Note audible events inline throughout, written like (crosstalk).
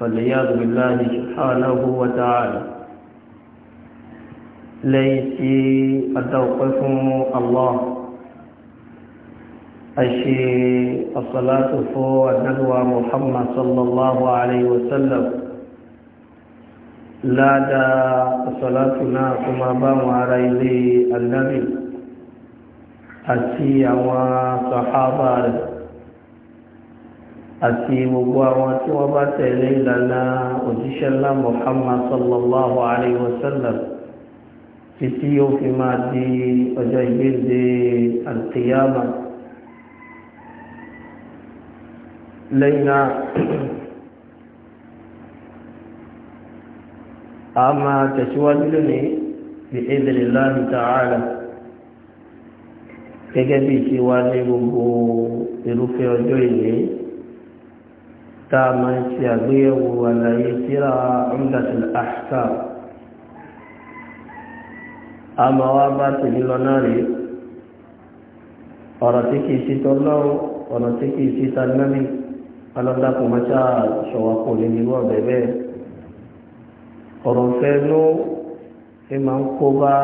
فالعياذ بالله سبحانه وتعالى ليتي أتوقف الله أشي الصلاة فو الندوى محمد صلى الله عليه وسلم لا دا صلاتنا كما بام على النبي àti àwọn sàhábà àti gbogbo àwọn tí wọ́n bá tẹ̀lé ìlànà òjíṣẹ́ ńlá Muhammad sallallahu alayhi wa sallam títí yóò fi máa di ọjọ́ ìgbéde al-qiyama lẹ́yìn náà a máa tẹ̀síwájú lónìí bí idhnillahi ta'ala gẹ́gẹ́ bí ti gbogbo irúfẹ́ ọjọ́ ìlú táàmà ṣe àgbéyẹ̀wò àlàyé tíra Umdatul Ahkam a ma wá bá tèmi lọ náà rí ọ̀rọ̀ tí kìí sí tọ́lọ́run ọ̀rọ̀ tí kìí sí tàbí alọ́dàkùn mọ́ṣá ṣọ̀wápọ̀ lè nínú ọ̀bẹ̀ bẹ́ẹ̀ ọ̀rọ̀ fẹ́ ló fi máa ń kó bá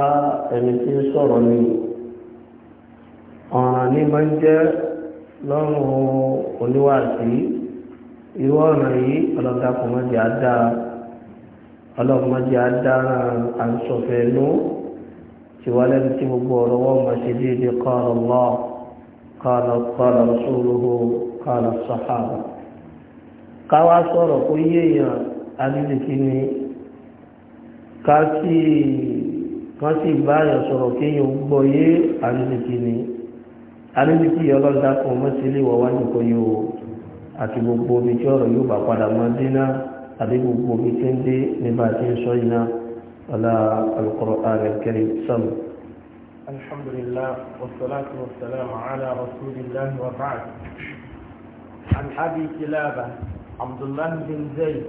ẹni tí ń sọ̀rọ̀ ni ọ̀ràn ní máa ń jẹ́ lọ́rùn oníwàásí irú ọ̀nà yìí ọlọ́dàkùnmọ́dé àdá ọlọ́mọdé àdá àǹsọ̀fẹ́nú tí wà lẹ́nu tí gbogbo ọ̀rọ̀ wọn mọ̀ sí déédéé kọ́ọ̀rọ̀ lọ kọ́ọ̀rọ̀ kọ́ọ̀rọ̀ sóòrò kọ́ọ̀rọ̀ sọ̀hàbà káwá sọ̀rọ̀ kó yéèyàn adídìkí ni ká sì wọ́n sì bá àyàn sọ̀rọ̀ kéèyàn gbọ́ yé adídìkí ni adídìkí ọlọ́dàkùnmọ́sílẹ̀ wọ̀ wájú kò yóò àti gbogbo omi tí ọ̀rọ̀ yóò bá padà máa dé náà àti gbogbo omi tí ń dé nígbà tí ń sọ iná ọlá al-Qur'an al-Karim sọ́mù. alhamdulillah wasalaatu wasalaamu ala rasulillah wa ba'd an abi kilaba abdullah bin zayd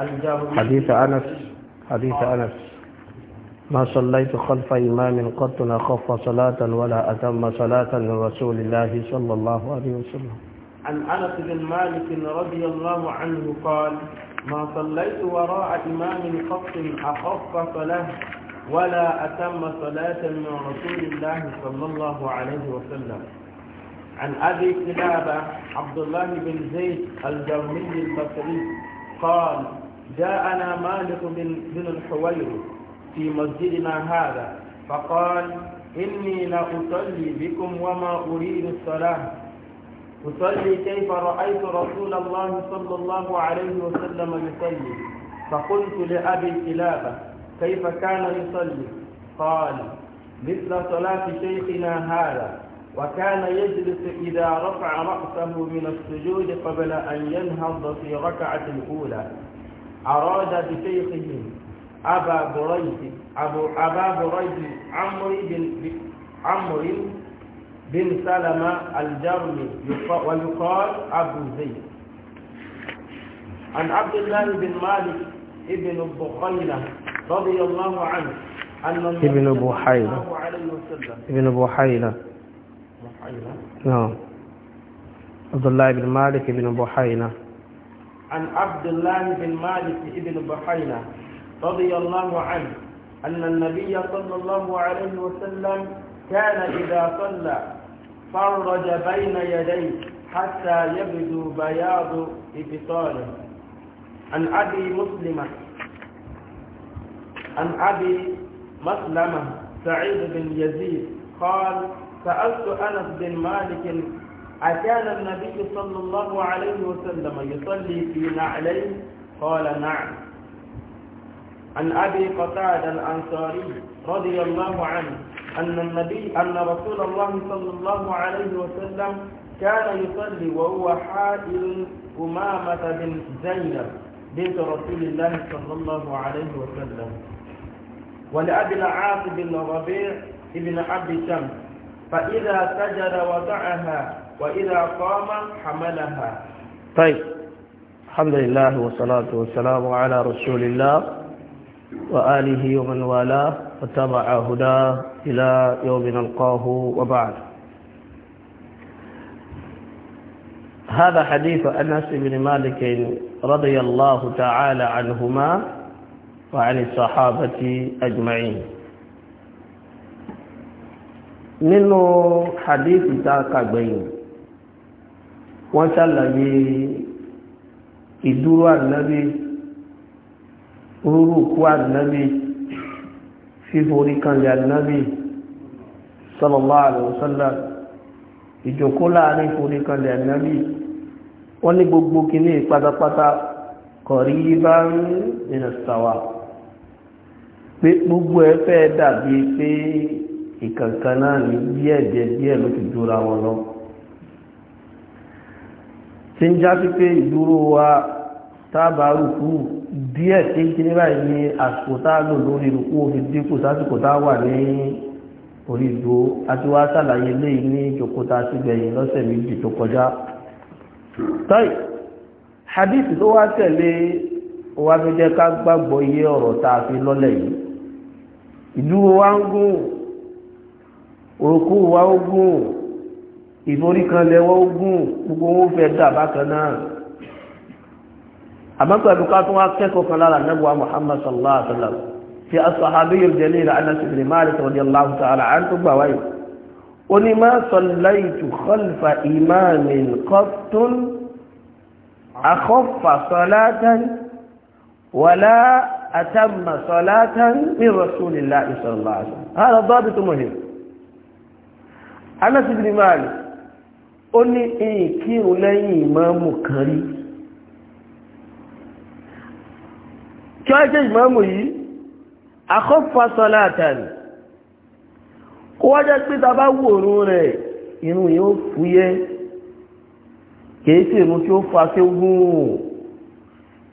al hadith anas hadith anas ما صليت خلف إمام قط أخف صلاة ولا أتم صلاة لرسول الله صلى الله عليه وسلم عن أنس بن مالك رضي الله عنه قال ما صليت وراء إمام قط أخف صلاة ولا أتم صلاة من رسول الله صلى الله عليه وسلم عن أبي كلابة عبد الله بن زيد الجرمي البصري قال جاءنا مالك بن, بن الحوير في مسجدنا هذا فقال إني لأصلي بكم وما أريد الصلاة أصلي كيف رأيت رسول الله صلى الله عليه وسلم يصلي فقلت لأبي كلابة كيف كان يصلي قال مثل صلاة شيخنا هذا وكان يجلس إذا رفع رأسه من السجود قبل أن ينهض في ركعة الأولى أراد بشيخه أبا بريد أبو أبا بريد عمرو بن عمرو بن سلمة الجرمي ويقال أبو زيد عن عبد الله بن مالك ابن بخيلة رضي الله عنه أن ابن بحيلة ابن بحيلة نعم عبد الله بن مالك بن بحيلة عن عبد الله بن مالك بن بحيلة رضي الله عنه أن النبي صلى الله عليه وسلم كان إذا صلى فرج بين يديه حتى يبدو بياض ابطاله عن أبي مسلمة عن أبي مسلمة سعيد بن يزيد قال سألت أنس بن مالك أكان النبي صلى الله عليه وسلم يصلي في نعليه قال نعم عن أبي قتادة الأنصاري رضي الله عنه أن النبي أن رسول الله صلى الله عليه وسلم كان يصلي وهو حائل أمامة بن زينب بنت رسول الله صلى الله عليه وسلم ولأبي العاص بن ربيع بن عبد شمس فإذا سجد وضعها وإذا قام حملها طيب الحمد لله والصلاة والسلام على رسول الله وآله ومن والاه واتبع هداه إلى يوم نلقاه وبعد هذا حديث أنس بن مالك رضي الله تعالى عنهما وعن الصحابة أجمعين nínú hadithi tá kàgbẹ̀yìn wọ́n ṣàlàyé ìdúró ànábì rúrùkú ànábì fíforí kanlẹ̀ ànábì sallallahu alaihi wasallam ìjòkó láàrin ìforí kanlẹ̀ ànábì wọ́n ní gbogbo kìíní pátápátá kọ̀rí bá ń nínú sàwà pé gbogbo ẹ fẹ́ dàbí pé ìkànkan náà ní díẹ̀ díẹ̀ díẹ̀ ló ti dúra wọn lọ tí ń já sí pé ìdúró wa tábàárù kúù díẹ̀ tí ń kiri báyìí ni àsìkò tá a lò lórí ìrùkú òfin dínkù sásìkò tá a wà ní orí ìdó àti wá sàlàyé léyìí ní ìjòkó tá a ti gbẹ̀yìn lọ́sẹ̀ méjì tó kọjá. tọ́yì hadith ló wá tẹ̀lé wa fi jẹ́ ká gbàgbọ́ iye ọ̀rọ̀ tá fi lọ́lẹ̀ yìí ìdúró wa ń gùn òrùkú wa ó gùn ìforíkanlẹ̀ wa ó gùn gbogbo wọn fẹ́ dà bákan náà àmọ́gbà dùkà tó wá kẹ́kọ̀ọ́ kan lára nẹ́gbà Muhammad sallallahu alaihi wasallam tí a sahabiyyul jalil Anas ibn Malik radiyallahu ta'ala an tó gbà wáyé ó ní ma sallaytu khalfa imamin qattun akhaffa salatan wala atamma salatan min rasulillahi sallallahu alaihi wasallam hada dabitu muhim Anas ibn Malik ó ní ìkírun lẹ́yìn ìmáàmù kí wọ́n jẹ́ ìmáàmù yìí àkọ́fà sọlá àtàrí kó wá jẹ́ pé ta bá wòrún rẹ̀ irun yóò fúyẹ́ kìí sí irun tí ó fa sí gùn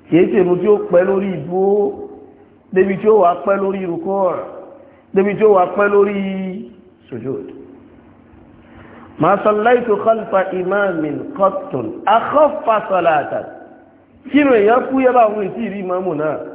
kìí sí irun tí ó pẹ́ lórí ìdúró débi tí ó wà pẹ́ lórí ìrùkọ́ débi tí ó wà pẹ́ lórí sujud ma khalfa imamin qattun akhaffa salatan kinu èyàn fúyẹ́ báwọn ìtì rí ìmáàmù náà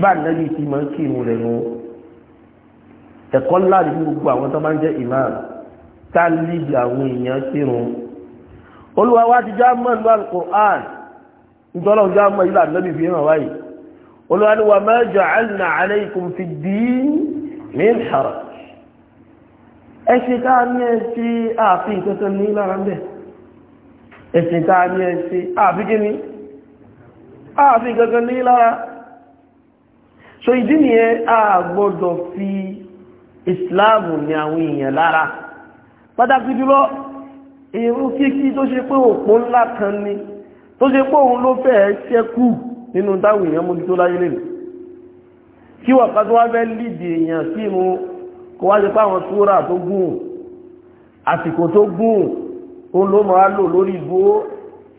bá nàbí tí máa ń kírun rẹ̀ nù ẹ̀kọ́ ńlá ní gbogbo àwọn tó máa ń jẹ́ imam tá a líbi àwọn èèyàn kírun olúwa wa ti já mọ́ nínú alukur'an nítorí ọ̀hún já mọ́ ìlú ànábì fi hàn wáyé olúwa ni wa ma ja'alna alaykum fi ddin min haraj ẹ̀sìn tá ní ẹ ààfin kankan ní lára bẹ́ẹ̀ ẹ̀sìn tá ní ẹ ààfin kí ni ààfin kankan ní lára so ìdí nìyẹn a gbọ́dọ̀ fi islam ní àwọn èèyàn lára pàtàkì jùlọ èrò kíkí tó ṣe pé òpó ńlá kan ni tó ṣe pé òun ló fẹ́ ṣẹ́kù nínú táwọn èèyàn mójútó láyé lè kí wọ́n kan tó wá fẹ́ lìdì èèyàn sí mu kó wá ṣe pé àwọn tó gùn àsìkò tó gùn òun ló máa lò lórí ìdúró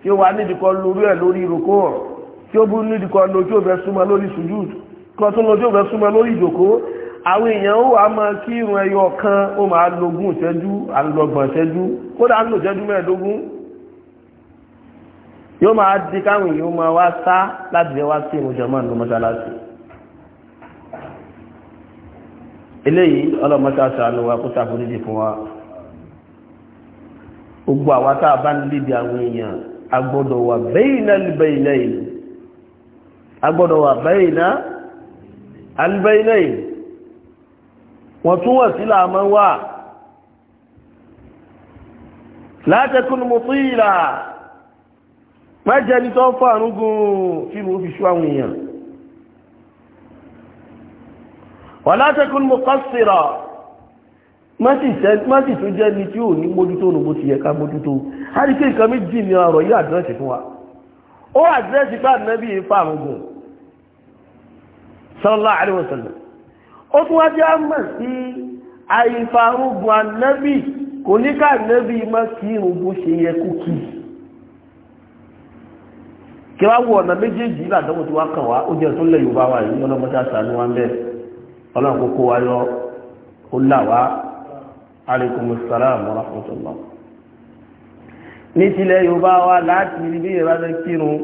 tí ó wà nídìí lórí ẹ̀ lórí ìrókò tí ó bú nídìí lójú ò fẹ́ lórí sùjúdù kan tó lọ́jọ́ ìgbẹ́ súnmọ́ lórí ìjòkó àwọn èèyàn ó wà máa kí irun ẹyọ kan ó máa lógún ìṣẹ́jú àlọ́gbọ̀n ìṣẹ́jú kódà ń lò ìṣẹ́jú mẹ́ẹ̀ẹ́dógún yóò máa di káwọn èèyàn máa wá sá láti lè wá sí ìmújọ máa ń lo mọ́ṣáláṣí eléyìí ọlọ́mọṣáṣá ló wá kó ṣàforíjì fún wa gbogbo àwa tá a bá ń lédi àwọn èèyàn a wà bẹ́yìnà bẹ́yìnà albainai wọ́n tún wọ̀ sí làmọ́ wà látẹkùn mùtíìlà mẹ́jẹni tó fọ́ àrúgùn tí mo fi ṣú àwọn èèyàn wà látẹkùn mùkọ́sìrà mọ́sí tó jẹ́ ni tí ò ní mójútó ní bó ti yẹ mójútó a rí pé nǹkan méjì ni ọ̀rọ̀ yìí àdírẹ́sì fún wa ó àdírẹ́sì bá ìfà àrúgùn sallallahu alaihi wasallam ó tún wá jẹ́ àmà sí àìfarúgbùn ànábì kò ní ká ànábì má kí irun bó ṣe yẹ kó kí kí wá wọ ọ̀nà méjèèjì ìbàdánwò tí wá kàn wá ó jẹ́ tó lẹ̀ yorùbá wa yìí lọ́nà mọ́tà sànú wa ń bẹ̀ ọlọ́run kókó wa yọ ó là wá alaikumussalam wa rahmatullah ní tilẹ̀ yorùbá wa láti rí bí ìrẹ́lẹ́ kírun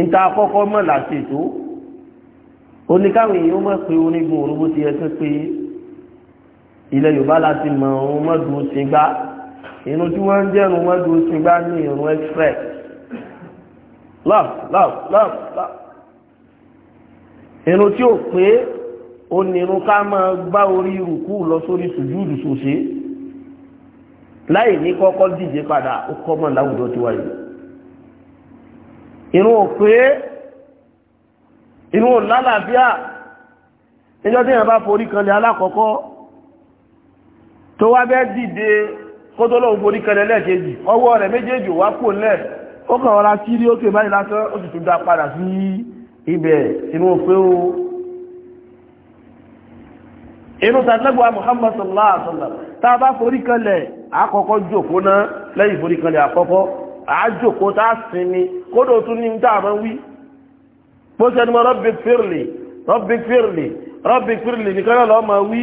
ìta àkọ́kọ́ mọ̀ láti ètò oníkàwé yìí ó mọ̀ pé onígun òru bó ti yẹ tó pé ilẹ̀ yorùbá láti mọ̀ òun mọ́dún sí gbá inú tí wọ́n ń jẹ́rùn mọ́dún sí gbá ní ìrún express love love love love inú tí ó pé onírun ká máa gbá orí rùkú lọ sórí sùjúùdù sòṣe láì ní kọ́kọ́ díje padà ó kọ́ mọ̀ láwùjọ tiwa yìí inú ò pé inú lálàáfíà níjọ́ tí èèyàn bá forí kanlẹ̀ alákọ̀ọ́kọ́ tó wá bẹ́ dìde kó tó lóun forí kanlẹ̀ lẹ́ẹ̀kejì ọwọ́ rẹ̀ méjèèjì wá kò lẹ̀ ó kàn rọra sí rí ókè báyìí lásán ó sì tún dá padà sí ibẹ̀ inú sallallahu a bá forí bó ṣe ni mo rọ́bì fírìlì rọ́bì fírìlì rọ́bì fírìlì nìkan náà lọ́ọ́ máa wí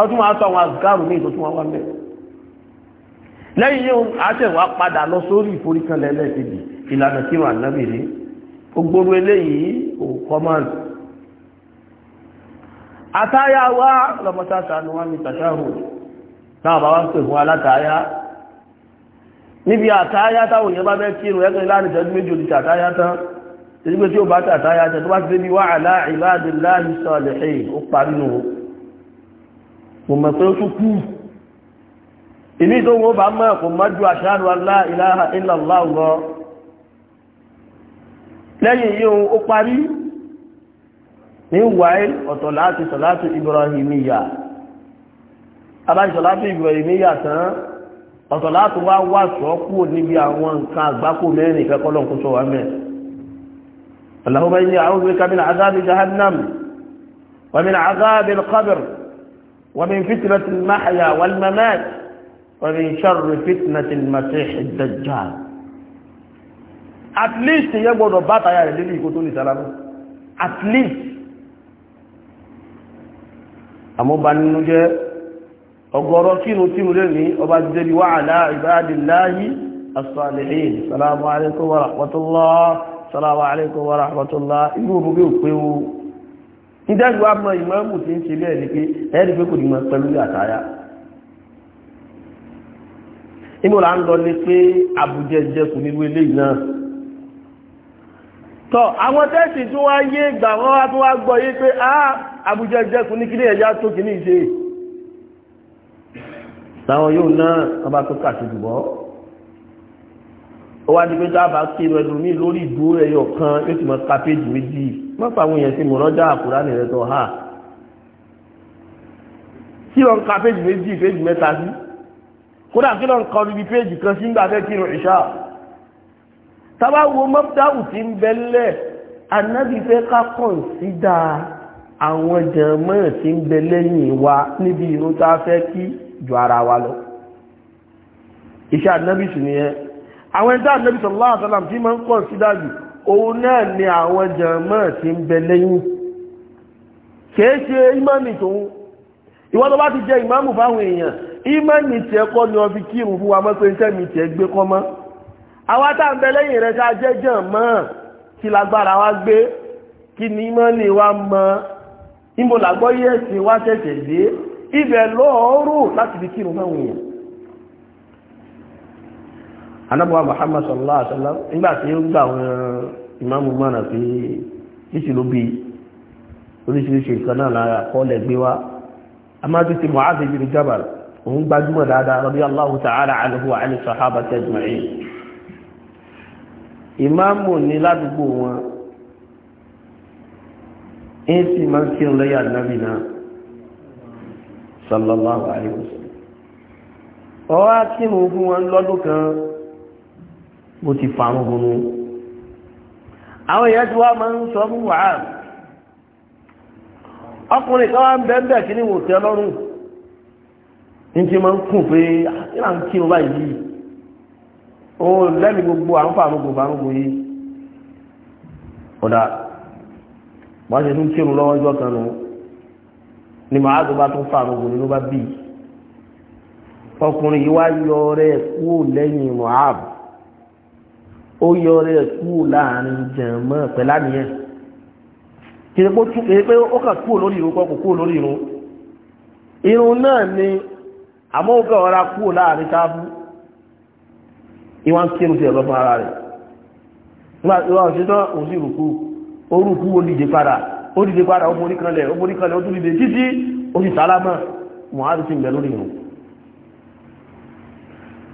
ọdún máa tọ àwọn àzùkárù ní ìtòtún wọn wá mẹ́ lẹ́yìn yóò àṣẹwà padà lọ sórí ìforíkanlẹ̀ lẹ́ẹ̀kejì ìlànà tí wọn ànábì rí gbogbo eléyìí ò kọ́mọ̀n àtáyà wá lọ́mọtáṣà ni wọ́n ní tàṣáhù náà bá wá pè fún alátáyà níbi àtáyà táwọn èèyàn bá bẹ́ láàrin ìṣẹ́jú méjì òdìṣà àtáyà tán tẹ́lifẹ́ tí ó bá tàtà ya jẹ́ tó bá ti débi wá àlá ìbáàdìláàrí sọ̀lẹ̀hẹ́ ó parí nù kò mọ̀ pé ó tún kú ìní tó wọ́n bá mọ́ kò mọ́ ju ashhadu an la ilaha illallah lọ lẹ́yìn yíò ó parí wá wá sọ́kù níbi àwọn nǹkan àgbákò mẹ́rin ìfẹ́kọ́lọ́nkúsọ wa mẹ́rin اللهم إني أعوذ بك من عذاب جهنم ومن عذاب القبر ومن فتنة المحيا والممات ومن شر فتنة المسيح الدجال at least ìyẹn gbọ́dọ̀ bátayà rẹ̀ lílé ìkó tó lè sálámù at least àmọ́bà nínú jẹ́ ọgọ́rọ̀ kínú tí mú lè ní ọba jẹ́bi wa ala ibadillahi as-salihin salamu alaikum wa rahmatullah salamu alaikum wa rahmatullah irú òbú bí ó pé o ìdájú àmà ìmáàmù tí ń ṣe bẹ́ẹ̀ ni pé ẹ̀ẹ́dì pé kò ní máa pẹ̀lú àtàyà ìmọ̀lá ń lọ ní pé àbújẹjẹ kò nírú ilé náà tọ́ àwọn tẹ́sì tí wá yé ìgbà wọ́n wá tó wá gbọ́ yé pé á àbújẹjẹ kò ní kílé ẹ̀yà tó kì ní ìṣe láwọn yóò náà wọ́n bá tó kà sí jùbọ́ ó wá di pé dábàá kí irun ẹlòmíì lórí ìdúró ẹyọ kan yóò ti mọ kápéjì méjì má pa àwọn èèyàn sí mọ̀rọ́jà àkùrá nìrẹ́ tó hà kí ló ń ka péjì méjì péjì mẹ́ta sí kódà kí ló ń ka olùbí péjì kan sí nígbà fẹ́ kí ìṣá tábà mọ́tàwù ti ń bẹ́lẹ̀ anábì fẹ́ ká kọ̀ǹsídà àwọn jẹ̀mọ́ ti ń bẹ lẹ́yìn wa níbi irun tá a fẹ́ kí ju ara wa lọ iṣẹ́ anábì sì nìyẹn àwọn ẹ̀dá Ànábì sallallahu alaihi wasallam tí máa ń kọ̀ sí dájú òun náà ni àwọn jàmọ́ ti ń bẹ lẹ́yìn kìí ṣe ìmánì tòun ìwọ́n tó bá ti jẹ ìmáàmù fáwọn èèyàn ìmánì tí ẹkọ́ ni ọfi kírun fún wa mọ́ pé iṣẹ́ mi tí ẹ gbé kọ́ mọ́ àwọn tá ń bẹ lẹ́yìn rẹ̀ ṣá jẹ́ jàmọ́ kí lágbára wa gbé kí ni ìmánì wa mọ́ ìmọ̀làgbọ́ yẹ̀sìn wa ṣẹ̀ṣẹ̀ dé ibẹ̀ lọ́ọ̀rù láti fi kírun fáwọn èèyàn anabuwa Muhammad sallallahu alaihi wasallam nígbà tí ó gbà àwọn ìmáàmù mọ́nà pé títí ló bí oríṣiríṣi nǹkan náà lára kọ́lẹ̀ gbé wá a máa títí Mu'adh bin Jabal òun gbajúmọ̀ dáadáa radiyallahu ta'ala anhu wa ani sahabati ajma'in ìmáàmù ní ládùúgbò wọn ń sì sallallahu alaihi wasallam wọn kan ó ti parun ronú àwọn èèyàn tí wá máa ń sọ fún wàhálà ọkùnrin kan wá ń bẹ́ẹ̀ bẹ́ẹ̀ kí ní wò tẹ́ lọ́rùn ní ti máa ń kùn pé ìlà ah, ń kí ọba yìí ó lẹ́nu gbogbo àrùnfàrùngbò fàrùngbò yìí ọ̀dà wọ́n ṣe tún kírun lọ́wọ́ ọjọ́ ni màá ọkùnrin yìí yọ rẹ̀ kúrò lẹ́yìn Mu'ab ó yọ rẹ̀ kúrò láàrin jẹ̀mọ́ pẹ̀lá nìyẹn kìí pé ó kà kúrò lórí ìrun kọ́ kò kúrò lórí ìrun ìrun náà ni àmọ́ ó kẹ́ ọ̀rá kúrò láàrin sáfú ìwọ̀n kírun sí ẹ̀lọ́fún ara rẹ̀ ìwọ̀n òṣìṣẹ́ òun sí ìrùkú orúkú ó dìde padà ó dìde padà ó forí kanlẹ̀ ó forí kanlẹ̀ ó tún dìde títí ó sì sálámà mọ̀ á ti ń bẹ̀ lórí ìrun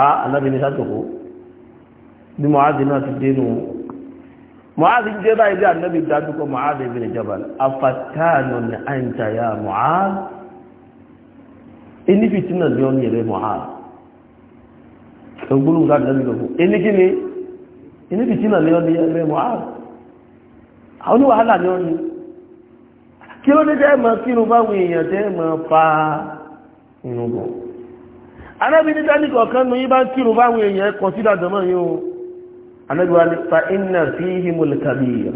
anábì ní sátòkó bí mọ̀háàdì náà ti dé nù mọ̀háàdì jẹ́ báyìí bí anábì dájúkọ mọ̀háàdì ibi ìjọba afatáànù ní àìntàyà mọ̀háàdì inífi tí náà lọ́nà ìrẹ ni inífi tí náà lọ́nà ìrẹ mọ̀háàdì àwọn oníwàhálà ni wọ́n ni kí ló dé jẹ́ mọ̀ sínú báwọn èèyàn jẹ́ mọ̀ fa ìrùngbọ̀n anábi ní tẹ́lì kọ̀ọ̀kan ní bá ń kírù báwọn èèyàn kọ̀ sí dàdọ̀mọ́ yíò anábiwa ní fa iná fi himul kabir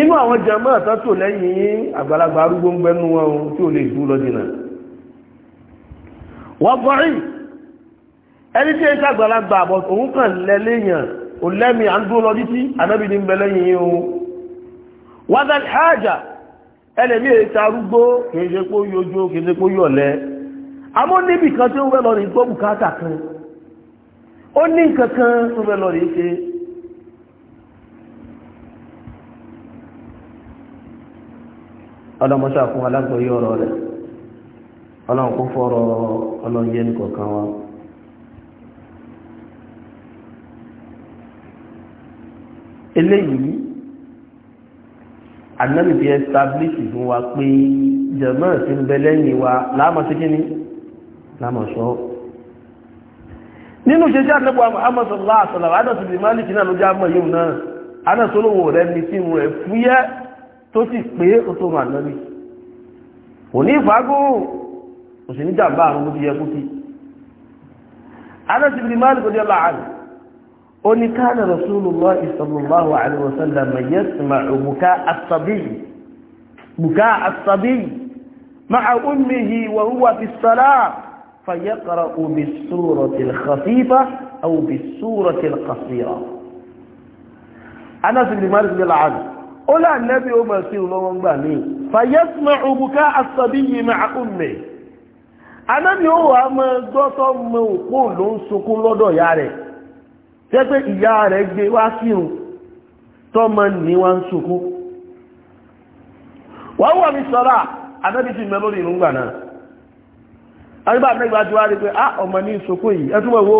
inú àwọn jẹmọ́ àtọ́tò lẹ́yìn àgbàlagbà arúgbó ń gbẹ́nu wọn tí ò lè dú lọ dínà wọ́n bọ́rí ẹni tí ẹ̀ṣẹ́ àgbàlagbà àbọ̀ òun kàn lẹ́lẹ́yìn ò lẹ́mí à ń dúró lọ anábi ní ń bẹ àmọ́ níbi kan tí ó fẹ́ lọ rí gbọ́ bùkátà kan ó ní nǹkan kan tó fẹ́ lọ rí ṣe ọlọ́mọṣà fún alágbòye ọ̀rọ̀ rẹ̀ ọlọ́run kó fọ́rọ̀ ọlọ́run yé nìkọ̀ọ̀kan wa eléyìí anábìbí establish fún wa pé jẹ̀mọ́ sí ń bẹ lẹ́yìn wa láàmọ́ sí kí ni lámọ̀ṣọ́ nínú ṣe jẹ́ àtẹ́gbà Muhammad sallallahu alaihi wasallam adọ́sì bí Malik náà ló jẹ́ àmọ́ yìí náà anásólówó rẹ̀ ní sí ìwọ̀n ẹ̀ fúyẹ́ tó sì pé ó tó rà náà rí kò ní ìfàgùn kò sì ní jàmbá àrùn bó ti yẹ kókì anásì bí Malik kò jẹ́ láàánú ó ní káàdà Rasulullah sallallahu alaihi wasallam yasma'u buka as-sabi buka as ma'a ummihi wa huwa fi as فيقرأ بالسورة الخفيفة أو بالسورة القصيرة أنس بن مالك بن العدل أولى النبي أم يسير لهم بني فيسمع بكاء الصبي مع أمه Ànábì ó wà mọ́ gọ́tọ́ mọ́ òpó ló ń sunkún lọ́dọ̀ ìyá rẹ̀ tẹ́ pé ìyá rẹ̀ gbé wá sírun tọ́mọ ní wá ń sunkún wọ́n wọ́n mi sọ́rọ̀ Ànábì ti mẹ́ lórí ìrúngbà náà àríbà mẹ́gbà tí wá rí pé ah ọmọ ní ìṣòkó yìí ẹ túnmọ̀ wo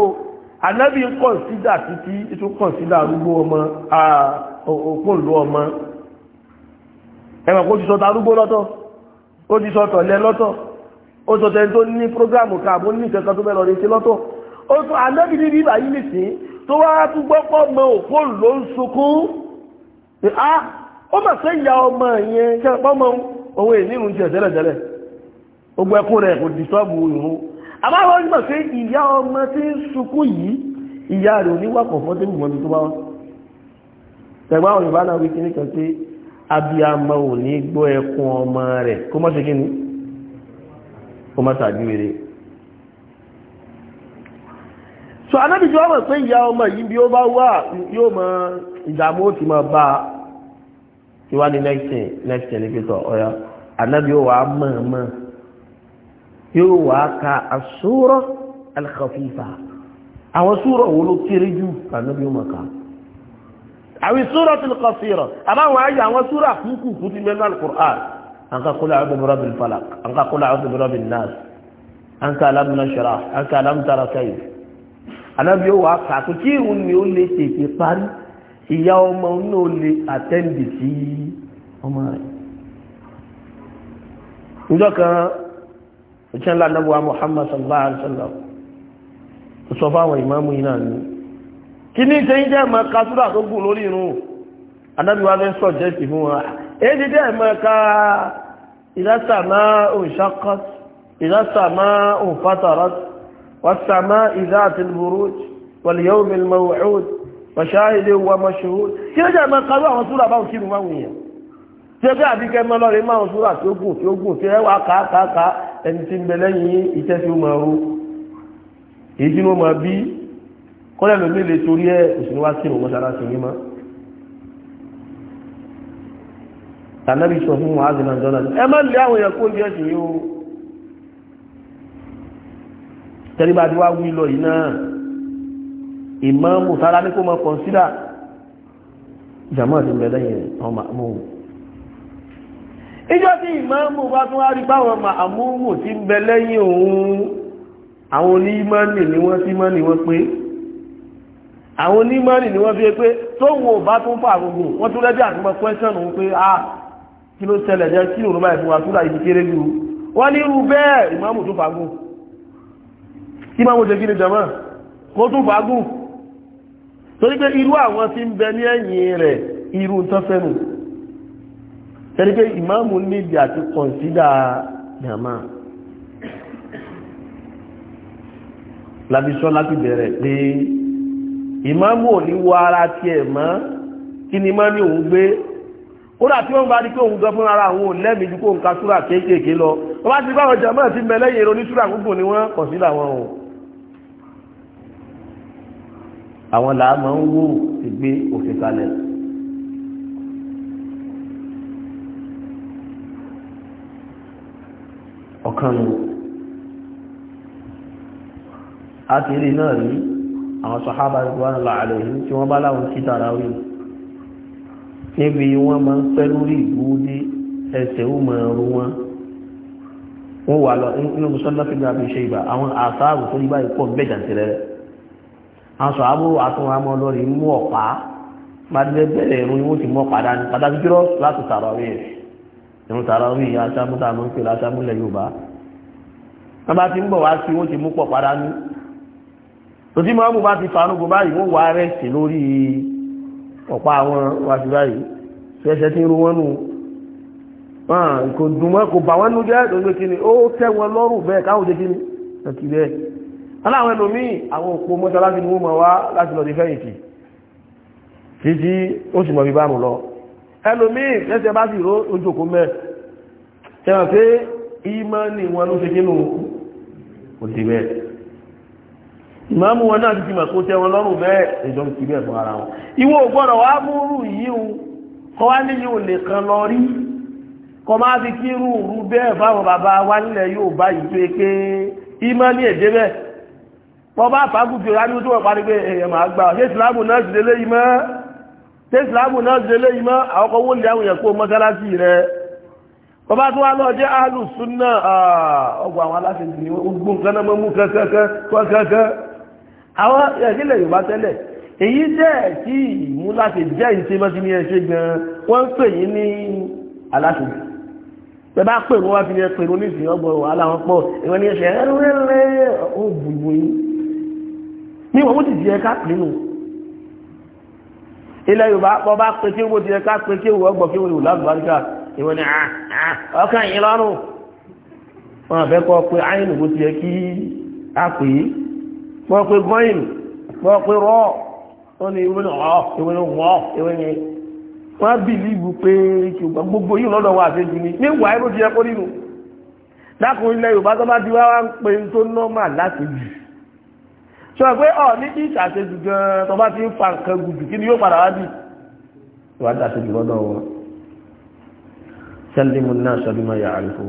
ànábì ń kọ̀nsídà títí ìtún kọ̀nsídà arúgbó ọmọ òpónlò ọmọ ẹ̀mọ̀ kó ti sọ ta arúgbó lọ́tọ̀ ó ti sọ tọ̀lẹ́ lọ́tọ̀ ó sọ tẹ́ tó ní prógrámù káàbó ní ìkẹ́kọ̀ọ́ tó mẹ́lọ retí lọ́tọ̀ ó tún ànábì ní bíbà yìí nìsín tó wá tún gbọ́pọ̀ mọ òpónlò ń sunkún ah ó mà sẹ́yà ọmọ yẹn kẹ́ gbogbo ẹkún rẹ̀ kò dìtọ́bù ìrún àbáwọn ìgbà pé ìyá ọmọ tí ń sunkún yìí ìyá rẹ̀ ò ní wà comfortable mọ́bí tó bá wá tẹ̀gbọ́n àwọn ìbá náà wí kí ní kan pé abiyamọ ò ní gbọ́ ẹkún ọmọ rẹ̀ kó mọ́ ṣe kí ni kó mọ́ ṣàjúwèrè so anábì tí wọ́n mọ̀ pé ìyá ọmọ yìí bí ó bá wà yóò mọ ìdààmú ó ti mọ bá a tí wá ní next thing next thing ní pé tọ̀ ọ̀ya anábì ó wà á mọ̀ mọ̀ yóò wá ka asúrọ̀ alkhafifa àwọn súrọ̀ wo ló kéré jù kànáàbí ó maka àwọn súrọ̀ tó lọ́kọ̀ sírọ̀ àmọ́ àwọn ayé àwọn súrọ̀ àkúkù tó ti mẹ́nu alukur'an an ka kula a'udhu bi rabbil falaq an ka kula a'udhu bi rabbin nas an ka alam nashrah an ka alam tara kayf anábí ó wá ka tó kí ìrun ni ó lè tètè parí ìyá ọmọ náà lè àtẹ́ǹdì sí ọmọ rẹ̀ níjọ́ kan òṣìṣẹ́ ńlá anábùwá Muhammad sallallahu alaihi wasallam ó sọ fáwọn ìmáàmù yìí náà ni kí ní ṣe ń jẹ́ ẹ̀mọ̀ ká súrà tó gùn lórí irun anábìwá fẹ́ sọ jẹ́sì fún wa èyí jẹ́ ẹ̀mọ̀ ká ìdásàmá òǹṣàkọ́t ìdásàmá òǹfàtàrọ́t wàsàmá ìdáàtì burúj wàlìyàwó mẹ́lmọ́wọ́d wàṣáhìdé wa mọ́ṣúhùd kí ní jẹ́ ẹ̀mọ̀ ká lọ àwọn súrà ẹni tí ń bẹ lẹ́yìn iṣẹ́ tí ó máa rú èyí tí ó máa bí kọ́lẹ̀ lómi lè torí ẹ̀ òṣìṣẹ́ wá sí ìmọ̀sára sí mímọ́ tànàbí sọ fún wàhálà náà jọ́nà ẹ má lé àwọn èèyàn kó ń jẹ́ sí yìí o tẹ́lifà tí wàá wí lọ yìí náà ìmọ̀ mùsára ní kó máa kọ̀nsídà jàmọ́ àti ìbẹ̀lẹ́yìn ọmọ ìjọ tí ìmáàmù bá tún wá rí báwọn màmúmù ti ń bẹ lẹ́yìn òun àwọn onímọ́nì ni wọ́n tí mọ́nì wọ́n pé àwọn onímọ́nì ni wọ́n fi pé tóun ò bá tún fà gbogbo wọ́n tún lẹ́bí àtúmọ̀ pẹ́sẹ̀nù pé a ah, kí ló ṣẹlẹ̀ jẹ́ kí lòun báyìí fún wa túlà ibi kéré ju wọ́n ní irú bẹ́ẹ̀ ìmáàmù tún fàágùn kí máa mú ṣe kí tẹ́lẹ̀ pé ìmáàmù níbi àti kọ̀nsídà jàmá lábíṣọ́ láti bẹ̀rẹ̀ pé ìmáàmù ò ní wọ ara tiẹ̀ mọ́ kí ni máa ní òun gbé kódà tí wọ́n bá rí pé òun gan ara òun lẹ́mìí ju kó nǹkan súrà kéékèèké lọ wọ́n bá ti bá àwọn jàmá ti bẹ̀ lẹ́yìn ní súrà gbogbo ni wọ́n kọ̀nsídà wọn o àwọn làá máa ń wó ti gbé òfin kalẹ̀ ọ̀kan nù àtìrí náà rí àwọn sọ̀hábà ìwọ̀n láàrẹ̀ yìí tí wọ́n bá láwọn kí tàràwì níbi wọ́n máa ń pẹ́ lórí ìgbóódé ẹsẹ̀ ó mọ̀ ẹ̀rọ wọn wọ́n wà lọ inú musọ́lá fi gbà fi ṣe ìgbà àwọn àsáàrù tó ìrun tààrà orí ìyá aṣámúta mọ́ ń pè láṣámúlẹ̀ yorùbá wọ́n bá ti ń bọ̀ wá sí wọ́n ti mú pọ̀ padà ní tòtí mọ́ mú bá ti fanúgbò báyìí wọ́n wà rẹ̀sì lórí ọ̀pá àwọn wáṣí báyìí ṣẹṣẹ tí ń ru wọn nù kò dùn mọ́ kò bà wọ́n nú jẹ́ lórí kíni ó tẹ́ wọn lọ́rùn bẹ́ẹ̀ káwọn jẹ́ kíni àti bẹ́ẹ̀ aláwọn ẹlòmíì àwọn òpó mọ́ṣáláṣí ni wọ́n mọ̀ wá láti lọ sí fẹ́yìntì títí ó sì mọ̀ lọ ẹlòmíì lẹ́sẹ̀ bá sì ró ojòkó mẹ́ ẹ̀wọ̀n pé ìmọ̀ ni wọn ló ṣe kínú kò sí bẹ́ẹ̀ ìmáàmù wọn náà ti ti mọ̀ kó tẹ́ wọn lọ́rùn bẹ́ẹ̀ ìjọ ti bẹ́ẹ̀ fún ara wọn ìwọ ò wá múrù yìí o kọ́ wá níyìí ò nìkan lọ rí wa nílẹ̀ yóò bá yìí tó pé ìmọ̀ ní èdè bẹ́ẹ̀ wọ́n bá fàágùn fi ránú tó wọ́n parí pé èèyàn máa gbà ṣé ìsìlámù náà sì lélẹ́yìí mọ́ tí ìsìláàmù náà jẹ lé ìmọ́ àwọ́kọ́ wó lè àwòyàn kó mọ́sálásí rẹ̀ bọ́bá tó wá náà jẹ́ àálù súnà ọgbà àwọn aláṣẹ́jì ni gbogbo nǹkan náà mú kankankan àwọn ẹ̀sílẹ̀ yorùbá tẹ́lẹ̀ èyí jẹ́ kí ìmú láti jẹ́ ìṣe mọ́sí ní ẹṣẹ́ gan wọ́n ń pè yín ní aláṣẹ́jì bẹ́ bá pè wọ́n wá fi ẹ pèrò ní ìsìn ọgbọ̀n wàhálà wọn pọ̀ ìwọ́n ní ẹṣẹ́ rẹ̀ rẹ̀ ó bùbù yín ní wọ́n mú ti jẹ́ ká pè nù ilẹ̀ yorùbá pọ̀ bá pé kí owó tiẹ̀ ká pé kí owó ọgbọ̀n kí owó ìwò lálùbáríkà ìwọ ni ah, ah, ọkàn yìí lọ́rùn wọn àbẹ́ kọ́ pé áyìn owó tiẹ̀ kí á pè é pọ̀ pé gọ́yìn pọ̀ pé rọ́ wọn ni ìwé ni ọ̀ ìwé ni wọ́ ìwé ni wọn bìlíìbù pé gbogbo yìí lọ́dọ̀ wọn àfẹ́jú ni níwà ẹ̀rọ tiẹ̀ kó nínú dákùn ilẹ̀ yorùbá tó bá di wá wá ń pe tó nọ́mà sọ pé ọ níbi ìṣàṣejù gan tó bá ti ń fa nǹkan gùdù kí ni yóò padà wá bì wá dàṣejù lọ́dọ̀ wọn sẹ́lẹ̀mù náà sọ bí máa yà àrífò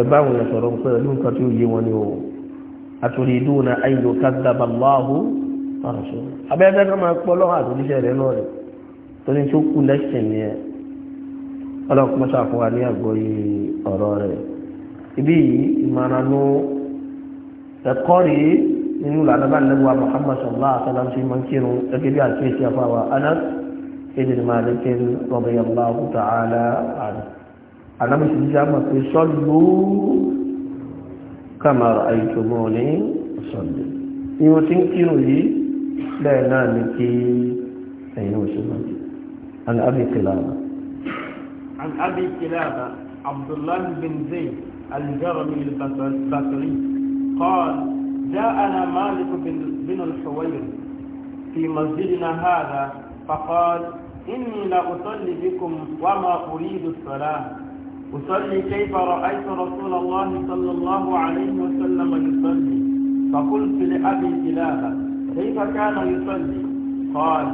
ẹ bá wọn sọ̀rọ̀ pé ẹlú nǹkan tí ó yé wọn ni o àtòrí ìlú na ayò kádàbà láàhù àrùsọ abẹ́fẹ́ kan máa pọ́ lọ́wọ́ àtòríṣẹ́ rẹ̀ náà rẹ̀ torí tí ó kú lẹ́sìn ni ẹ ọlọ́pàá inú làlábà lẹ́wà Muhammad sallallahu alaihi wasallam sí máa ń kírun gẹ́gẹ́ bí àti ìṣẹ́ àfáwà Anas ibn Malik radiyallahu ta'ala anhu alábìsí jíjá mọ̀ pé sallu kama ra'aytumuni sallu ìwọ̀n tí ń kírun yìí bẹ́ẹ̀ náà ní kí ẹ̀yin òṣèlú عن أبي قلابة عن أبي قلابة عبد الله بن زيد الجرمي البصري قال جاءنا مالك بن, الحوير في مسجدنا هذا فقال إني لأصلي بكم وما أريد الصلاة أصلي كيف رأيت رسول الله صلى الله عليه وسلم يصلي فقلت لأبي كلابة كيف كان يصلي قال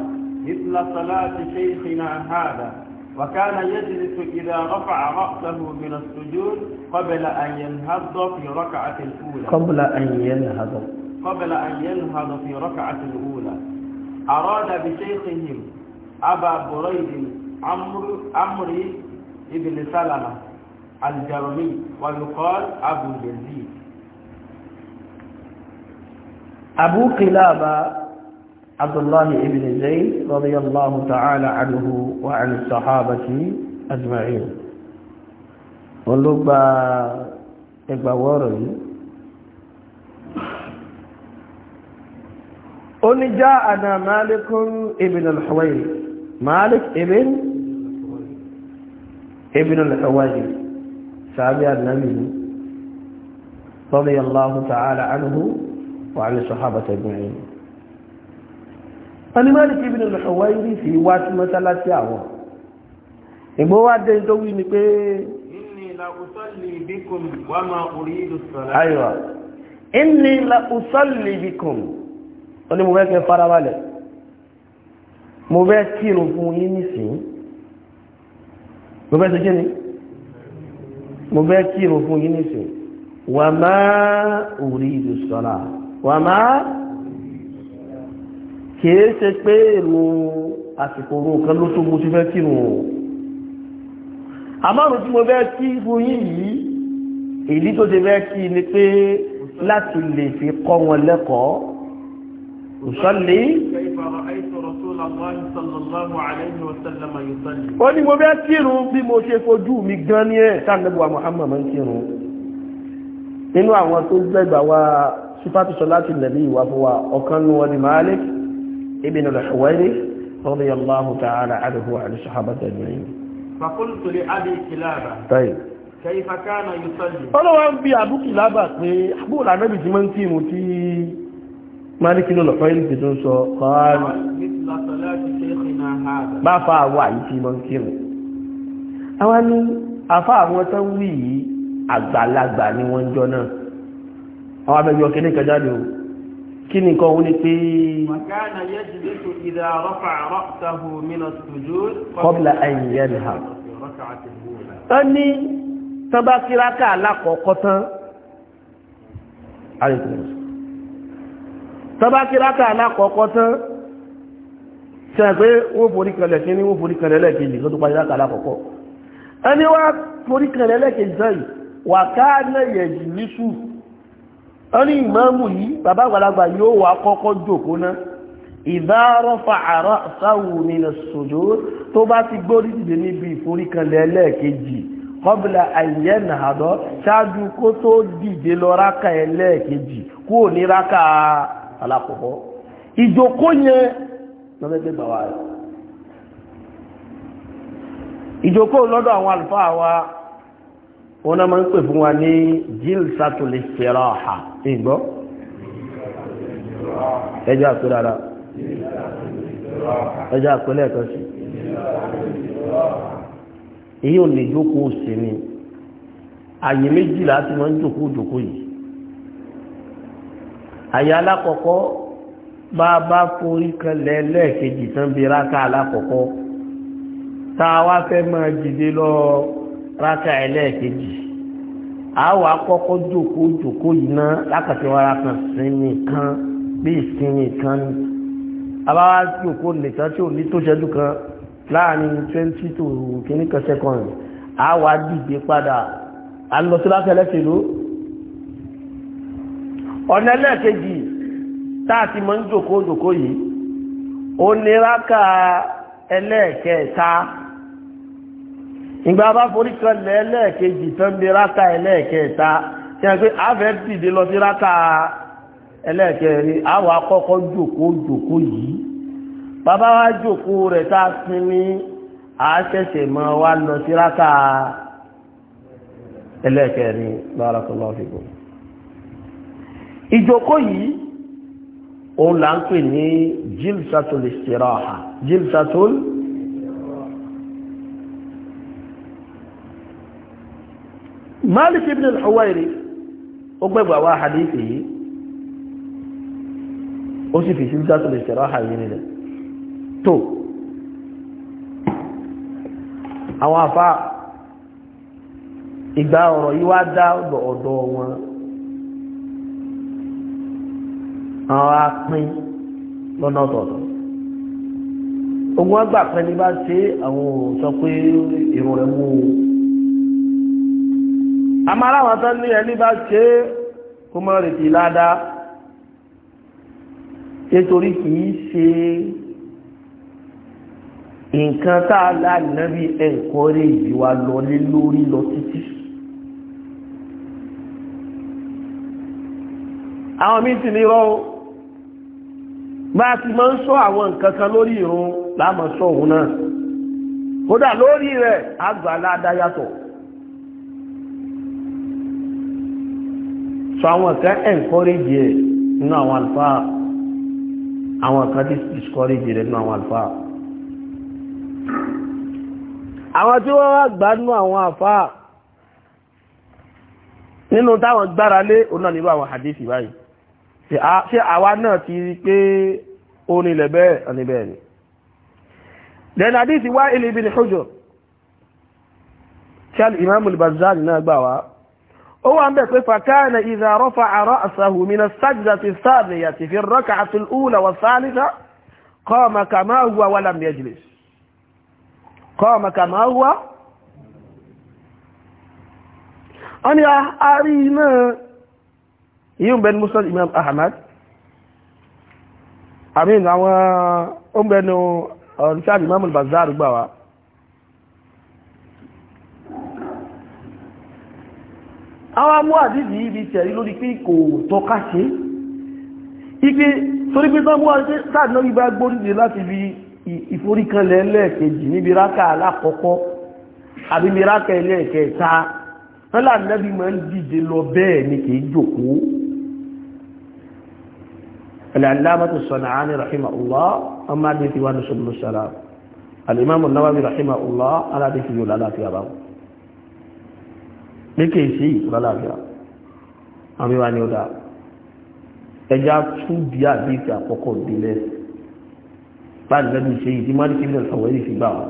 مثل صلاة شيخنا هذا وكان يجلس إذا رفع رأسه من السجود قبل أن ينهض في ركعة الأولى قبل أن ينهض قبل أن ينهض في ركعة الأولى أراد بشيخهم أبا بريد عمرو عمري ابن سلمة الجرمي ويقال أبو يزيد أبو قلابة عبد الله بن زيد رضي الله تعالى عنه وعن الصحابة أجمعين ولبا إقباوري أن جاءنا مالك ابن الحويري مالك ابن ابن الحويري سابع النبي رضي الله تعالى عنه وعن الصحابة أجمعين animali kí ibìnà lọ́wọ́ irí fi wá sí mọ́sálásí àwọ̀ ìgbó wá dé tó wí ni pé ayọ̀ inni la usalli bikum ó ní mo fẹ́ kẹ́ farabalẹ̀ mo fẹ́ kírun fún yín nísìn mo fẹ́ ṣe kí ni mo fẹ́ kírun fún yín nísìn wa ma uridu sọ́la wa ma kìí ṣe pé èrò àsìkò oró kan ló tó mú sí fẹ́ kírun o àmọ́rùn tí mo fẹ́ kí fún yín yìí èyí tó ti fẹ́ kí ni pé láti lè fi kọ́ wọn lẹ́kọ̀ọ́ ìsọ́lé ó ní mo fẹ́ kírun bí mo ṣe fojú mi gan ní ẹ̀ sáàlẹ́bùwà Muhammad máa ń kírun nínú àwọn tó gbẹ̀gbà wa sípàtìsọ láti lẹ̀lé ìwà fún wa ọ̀kan ní wọn ni Malik ابن الحويري رضي الله تعالى عنه وعن الصحابة أجمعين فقلت لأبي كلابة طيب كيف كان يصلي ọlọ́wọ́ bí Abu Kilaba pé àbúrò ànábì ti máa ń kírun tí Malik ibn al-Huwayrith ti tún sọ kọ́ọ̀lù bá fa àwọn àyí tí máa ń kírun àwọn ní afá àwọn tó ń wí yìí àgbàlagbà ni wọ́n jọ náà àwọn abẹ́jọ́ kìnnìkan jáde o kí ni nǹkan òun ni pé. wàkàna yẹ́sì lẹ́sù ìdá rọ́fà rọ́fàhù mìíràn tòjú. kọ́bla ẹ̀yìn ha. ó ní tán bá kíráka alákọ̀ọ́kọ́ tán. tán bá kíráka alákọ̀ọ́kọ́ tán. sọ pé wọ́n forí kanlẹ̀ kí ni wọ́n forí kanlẹ̀ lẹ́ẹ̀kejì ló tó parí kíráka alákọ̀ọ́kọ́. ẹni wá forí kanlẹ̀ lẹ́ẹ̀kejì sẹ́yìn wàkàna yẹ̀jì lẹ́sù wọ́n ní ìmáàmù yìí bàbá àgbàlagbà yóò wà kọ́kọ́ jókòó náà ìdárọ́fà àrọ́ sáwù nínú sòjó tó bá ti gbórí dìde níbi ìforíkanlẹ̀ ẹlẹ́ẹ̀kejì kọ́bílà àìyẹ́ nàádọ́ ṣáájú kó tó dìde lọ ráka ẹlẹ́ẹ̀kejì kúrò ní ráka alákọ̀ọ́kọ́ wa wọn náà máa ń pè fún wa ní jilsatul istiraha ìgbọ́ ẹjọ́ àpé rárá ẹjọ́ àpé lẹ́ẹ̀kan sí èyí ò ní jókòó sí ni àyè méjìlá ti máa ń jókòó jókòó yìí àyè alákọ̀ọ́kọ́ bá bá forí kan lẹ́ẹ̀kejì tán bí ráká alákọ̀ọ́kọ́ tá a wá fẹ́ máa jìde lọ́ọ́ rákà ẹlẹ́ẹ̀kejì àwọn akọ́kọ́ jókòó jókòó yìí náà lákàtí wọn rákà sinmi kan bí ìsinmi kan ni abáwá jókòó nìkan tí ò ní tó ṣẹ́jú kan láàrin twenty to kìíní kan second àwọn adìgbé padà alọ́síláṣẹ́ ẹlẹ́sẹ̀ ló ọ̀nà ẹlẹ́ẹ̀kejì táàtì mọ́ ń jókòó jókòó yìí ó ní rákà ẹlẹ́ẹ̀kẹta ìgbà bá forí kan lẹ́ẹ̀kejì tán bí rákà ẹlẹ́ẹ̀kẹta tí a pé àfẹ́ dìde lọ sí rákà ẹlẹ́ẹ̀kẹrin àwọn akọ́kọ́ jòkó jòkó yìí bàbá wa jòkó rẹ̀ tá a sinmi àṣẹ̀ṣẹ̀ mọ́ wa lọ sí rákà ẹlẹ́ẹ̀kẹrin barakallahu fikum ìjòkó yìí òun là ń pè ní jilsatul istiraha jilsatul Malik ibn al-Huwairi ó gbẹ̀gbà wá hadithi yìí ó sì fi sílùdá tó lè ṣẹ̀rọ àyè nílẹ̀ tó àwọn àfá ìgbà ọ̀rọ̀ yìí wá dá ọ̀dọ̀ wọn àwọn apin lọ́nà ọ̀tọ̀ọ̀tọ̀ ogun agbàpẹ́ ní bá ṣe àwọn sọ pé èrò rẹ̀ mú àmọ́ aláwọn tán ní ẹni bá ṣe é kó mọ́ rètí ládàá nítorí kìí ṣe nǹkan tá a láàrínà bí ẹ̀kọ́ rẹ̀ ìwà lọlé lórí lọ títí àwọn míì ti ní rọ́ọ̀ bá ti máa ń sọ àwọn nǹkan kan lórí ìrun láàmọ̀ sọ òun náà kódà lórí rẹ̀ àgbà aládáyàtọ̀ so àwọn kan encourage ẹ̀ nínú àwọn àlùfáà àwọn kan ti discourage rẹ̀ nínú àwọn àlùfáà àwọn tí wọ́n wá gbà nínú àwọn àfáà nínú táwọn gbára lé oná nílò àwọn hadithi báyìí ṣe àwa náà ti rí pé ó nílẹ̀ bẹ́ẹ̀ ọ̀nìbẹ̀ẹ̀ ni then hadithi wá ilé ibi ni Hujr هو عم بيقول فكان إذا رفع رأسه من السجدة الثانية في الركعة الأولى والثالثة قام كما هو ولم يجلس قام كما هو أنا أرينا يوم بين موسى الإمام أحمد أمين أمين أمين الإمام البزار بوا àwọn amú àdíjì ibi tẹ̀rí lórí pé kò tọ́ka ṣe ike torí pé tán mú àdíjì sáàdínà ibá gbóríjì láti fi ìforíkanlẹ̀ ẹlẹ́ẹ̀kejì níbi rákà alákọ̀ọ́kọ́ àbí mi rákà ẹlẹ́ẹ̀kẹta wọ́n lànàbí العلامة الصنعاني رحمه الله أما دي في وانس بن السلام الإمام النووي رحمه الله أنا دي لا في pé sí ìtọ́lálàáfíà àwọn ni ó dáa ẹja tún bí àdéhìí àkọ́kọ́ ìdílẹ̀ láti lẹ́nu ìṣe yìí tí máàlìkì náà sọ̀wọ́ yìí fi gbà wá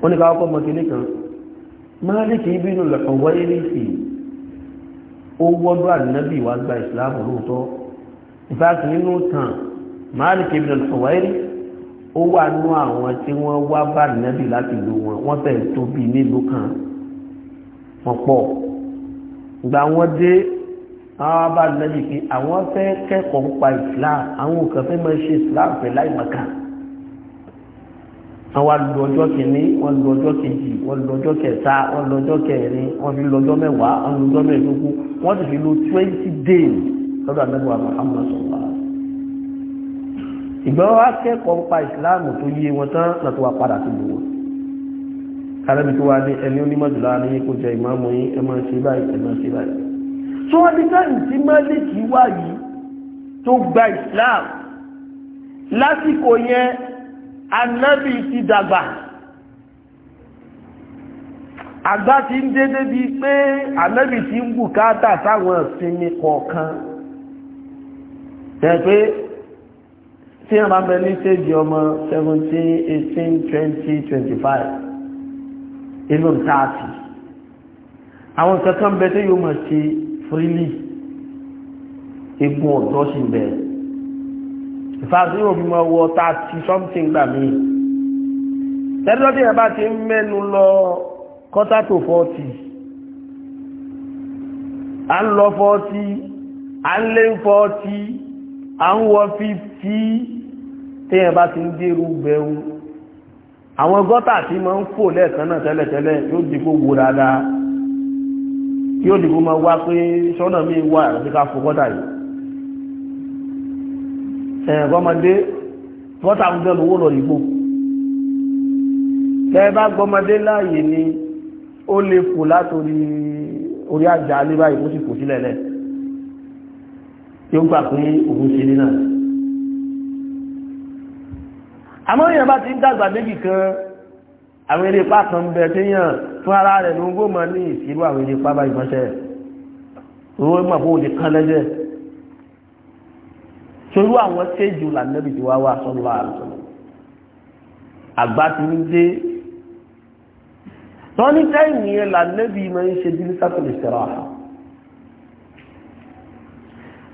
wọ́n ní káwọ́ pọ́mọ kìíní kan máàlìkì ibínú lọ̀sọ̀wọ́ yìí fi ó wọ́dọ̀ ànábì wá gba ìsìláàmù lóòótọ́ ìfàkì nínú tàn máàlìkì ibínú lọ̀sọ̀wọ́ yìí ó wà nú àwọn tí wọ́n wá bá ànábì láti lò wọn wọ́n fẹ́ tóbi nílùú kan wọ́n pọ̀ ìgbà wọn dé àwọn abáàlẹ́bí pé àwọn fẹ́ kẹ́kọ̀ọ́ nípa islam àwọn kan fẹ́ máa ṣe islam pẹ̀ láì màkà àwọn lu ọjọ́ kìíní wọ́n lu ọjọ́ kejì wọ́n lu ọjọ́ kẹta wọ́n lu ọjọ́ kẹrin wọ́n fi lu ọjọ́ mẹ́wàá wọ́n lu ọjọ́ mẹ́ẹ̀ẹ́dógún wọ́n sì fi lu twenty days lọ́dọ̀ àmẹ́wàá muhammad sọ̀rọ̀ ìgbà wọn wá kẹ́kọ̀ọ́ nípa islam tó yé wọn tán lọ́tọ́ wa padà sí gbogbo kálẹ́bí tó wá ní ẹni onímọ̀jùlá ní kò jẹ ìmáàmù yín ẹ máa ṣe báyìí ẹ máa ṣe báyìí tó wọ́n ní káyìn tí málìkì wà yìí tó gba islam lásìkò yẹn anábì ti dàgbà àgbà ti ń dédé bí pé anábì ti ń bùkátà sáwọn ìsinmi kọ̀ọ̀kan tẹ́ pé tí a máa bẹ ní stage ọmọ 17 18 20 25 inú táàtì àwọn kankan bẹ tí yóò máa ṣe frílì egun ọ̀dọ́ sí bẹ̀ ìfàṣí yóò fi máa wọ táàtì something gbà mí tẹ́lọ́dí ẹ̀ bá ti ń mẹ́nu lọ kọ́tà tó fọ́ọ̀tì à ń lọ fọ́ọ̀tì à ń lé fọ́ọ̀tì à ń wọ fífí tẹ́yẹ̀ bá ti ń dérú bẹ̀rù àwọn gọ́tà tí ma ń fò lẹ́ẹ̀kan náà tẹ́lẹ̀tẹ́lẹ̀ yóò dìkó wo dáadáa yóò dìkó ma wá pé sọ́nà mi wà àti ká fò gọ́tà yìí ẹ̀yìn gọ́mọdé gọ́tà ń bẹ̀rù owó lọ ìgbò tẹ́ bá gọ́mọdé láàyè ni ó lè fò látòrí orí àjà alébáyìí ó sì fò sílẹ̀ lẹ̀ yóò gbà pé òun ṣe ní náà àmọ́ èèyàn bá ti ń dàgbà débì kan àwọn eré ipá kan bẹ téèyàn fún ara rẹ̀ ló ń gbó mọ ní ìṣirò àwọn eré ipá báyìí mọ́ṣẹ́ owó mọ̀ fún òde kan lẹ́jẹ̀ torú àwọn séjù làǹdẹ́bì ti wá wá sọ́nù àrùn àgbà ti ń dé tọ́ ní táìmì yẹn làǹdẹ́bì máa ń ṣe dílé sátọ̀lẹ̀ sẹ́ra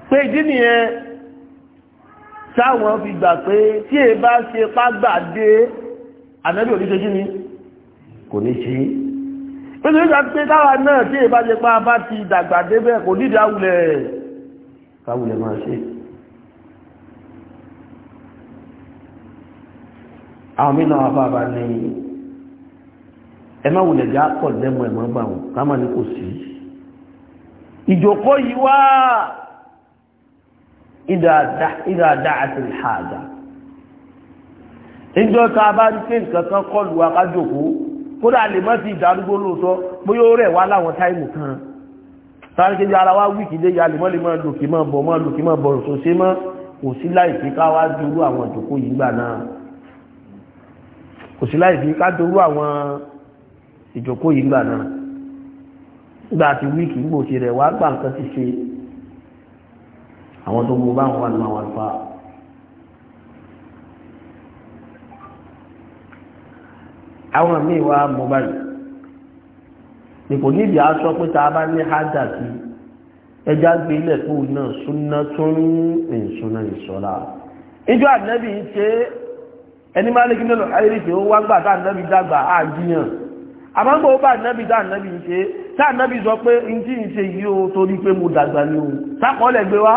pé ìdí nìyẹn táwọn fi gbà pé tí è bá ṣe pàgbàdé ànábì òní ṣe kí ni kò ní ṣe pẹ̀lú ìgbà pé táwa náà tí è bá ṣe pa bá ti dàgbàdé bẹ́ẹ̀ kò nídìí àwùlẹ̀ káwùlẹ̀ máa ṣe àwọn mí náà bá bá ní ẹmọ́ wùlẹ̀ já kọ̀ lẹ́mọ̀ ẹ̀mọ́ gbà wọn ká má ní kò sí ìjòkó yìí wá ìdá dáàtì ìhàdà ìjọ ta bá rí pé nǹkan kan kọlù akájòkó kódà lè mọ́ sí ìdádúgbò lóòótọ́ bóyá ó rẹ̀ wá láwọn táìmù kan sáré kejì ara wa wíìkì lé ya lè mọ́ lè mọ́ lòkì mọ́ bọ̀ mọ́ lòkì mọ́ bọ̀ rùsọ ṣe mọ́ kò sí láì ká wá dorú àwọn ìjòkó yìí gbà náà kò sí láì ká dorú àwọn ìjòkó yìí gbà náà nígbà tí wíìkì gbòòsì rẹ̀ wá gbà nǹkan ti ṣe àwọn tó gbogbo báwọn wà nínú àwọn àlùfà. àwọn míì wá mọ báyìí nípò níbi aṣọ pé tá a bá ní hájà sí ẹja gbé ilẹ̀ tó náà súná tó ń rìn súná ìṣọ́lá ìjọ ànábì ṣe ẹni máa lékí mẹ́lọ̀ àìríkì ó wá gbà tá ànábì dàgbà àjíyàn àmọ́gbọ́ ó bá ànábì tá ànábì ṣe tá ànábì sọ pé ní tí ń ṣe yìí ó torí pé mo dàgbà ni ó sákọọ́lẹ̀ gbé wá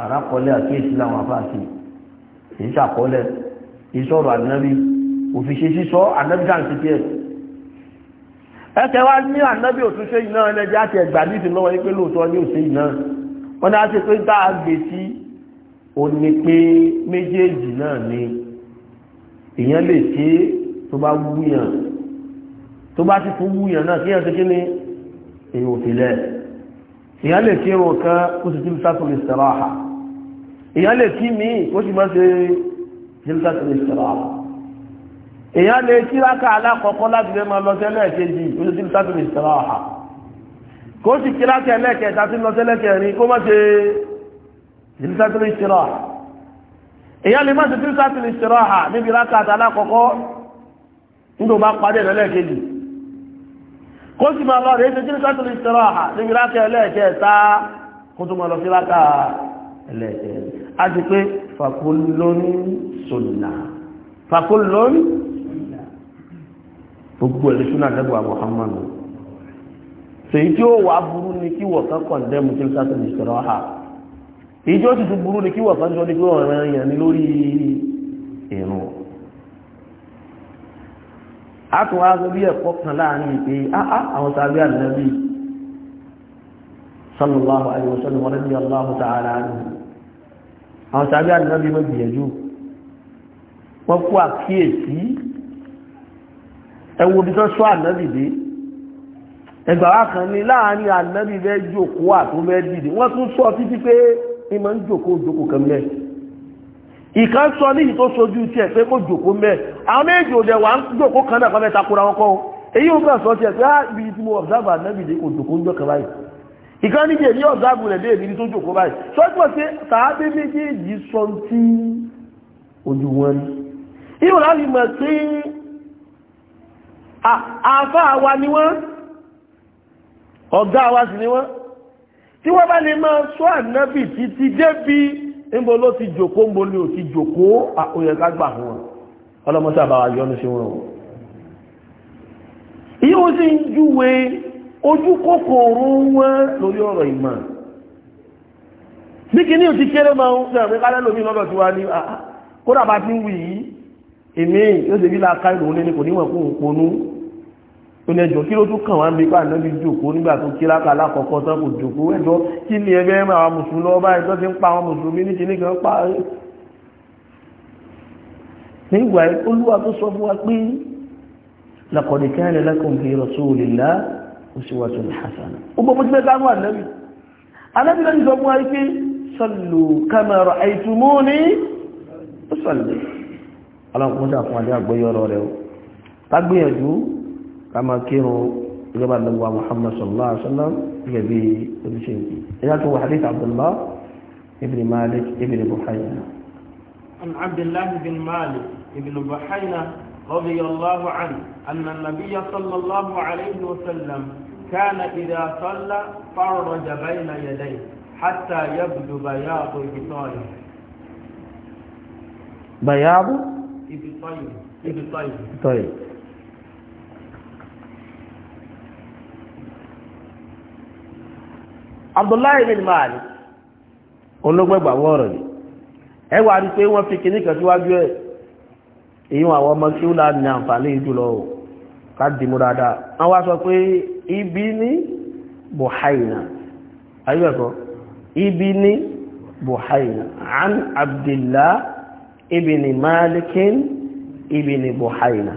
àràkọlẹ̀ àkíyèsí làwọn afáàsì kì í ṣàkọlẹ̀ ìṣọ̀rọ̀ ànábì òfìṣe sísọ ànábì dáǹtì tiẹ̀ ẹ̀kẹ́ wá ní ànábì òtúnṣe iná ẹlẹ́jẹ́ àti ẹ̀gbà ní ìsìn lọ́wọ́ yín pé lóòótọ́ ní òṣè iná wọ́n ní a ti pé tá a gbé sí òní pé méjèèjì náà ni èèyàn lè ṣe tó bá wúyàn tó bá ti fún wúyàn náà kíyàn ṣe kí ni èèyàn òfìlẹ̀ èèyàn lè ṣe irun kan kó sì ti fi sáfù lè èyàn lè kí mi ó sì máa ṣe jílgàtì lè sọ̀rọ̀ àwọn èyàn lè kí alákọ̀ọ́kọ́ láti lè máa lọ sẹ́lẹ̀ ji, ó sì lè sọ̀rọ̀ kó sì kí rákà sí lọ kó ṣe lè sọ̀rọ̀ èyàn lè ṣe lè sọ̀rọ̀ níbi alákọ̀ọ́kọ́ nígbà bá kó sì máa lọ rèé ṣe lè ẹlẹ́kẹta kó a ti pé fàkólóní sùnnà fàkólóní gbogbo ẹ̀lẹ́ súnà lẹ́gbàá Muhammadu sèyí tí ó wà burú ni kí wọ́n kan kọ̀ndẹ́mù tí ó sáté ní ìṣòro ha èyí tí ó sì tún burú ni kí wọ́n kan ní pé ọ̀rẹ́ yẹn ni lórí ìrùn a tún wá rí ẹ̀kọ́ kan láàrin ìpè áá ah, ah, àwọn sáré ànábì sallallahu alaihi wasallam radiyallahu ta'ala anhu àwọn sàbí àdínábí mọ́ gbìyànjú wọ́n kú àkíyèsí ẹwọ bí tán sọ ànábì dé ẹgbà wá kan ní láàárín ànábì bẹ́ jòkó àtó bẹ́ dìde wọ́n tún sọ títí pé ní ma ń jòkó jòkó kan mẹ́ ìkan sọ níyì tó sojú tiẹ̀ pé kó jòkó mẹ́ àwọn méjì òdẹ̀ wà ń jòkó kan náà kọ́ mẹ́ta kóra wọn kọ́ èyí ò kàn sọ tiẹ̀ pé á ah, ibi tí mo observe ànábì dé kò ń jọ kan báyìí ìkan níbi èyí ọ̀gáàbù rẹ̀ léèmí ní tó jòkó báyìí sọ́jọ́ pé tàábé méjèèjì sọ tí ojú wọn ní ìwọ̀n láti mọ̀ sí àfáà wa ni wọ́n ọ̀gá wa sì ni wọ́n tí wọ́n bá lè máa sọ ànábì títí débi níbo ló ti jòkó níbo ni ò ti jòkó àkóyẹ kágbà fún wọn ọlọ́mọsí àbáwá yọ́nu sí wọn o ìyíwọ́n sì ń júwèé ojú kòkòrò wọn lórí ọ̀rọ̀ ìmọ̀ bí kìíní ò ti kéré máa ń sẹ́rọ̀ kálẹ́ lómi lọ́dọ̀ tí wá ní kódà bá ti ń wì yìí èmi yóò ṣe bí láàká ìròyìn lẹ́ni kò níwọ̀n kún òponú tó ní ẹjọ́ kí ló tún kàn wá ń bí pa ànábi jòkó nígbà tó kí láka alákọ̀ọ́kọ́ tán kò jòkó ẹjọ́ kí ni ẹgbẹ́ máa mùsùlùmí lọ́wọ́ báyìí tó ti ń pa àwọn mùsùlùmí ní kíní kan pa nígbà olúwa tó sọ fún wa pé laqad uswatun hasana gbogbo mo ti fẹ́ dánú ànábì ànábì lẹ́yìn sọ fún wa pé sallu kama ra'aytumuni usalli alákùnrin àfún àdé àgbọ́yọ̀ ọ̀rọ̀ rẹ̀ o tágbìyànjú ká máa kírun ìjọba àdàgbà muhammad sallallahu alaihi wasallam gẹ́gẹ́ bí oníṣẹ́ ìpín ẹ̀yà tó wà hadith abdullah ibn malik ibn buhayna عن عبد الله بن مالك بن بحينة رضي الله عنه أن النبي صلى الله عليه وسلم كان إذا صلى فرج بين يديه حتى يبدو بياض إبطاله بياض إبطاله إبطاله طيب abdullahi bin malik olóògbé gbàgbọ́ ọ̀rọ̀ ni ẹ wá pé wọ́n fi kìnnìkan síwájú ẹ̀ èyí wọn àwọn ọmọ kí ó láàrin àǹfààní jùlọ kádìmú dáadáa wọ́n wá sọ pé ibi ní buhaina ayúbẹ̀kọ́ ibi ní buhaina an abdillah ibn malikin ibn buhaina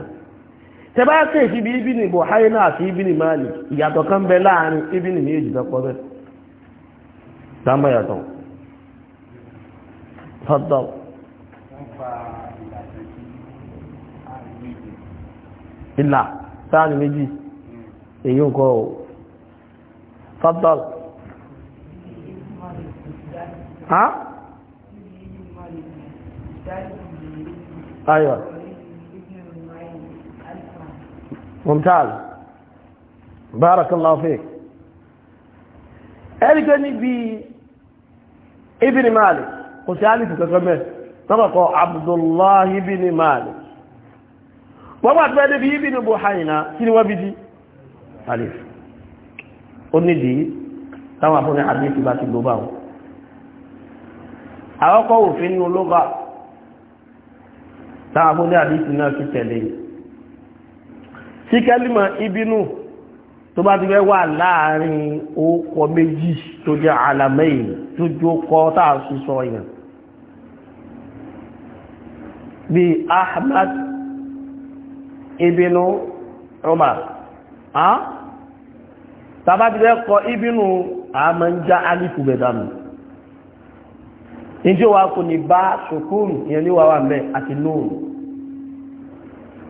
tẹ bá kẹ́ ìfi bí ibi ní buhaina àti ibi ní malik ìyàtọ̀ kan bẹ láàrin ibi ní méjì dọ́pọ̀ إلا ثاني مجي يوكو فضل ها أيوة ممتاز بارك الله فيك ألقني بي ابن مالك وسالفك كمان طبقه عبد الله بن مالك wọ́n wà tó ẹdẹ́ bí ibi ní buhaina kí ni wọ́n bí di alif ó ní di táwọn afọ́nà àdínkù bá ti gbogbo àwọn àwọ́kọ́ òfin ní olóba táwọn afọ́nà àdínkù náà ti tẹ̀lé sí kẹ́límọ̀ ibinú tó bá ti fẹ́ wà láàrin ókọ méjì tó jẹ́ alamẹ́yìn tó jókọ́ táà sísọ yẹn bí ahmad ibinu Umar ha? kọ ibinu àmọ́ ń já alifu bẹ̀dánù ìjọ wa kò ní bá ṣòkúrù ìyẹn ní wàwà mẹ́ àti lóòrùn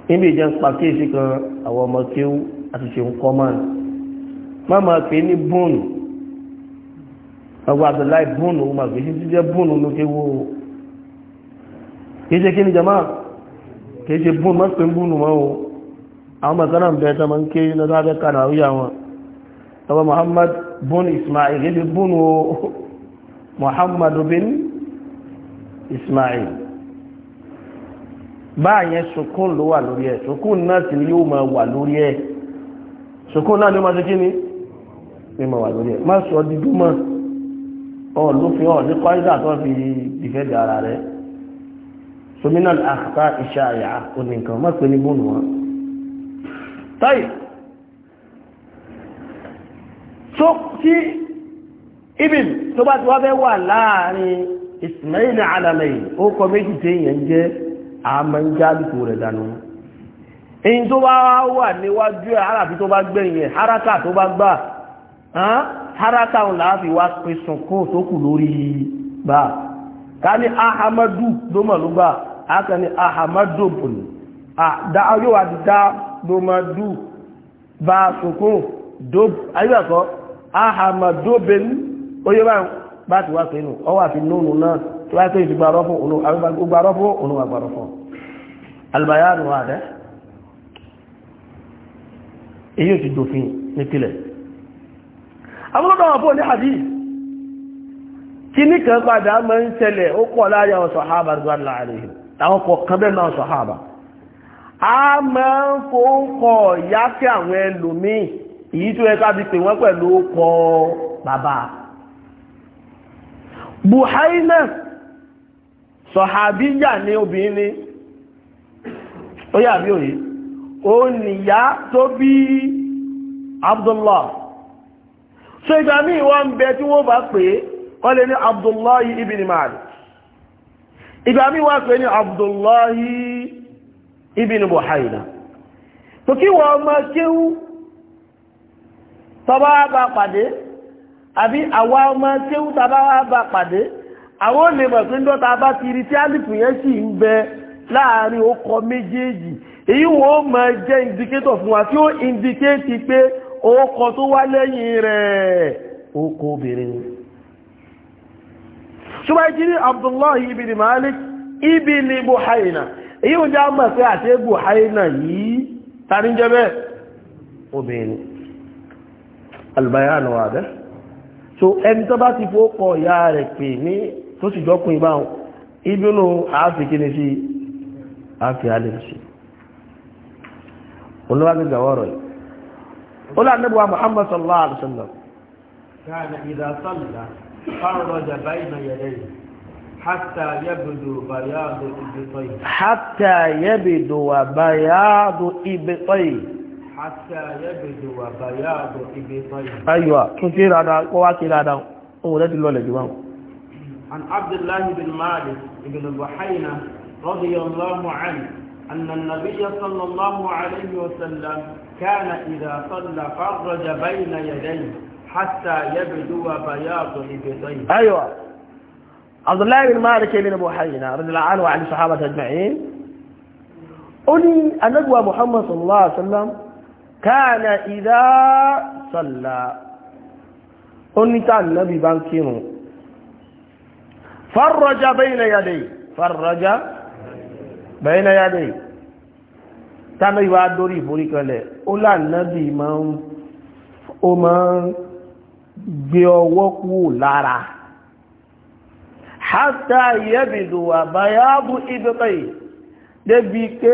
níbi ìjẹun pàkíyèsí kan àwọn ọmọ kéwú àti ṣe ń kọ́ máa mọ́mọ́ pé ní bóònù ọgbà àbdùláì bóònù ó máa gbé sí jẹ́ bóònù lókèwó kìí ṣe kí ni jẹ́ kìí ṣe bún mọ́ pé ń búnù mọ́ o àwọn mọ̀sánà ń bẹ̀ẹ́ta mọ́ ń ké lọ́dọ́ abẹ́ kàràwíyà wọn tọba Muhammad bún Ismail kìí ṣe o Muhammad bin Ismail báyẹn sukun ló wà lórí ẹ̀ sukun náà sì ni yóò máa wà lórí ẹ̀ sukun náà ni ó máa ṣe kí ni ni máa wà lórí ẹ̀ má sọ dídú mọ́ ọ lófin ọ ní kọ́ tó fi dìfẹ́ di ara rẹ̀ sọmínà àkàtà iṣẹ́ àyà onìkan má pè ní bóòlù wọn táì tó tí ibìn tó bá ti wá fẹ́ wà láàrin ismail alamai ó kọ méjì tí èèyàn jẹ́ àmàjáàlùkù rẹ̀ dànù èyí tó bá wà níwájú àràbí tó bá gbẹ̀yìn haraka tó bá gbà haraka òun láàfi wá pẹ̀sùn kó tó kù lórí bá ká ní ahamadu ló mọ̀ ló gbà aka ni a ah, da da wá ba domadu bá sùkún dob ayébàkọ́ ahamadubin oyé ba bá ti wá pé nù ọ wà fi nónù náà tí wáyé pé ìgbàrọ́ fún ònú àgbàrọ́ fún ònú àgbàrọ́ fún albayanu wà dẹ́ èyí ò ti dòfin nípìlẹ̀ àwọn ọ̀dọ́ àwọn fún ní hadith kí ní kan padà máa ń ṣẹlẹ̀ ó kọ̀ láyà ọ̀sọ̀ harvard wà láàrin àwọn kọ̀ọ̀kan bẹ́ẹ̀ náà sàhábà a máa ń fòókọ̀ yákẹ́ àwọn ẹlòmíì èyí tó ẹka bí pè wọ́n pẹ̀lú kọ bàbá buhaina sọ̀hábíyà ní obìnrin ó yà bí òye ó tó bí abdullah so ìgbà míì bẹ tí wọ́n bá pè é ní abdullahi ibn iba miwa-kwenye-abdullahi ibi-nubu haida to ki wo o ba pade abi awa o ma kehu tabawa ba pade awon o nevo-nkwendo ta ba-tiri ti alifu yensi n nbe laarin oko meji eyi o ma je indicate of nwa ki o indicatei pe o wuko to wa leyin re oko obere sụma iji ni abdullahi ibi ni maali ibi ni igbo haini iyi ojii ahuwa-fiye-gbo-hainan yi ta ninjeme obinu albayanuwa-ade so eni ta ba ti foko yare pe ni to si jo kun iba ibi-nu-afiki ne fi afi halin si ulama abin jawarai ulo-annibuwa muhammadu-allah al-sundan ya Kana idasa-mula خرج بين يديه حتى يبدو بياض إبطيه حتى يبدو بياض إبطيه حتى يبدو بياض إبطيه أيوة كثير هذا وواكي هذا ولد الله جوان عن عبد الله بن مالك بن البحينة رضي الله عنه أن النبي صلى الله عليه وسلم كان إذا صلى فرج بين يديه حتى يبدو بياض إبطيه أيوة عبد الله بن مالك بن أبو حينا رضي الله عنه وعن الصحابة أجمعين أولي النجوى محمد صلى الله عليه وسلم كان إذا صلى أولي كان النبي بانكينو فرج بين يديه فرج بين يديه كان يوادوري فوري كله أولا النبي ما هو gbé ọwọ́ kúrò lára hátà ìyẹ́bìdò àbáyábù ibẹ̀kọ̀ yìí débi pé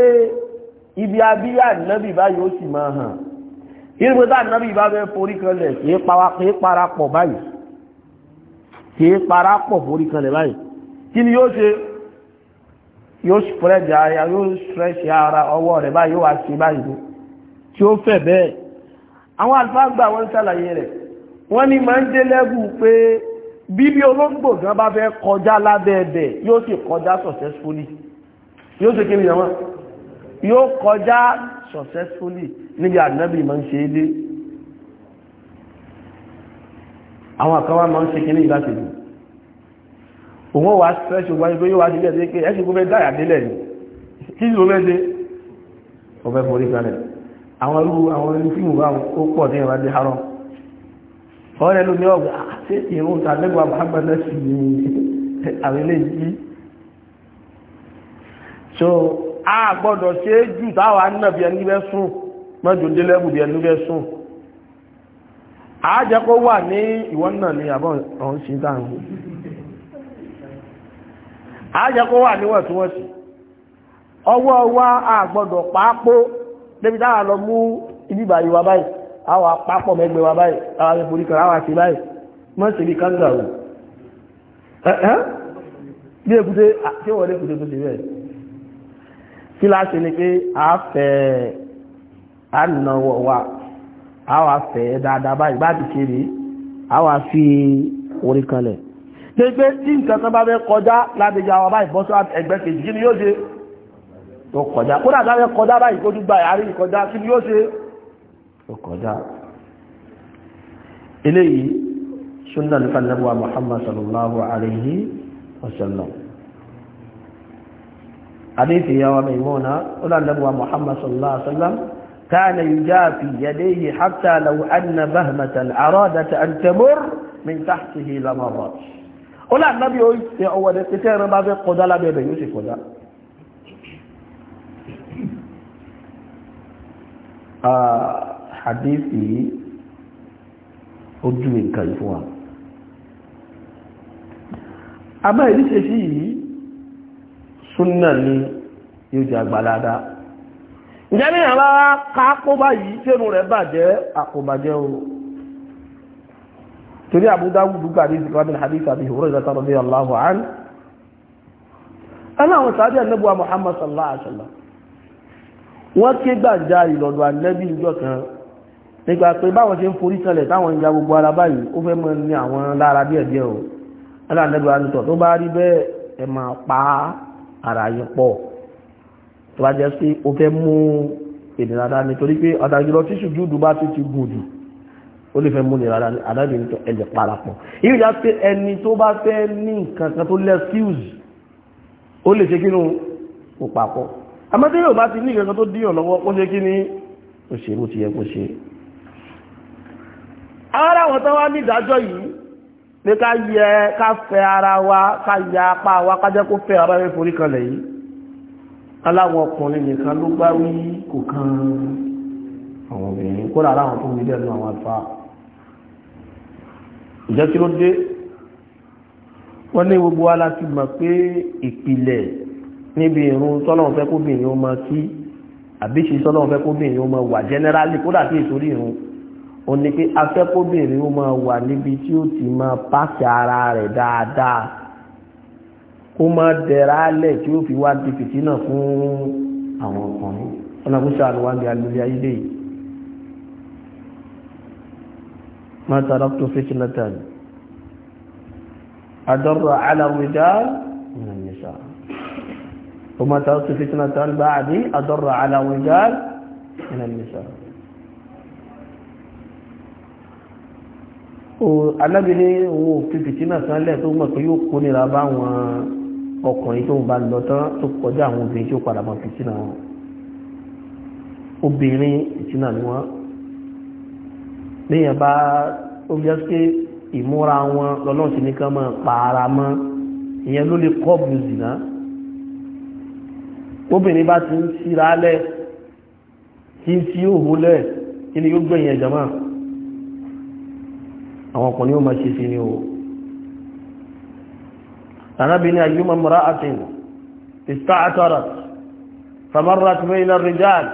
ibi abíyà nábì báyìí ó sì máa hàn ìrìnbọ̀tà nábì bá bẹ́ forí kanlẹ̀ kìí parapọ̀ báyìí kìí parapọ̀ forí kanlẹ̀ báyìí kí ni yóò ṣe yóò spread ara yóò stretch ara ọwọ́ rẹ̀ báyìí yóò wá sí báyìí tí ó fẹ̀ bẹ́ẹ̀ àwọn àlùfáà gbà wọ́n ṣàlàyé rẹ̀ wọ́n ní máa ń dé lẹ́gùn pé bí bí olóńgbò gan bá fẹ́ kọjá lábẹ́ ẹ̀bẹ̀ yóò sì kọjá successfully yóò sì kíni yàmá yóò kọjá successfully níbi ànábì máa ń ṣe é dé àwọn àkọwà máa ń ṣe kíní ìgbàtẹ̀lú òun wà sẹ́ṣù wáyé pé yóò wá sílẹ̀ sí pé ẹ̀ṣù kó fẹ́ dáyà délẹ̀ ní kí ló mẹ́ṣe ọ̀fẹ́ forí kalẹ̀ àwọn irú àwọn irú fíìmù bá ó pọ̀ ní ìrìnàjò haram ọ̀rẹ́ ló ní ọ̀gbà àti ah, ìrún tàbẹ́gbà Muhammadu sí ní àrílẹ̀ yìí so a gbọ́dọ̀ ṣe é jù táwà náà bí ẹni bẹ́ sùn mọ́jọ́délẹ́bù bí ẹni bẹ́ sùn a jẹ́ kó wà ní ìwọ́n náà ní àbọ̀ ọ̀hún sí dáhùn a jẹ́ kó wà ọwọ́ a gbọ́dọ̀ lọ mú báyìí àwọn apapọ̀ mẹ́gbẹ̀ wa báyìí àwọn ẹ̀fòrí kan àwọn àti báyìí mọ́ sí ibi kánga o bí èkúté tí wọ́n lè kúté tó ti rẹ̀ kí láti ni pé a fẹ́ ànàwọ̀ wa àwọn afẹ́ dáadáa báyìí bá ti ṣe rèé àwọn afi orí kanlẹ̀ tó pé tí nǹkan kan bá fẹ́ kọjá lábẹ́jà àwọn báyìí bọ́sọ́ ẹgbẹ́ kejì kí ni yóò ṣe tó kọjá kódà tá fẹ́ kọjá báyìí kó tún gba ìyárí ìkọjá kí ni yóò ṣe ó kọjá eléyìí súnà nípa nàbùwà Muhammad sallallahu alayhi wa sallam àdéhìí yàwó Maimuna ó là nàbùwà Muhammad sallallahu alayhi wa sallam كان يجافي يديه حتى لو أن بهمة أرادت أن تمر من تحته لمرت ولا النبي يقول يقول ما في قدى لا بيبي يوسف hadithi yìí ó júwe nǹkan A fún wa àmọ́ ìríṣe sí yìí súnà ni yóò jẹ́ àgbàládá ìjẹ́ ní àwọn kápóbá yìí tẹ́nu rẹ̀ bàjẹ́ àkóbàjẹ́ o torí Abu Dawud ìsìnkú hadith ìhòrò ìrẹta sallallahu kan nígbà pé báwọn ṣe ń forí sọlẹ̀ táwọn ìjà gbogbo ara báyìí ó fẹ́ mọ́ ní àwọn lára díẹ̀ díẹ̀ o aláàdẹ́gbà nìtọ̀ tó bá rí bẹ́ẹ̀ ẹ máa pa ara yín pọ̀ tó bá jẹ́ pé ó fẹ́ mú ènìyàn dáadáa nítorí pé ọ̀dàjúlọ tíṣù júùdù bá ti ti gùn jù ó lè fẹ́ mú ní rárá àdájọ́ nìtọ̀ ẹ̀jẹ̀ parapọ̀ ìlú pé ẹni tó bá fẹ́ ní nǹkan kan tó lẹ́ skills ó lè ṣe kí nu kò àmọ́ tí yóò bá ti ní nǹkan tó díyàn lọ́wọ́ ó ṣe kí ni òṣèlú ti yẹ kó ṣe ara wọn tán wá ní ìdájọ́ yìí pé ká yẹ ká fẹ́ ara wa ká ya apá wa ká jẹ́ kó fẹ́ ara rẹ̀ forí kanlẹ̀ yìí aláwọn ọkùnrin nìkan ló bá wí kò kan àwọn obìnrin kó rà láwọn tó ń gbé àwọn àfa ìjẹ́ kí ló dé wọ́n ní gbogbo wa láti mọ̀ pé ìpìlẹ̀ níbi ìrun tọ́lọ́run fẹ́ kóbìnrin ó máa kí àbíṣe tọ́lọ́run fẹ́ kóbìnrin ó máa wà jẹ́nẹ́rálì kódà bí ìtorí ìrun ó ní pé afẹ́kọ́bìnrin ó máa wà níbi tí ó ti máa pàṣẹ ara rẹ̀ dáadáa kó máa dẹ̀ra alẹ̀ tí ó fi wá di fìtínà fún àwọn ọkùnrin ọlọ́múṣà àlùwádìí alórí ayílẹ̀ yìí ما تركت فتنة أدر على الرجال من النساء وما تركت فتنة بعدي أدر على الرجال من النساء alábìlẹ̀ owó pípìtì náà sánlẹ̀ tó mọ̀ pé yóò kó nira bá àwọn ọkùnrin tó ń bá lọ tán tó kọjá àwọn obìnrin tí ó padà mọ̀ pìtì náà obìnrin pìtì náà ni wọ́n léèyàn bá ó bí ẹ́sùké ìmúra wọn lọ́lọ́sí nìkan mọ́ pààrà mọ́ ìyẹn ló lè kọ́ọ̀bù zìnà obìnrin bá ti ń síra lẹ̀ tí ń sí òhun lẹ̀ kí ni yóò gbẹ̀yìn ẹ̀jẹ̀ máa àwọn ọkùnrin ó máa ṣe sí ni o arábìnrin ayyuma mura'atin ista'atarat famarrat bayna ar-rijal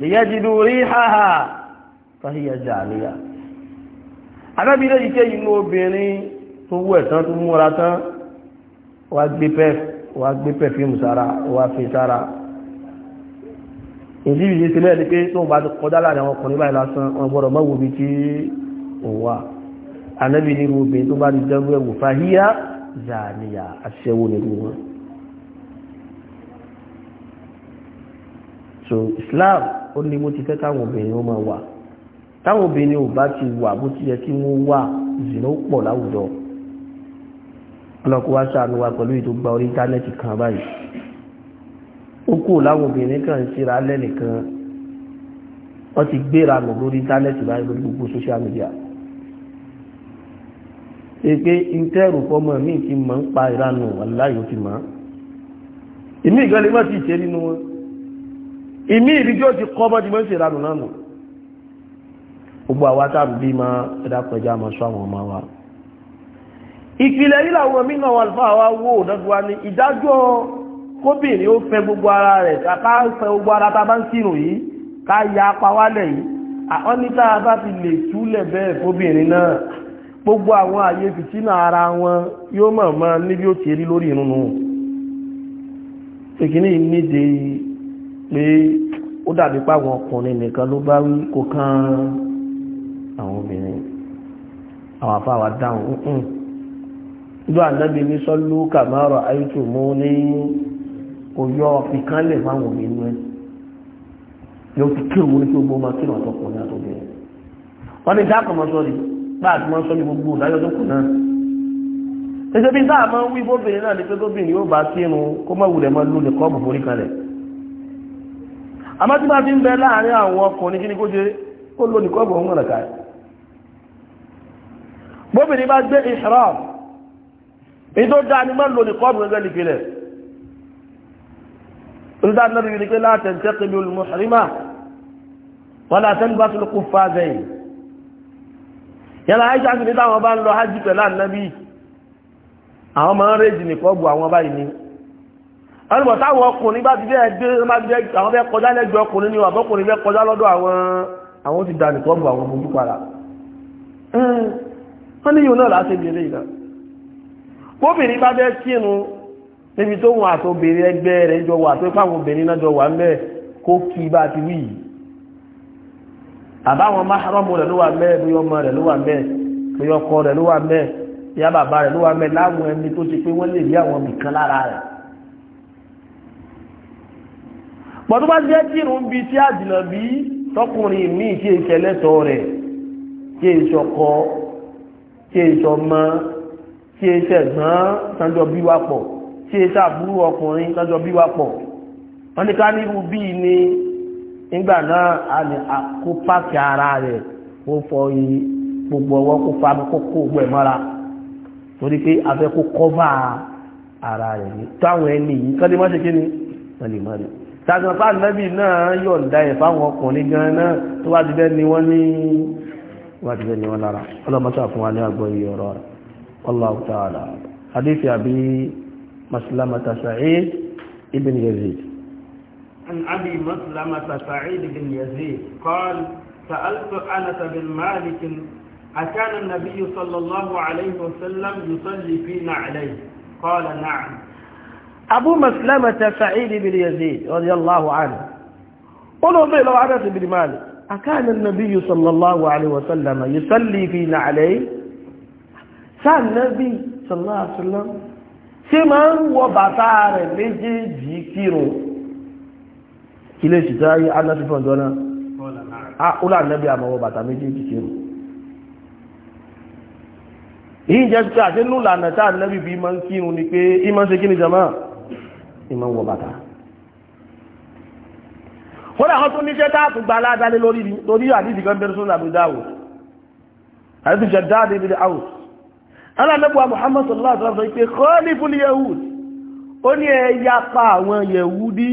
liyajidu rihaha fahiya jaliya arábìnrin yìí tẹ́ inú obìnrin tó wẹ̀ tán tó múra tán wá gbé pẹ́ wá gbé pẹ́ fíìmù sára wá fi sára ìdí ìdí sílẹ̀ ni pé tó bá kọjá láàrin ọkùnrin báyìí lásán wọn gbọ́dọ̀ bí tí òun wà anábì ní obìnrin tó bá rí dẹ́rú ẹ̀wò fàhíyá zàníyà aṣẹ́wó nínú wọn so Islam ó ní mo ti fẹ́ káwọn obìnrin wọn máa wà táwọn obìnrin ò bá ti wà bó ti yẹ kí wọ́n wà zìnà ó pọ̀ láwùjọ ọlọ́kùnwá sàánú wa pẹ̀lú ìdógbà orí íńtánẹ́ẹ̀tì kan báyìí ó kú láwọn obìnrin kan ń síra lẹ́nìkan wọ́n ti gbéra nù lórí íńtánẹ́ẹ̀tì báyìí lórí gbogbo social media èké ìtẹ́rù fọmọ mi ti mọ̀ ń pa ìranù aláyò ti mọ̀ ìmí ìgbẹ́lẹ̀ mọ́ ti ṣe nínú wọn ìmí ìrìjọ́ ti kọ́ mọ́ ti mọ́ ṣe ìranù náà nù gbogbo bí ma ẹ̀dàpẹ̀já ma sọ wa ìpìlẹ̀ yìí làwọn mínà wà fún àwa wò dájúwa ní ìdájọ́ kóbìnrin ó fẹ́ gbogbo a bá ti lè túlẹ̀ bẹ́ẹ̀ kóbìnrin gbogbo àwọn àyè ara wọn yóò mọ̀ mọ́ níbi ó ti rí lórí ìrúnnú ìkíní níde pé ó dàbí pàwọn ọkùnrin nìkan ló bá wí kò kán àwọn obìnrin àwọn dáhùn ún ìjọ ànábi ní sọ́lú kàmárọ̀ mú ní oyọ́ ìkánlẹ̀ fáwọn obìnrin rẹ̀ yóò fi kí báà tí wọ́n sọ ní gbogbo ìdájọ́ tó kù náà ẹsẹ̀ bí sáà máa ń wí bóbìnrin náà ni pé bóbìnrin yóò bá kírun kó má wulẹ̀ máa lulẹ̀ kọ́ mọ̀ forí kalẹ̀ àmọ́ tí bá fi ń bẹ láàrin àwọn ọkùnrin kí ni kó ṣe ó lò nìkọ́ bọ̀ ń rẹ̀ka bóbìnrin bá gbé ihram èyí tó yàrá aisha ti ní táwọn bá ń lọ hajji pẹ̀lá ànábì àwọn máa ń rèjì nìkan bu àwọn báyìí ni ọlọ́pàá táwọn ọkùnrin bá ti bẹ́ẹ̀ àwọn bẹ́ẹ̀ kọjá lẹ́gbẹ̀ẹ́ ọkùnrin ni àbọ́kùnrin bẹ́ẹ̀ kọjá lọ́dọ̀ àwọn ti dà ní àbáwọn máhàrọ́mù rẹ̀ ló wà mẹ́ bí ọmọ rẹ̀ ló wà mẹ́ bí ọkọ rẹ̀ ló wà mẹ́ bí bàbá rẹ̀ ló wà mẹ́ láwọn ẹni tó ti pé wọ́n lè rí àwọn nìkan lára rẹ̀ pọ̀tún bá jẹ́ kírun bí tí àjìnà bí tọkùnrin míì kí èṣẹ́ lẹ́tọ̀ọ́ rẹ̀ kí èṣẹ́ ọkọ kí èṣẹ́ ọmọ kí èṣẹ́ ẹ̀gbọ́n sanjọ bí wà pọ̀ kí èṣẹ́ àbúrò ọkùnrin sanjọ bí wà pọ̀ wọ́n ní ká nírú bíi ni nígbà náà a lè kó páàkì ara rẹ̀ fọ iye gbogbo ọwọ́ kó fa kó kó gbogbo ẹ̀ mọ́ra torí pé abẹ́ kó kọ́fà ara rẹ̀ ní táwọn ẹni yìí kọ́lé kí ni wọ́n lè mọ́ rẹ̀ tàbí nẹ́bì náà yọ̀ǹda ẹ̀ fáwọn ọkùnrin gan náà tó wá ti bẹ́ ni wọ́n ní wá ti ni wọ́n lára fún wa ní àgbọ̀ iye عن أبي مسلمة سعيد بن يزيد قال سألت أنس بن مالك أكان النبي صلى الله عليه وسلم يصلي فينا عليه قال نعم أبو مسلمة سعيد بن يزيد رضي الله عنه قلوا به لو أنس بن مالك أكان النبي صلى الله عليه وسلم يصلي فينا عليه سأل النبي صلى الله عليه وسلم سيما وبطار مجي جيكيرو kí lè ṣì táyé anáfi fún ọjọ́ náà ó là nẹ́bí àmọ́wọ́ bàtà méjèèjì kéré èyí jẹ́ pé àti nù lànà tá nẹ́bí bí máa ń kírun ni pé ìmọ̀ ṣe kí ni jama ìmọ̀ wọ bàtà kódà kan tó níṣẹ́ táàtù gba aládálé lórí torí àdídì kan bẹ̀rẹ̀ sónà àbúdá pa àwọn yehudi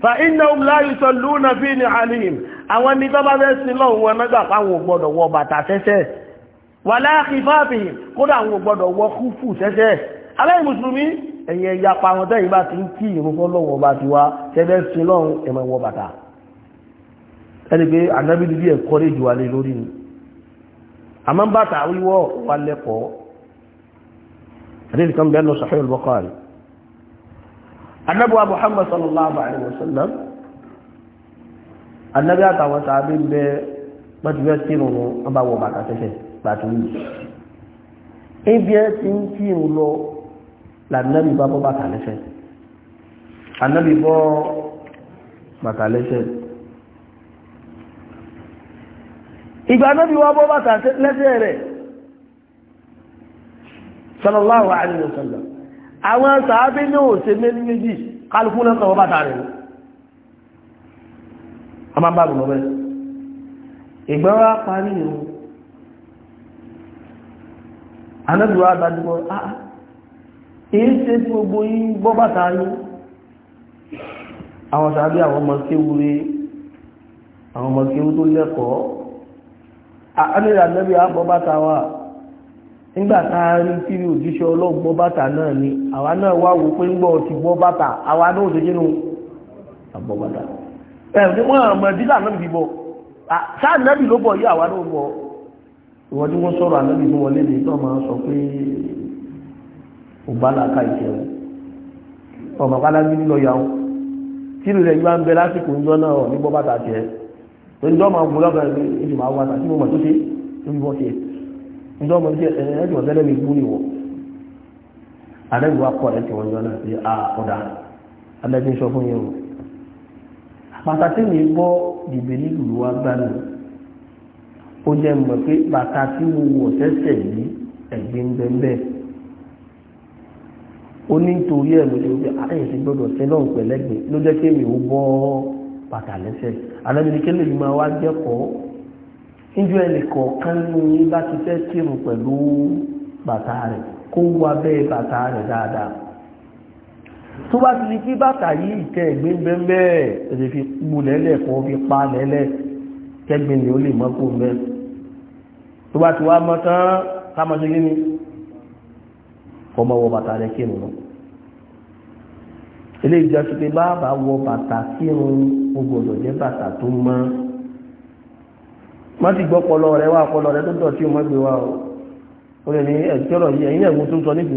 fa iná láyé sọ lúnà fi ní alim àwọn ní tọ́bá fẹ́ sí lọ́wọ́ wọn nágbà fáwọn ògbọ́dọ̀ wọ bàtà sẹ́sẹ́ wà láàkì fáàfì kódà àwọn ògbọ́dọ̀ wọ kúfù sẹ́sẹ́ alẹ́ mùsùlùmí ẹ̀yẹ yapa wọn tẹ́yìn bá ti ń kí ìrúfọ́ lọ́wọ́ bá ti wá tẹ́lẹ̀ sí lọ́run ẹ̀mọ̀ wọ bàtà ẹni pé ànábì níbi ẹ̀kọ́ lè jù wálé lórí ni àmọ́ bàtà wíwọ́ wálẹ́kọ̀ọ́ àdéhùn kan bẹ́ẹ̀ lọ Sahih al-Bukhari anábíwá muhammad sallallahu alaihi wasallam anábí àtàwọn sàábí ń bẹ pẹ́tùbẹ́ tí ìrùn wọn bá wọ bàtà tẹ́sẹ̀ pàtó yìí ibi ẹ ti ń kí ìrùn lọ lànàbí bá bọ́ bàtà lẹ́sẹ̀ anábí bọ́ bàtà lẹ́sẹ̀ ìgbà anábí wá bọ́ bàtà lẹ́sẹ̀ sallallahu alaihi wasallam àwọn sàábé ní òṣè méjì méjì kálukú náà sọ̀rọ̀ bàtà rẹ̀ a máa bá lù lọ́wẹ́ ìgbọ́nwá parí ìrùn anábìwá àdájúmọ́ àà èyí ṣe tí gbogbo yí bọ́ bàtà ní àwọn sàábé àwọn ọmọ kéwú rí àwọn ọmọ kéwú tó lẹ́kọ̀ọ́ nígbà tá a rí tí òjíṣẹ́ ọlọ́gbọ́ bàtà náà ni àwa náà wá wò pé ńgbọ́ ti gbọ́ bàtà àwa náà ò déjínú àgbọ̀ bàtà ẹ̀rùn wọn àmọ́ dídà náà fi bọ̀ sáà náà bí ló bọ̀ yí àwa náà bọ̀ ìwọ́n tí wọ́n sọ̀rọ̀ ànábì fún wọn léde tó máa sọ pé ò bá làákà ìṣẹ̀wọ̀n ọmọ kálábí nílò yàwó tí ìlú rẹ̀ yí máa ń bẹ lásìkò ńjọ́ náà ọ̀ ní bọ́ bàtà tiẹ̀ tó ń jọ́ máa gbọ́ lọ́gàá ìlú ìjọ ọmọ ìjẹ ẹjọ ọ̀gẹ́lẹ́ mi bú nìwọ̀ àdẹ́gbẹ̀wá kọ̀ ẹ̀ tí wọ́n yọ náà sí àkọ́dá alẹ́bí sọ fún yẹn o bàtà tí mi gbọ́ dìbè nílùú wa gbá mi ó jẹ́ mọ̀ pé bàtà tí mo wọ̀ sẹ́sẹ̀ yìí ẹ̀gbin bẹ́ẹ̀ ó ní nítorí ẹ̀ lójú pé àyẹ̀sí gbọ́dọ̀ sẹ́lọ̀ pẹ̀lẹ́gbẹ̀ ló jẹ́ kémi ó bọ́ bàtà lẹ́sẹ̀ alẹ́bí ni kémi máa wá jẹ́kọ̀ọ́ níjú ẹnì kọ̀ọ̀kan nínú yín bá ti fẹ́ kírun pẹ̀lú bàtà rẹ̀ kó wú abẹ́ bàtà rẹ̀ dáadáa tó bá ti di kí bàtà yìí ìtẹ́ ẹ̀gbẹ́ ni ó lè mọ́kò mẹ́ tó bá ti wá mọ́ tán sámọ́sí kí ni ọmọ wọ bàtà rẹ̀ kírun lọ ilé ìjọsìn pé bá bá wọ bàtà kírun ó gbọ́dọ̀ jẹ́ bàtà tó mọ́ má ti gbọ́ pọlọ rẹ wá pọlọ rẹ tó tọ̀ tí o má gbé wa o o lè ní ẹ̀sìtọ́rọ̀ yìí ẹ̀yìn ẹ̀gbọ́n tó ń sọ níbi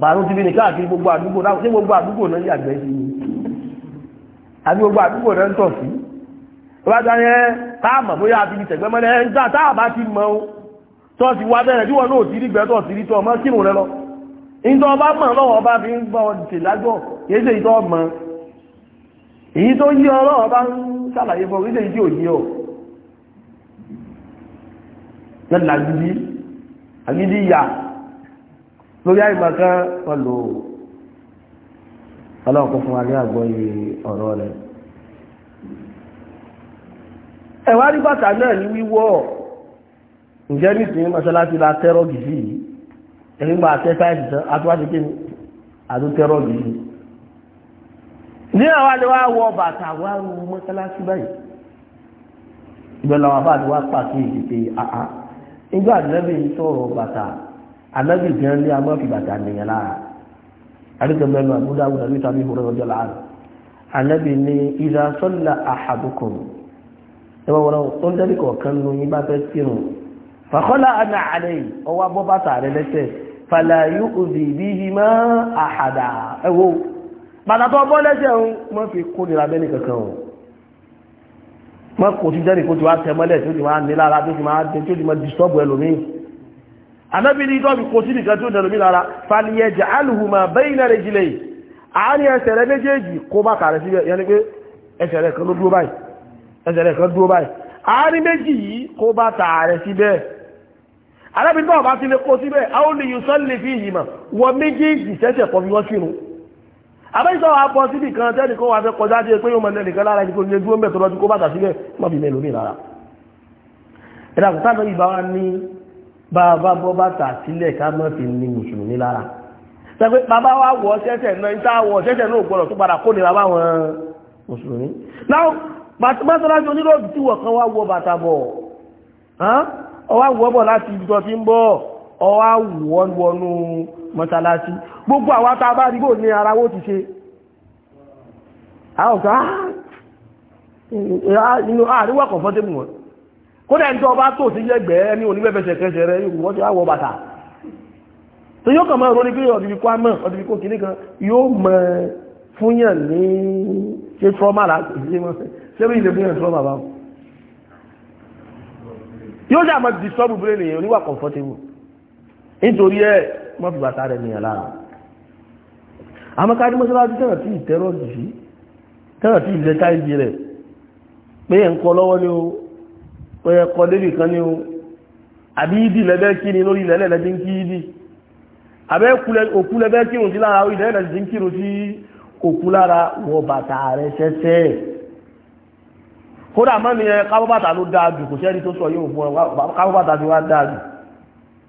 bàánú ti fi ní káàkiri gbogbo àdúgbò náà sí gbogbo àdúgbò náà yà gbẹ́ sí i àbí gbogbo àdúgbò náà ń tọ̀ sí i wọ́n bá yẹn táàmà bóyá àti ìtẹ̀gbẹ́ mọ́lẹ̀ ẹ̀ ń gbà táàbà ti mọ o tọ́ ti wá bẹ̀rẹ̀ tí wọ́n náà ti rí gbẹ́ tọ̀ sí rí tọ́ ọmọ kírun rẹ lọ náà làgídí àgídí ìyà lórí àìmọ̀ kan wọ́n lò ó ọlọ́run kún fún wa ní àgbọ́yé ọ̀rọ̀ rẹ̀ ẹ̀wà rí bàtà náà ní wíwọ́ ǹjẹ́ nìsín mọ́ṣáláṣí la tẹ́rọ̀gì sí yìí ẹ̀yìnbà àtẹ́sáìsì tán àtúwáṣe kí ni àdó tẹ́rọ̀gì sí ní àwọn àdéwà wọ bàtà wà rú mọ́ṣáláṣí báyìí ìgbẹ́lọ́wọ́ bá ti wá pàṣẹ ìdìtẹ̀ nígbà ànábì ń sọ̀rọ̀ bàtà ànábì gan ní a máa fi bàtà nìyẹn lára àríkẹ́mẹ́nu àbúdá àwọn àbí tàbí ìhòòrò ọjọ́ láàrú ànábì ní ìdá sọ́là àhàdùkùn ẹwà wọn tó ń dẹ́bí kọ̀ọ̀kan nu yín bá fẹ́ kírun fàkọ́lá àná àlẹ́ yìí ọwọ́ abọ́ bàtà rẹ lẹ́sẹ̀ fàlàyé òbí bí i mọ́ àhàdà ẹ̀wọ̀ bàtà tó bọ́ lẹ́sẹ̀ ń mọ́ fi kó nira bẹ́ẹ̀ nìkankan o mọ́ kò sí jẹ́rìí kó ti wá tẹ mọ́lẹ̀ tó ti máa ní lára tó ti máa dé tó ti máa disturb ẹlòmíì ànábì ní ìtọ́bi kò sí nìkan tó dẹ̀lòmíì lára faliyẹjẹ alùhùmá bẹ́yìn rẹ̀ jìlẹ̀ yìí àárín ẹsẹ̀ rẹ̀ méjèèjì kó bá kàrẹ̀ síbẹ̀ yẹn ni pé ẹsẹ̀ rẹ̀ kan ló dúró báyìí ẹsẹ̀ rẹ̀ kan dúró báyìí àárín méjì yìí kó bá tààrẹ̀ síbẹ̀ ànábì náà bá ti lè kó síbẹ̀ àwọn olùyùsọ́ lè fi ìyìmọ̀ wọ méjèèjì sẹ́sẹ̀ kọ́ fi wọ́n sínú àbẹ́sọ̀ wa bọ́ síbì kan tẹ́lì kó wà fẹ́ kọjá dé pé yóò mọ̀ lẹ́nìkan lára ìdíkò ní ojú mẹ́tọ́ lọ́dún kó bàtà sílẹ̀ mọ́ bí mẹ́lòmí lára ẹ̀dà kò sáàtọ̀ ìbá wa ní bàbá bọ́ bàtà sílẹ̀ ká mọ́ fi ní mùsùlùmí lára wa wọ̀ sẹ́sẹ̀ náà ìta wọ̀ sẹ́sẹ̀ náà gbọ́dọ̀ tó padà kó nira báwọn mùsùlùmí náà mọ́sálásí oníròdù tí wọ̀ kan wá wọ bàtà bọ̀ ọwá wọ́ ọwá wọnú mọ́sálásí gbogbo àwọn tá a bá rí bò ní ara wó ti ṣe àwọ̀ká ah, eh, ah, inú ah, àríwá kọ̀fọ́tébù wọn kódà ní tó bá tó sí yẹ́gbẹ́ ẹni oníbẹ̀fẹ̀ṣẹ̀kẹsẹ̀ rẹ wọ́n ti wọ́ bàtà tó yóò kàn mọ́ ìrọ́ ní pé ọ̀dìbìkó àmọ́ ọ̀dìbìkó kìíní kan yóò mọ̀ fúnyàn ní ṣe trọ́mà láti ṣe mọ́ yóò dà mọ́ disturb brain èèyàn oníwà comfortable nítorí ẹ̀ mọ́ fi bàtà rẹ̀ nìyàn lára àmọ́kárí mọ́sálásí tẹ́rà tí ìtẹ́rọ̀ jù sí tẹ́rà tí ìlẹ̀ táìjì rẹ̀ pé ẹ̀ ń kọ lọ́wọ́ ní o pé ẹ kọ débì kan ní o àbí ìdí lẹ́bẹ́ kí ni lórí ilẹ̀ lẹ́bẹ́ kí ìdí àbẹ́ òkú lẹ́bẹ́ kí òun sí lára orí ilẹ̀ lẹ́bẹ́ kí òun sí òkú lára wọ bàtà rẹ̀ ṣẹ̀ṣẹ̀ kódà mọ́ ni ẹ kábọ́ bàtà ló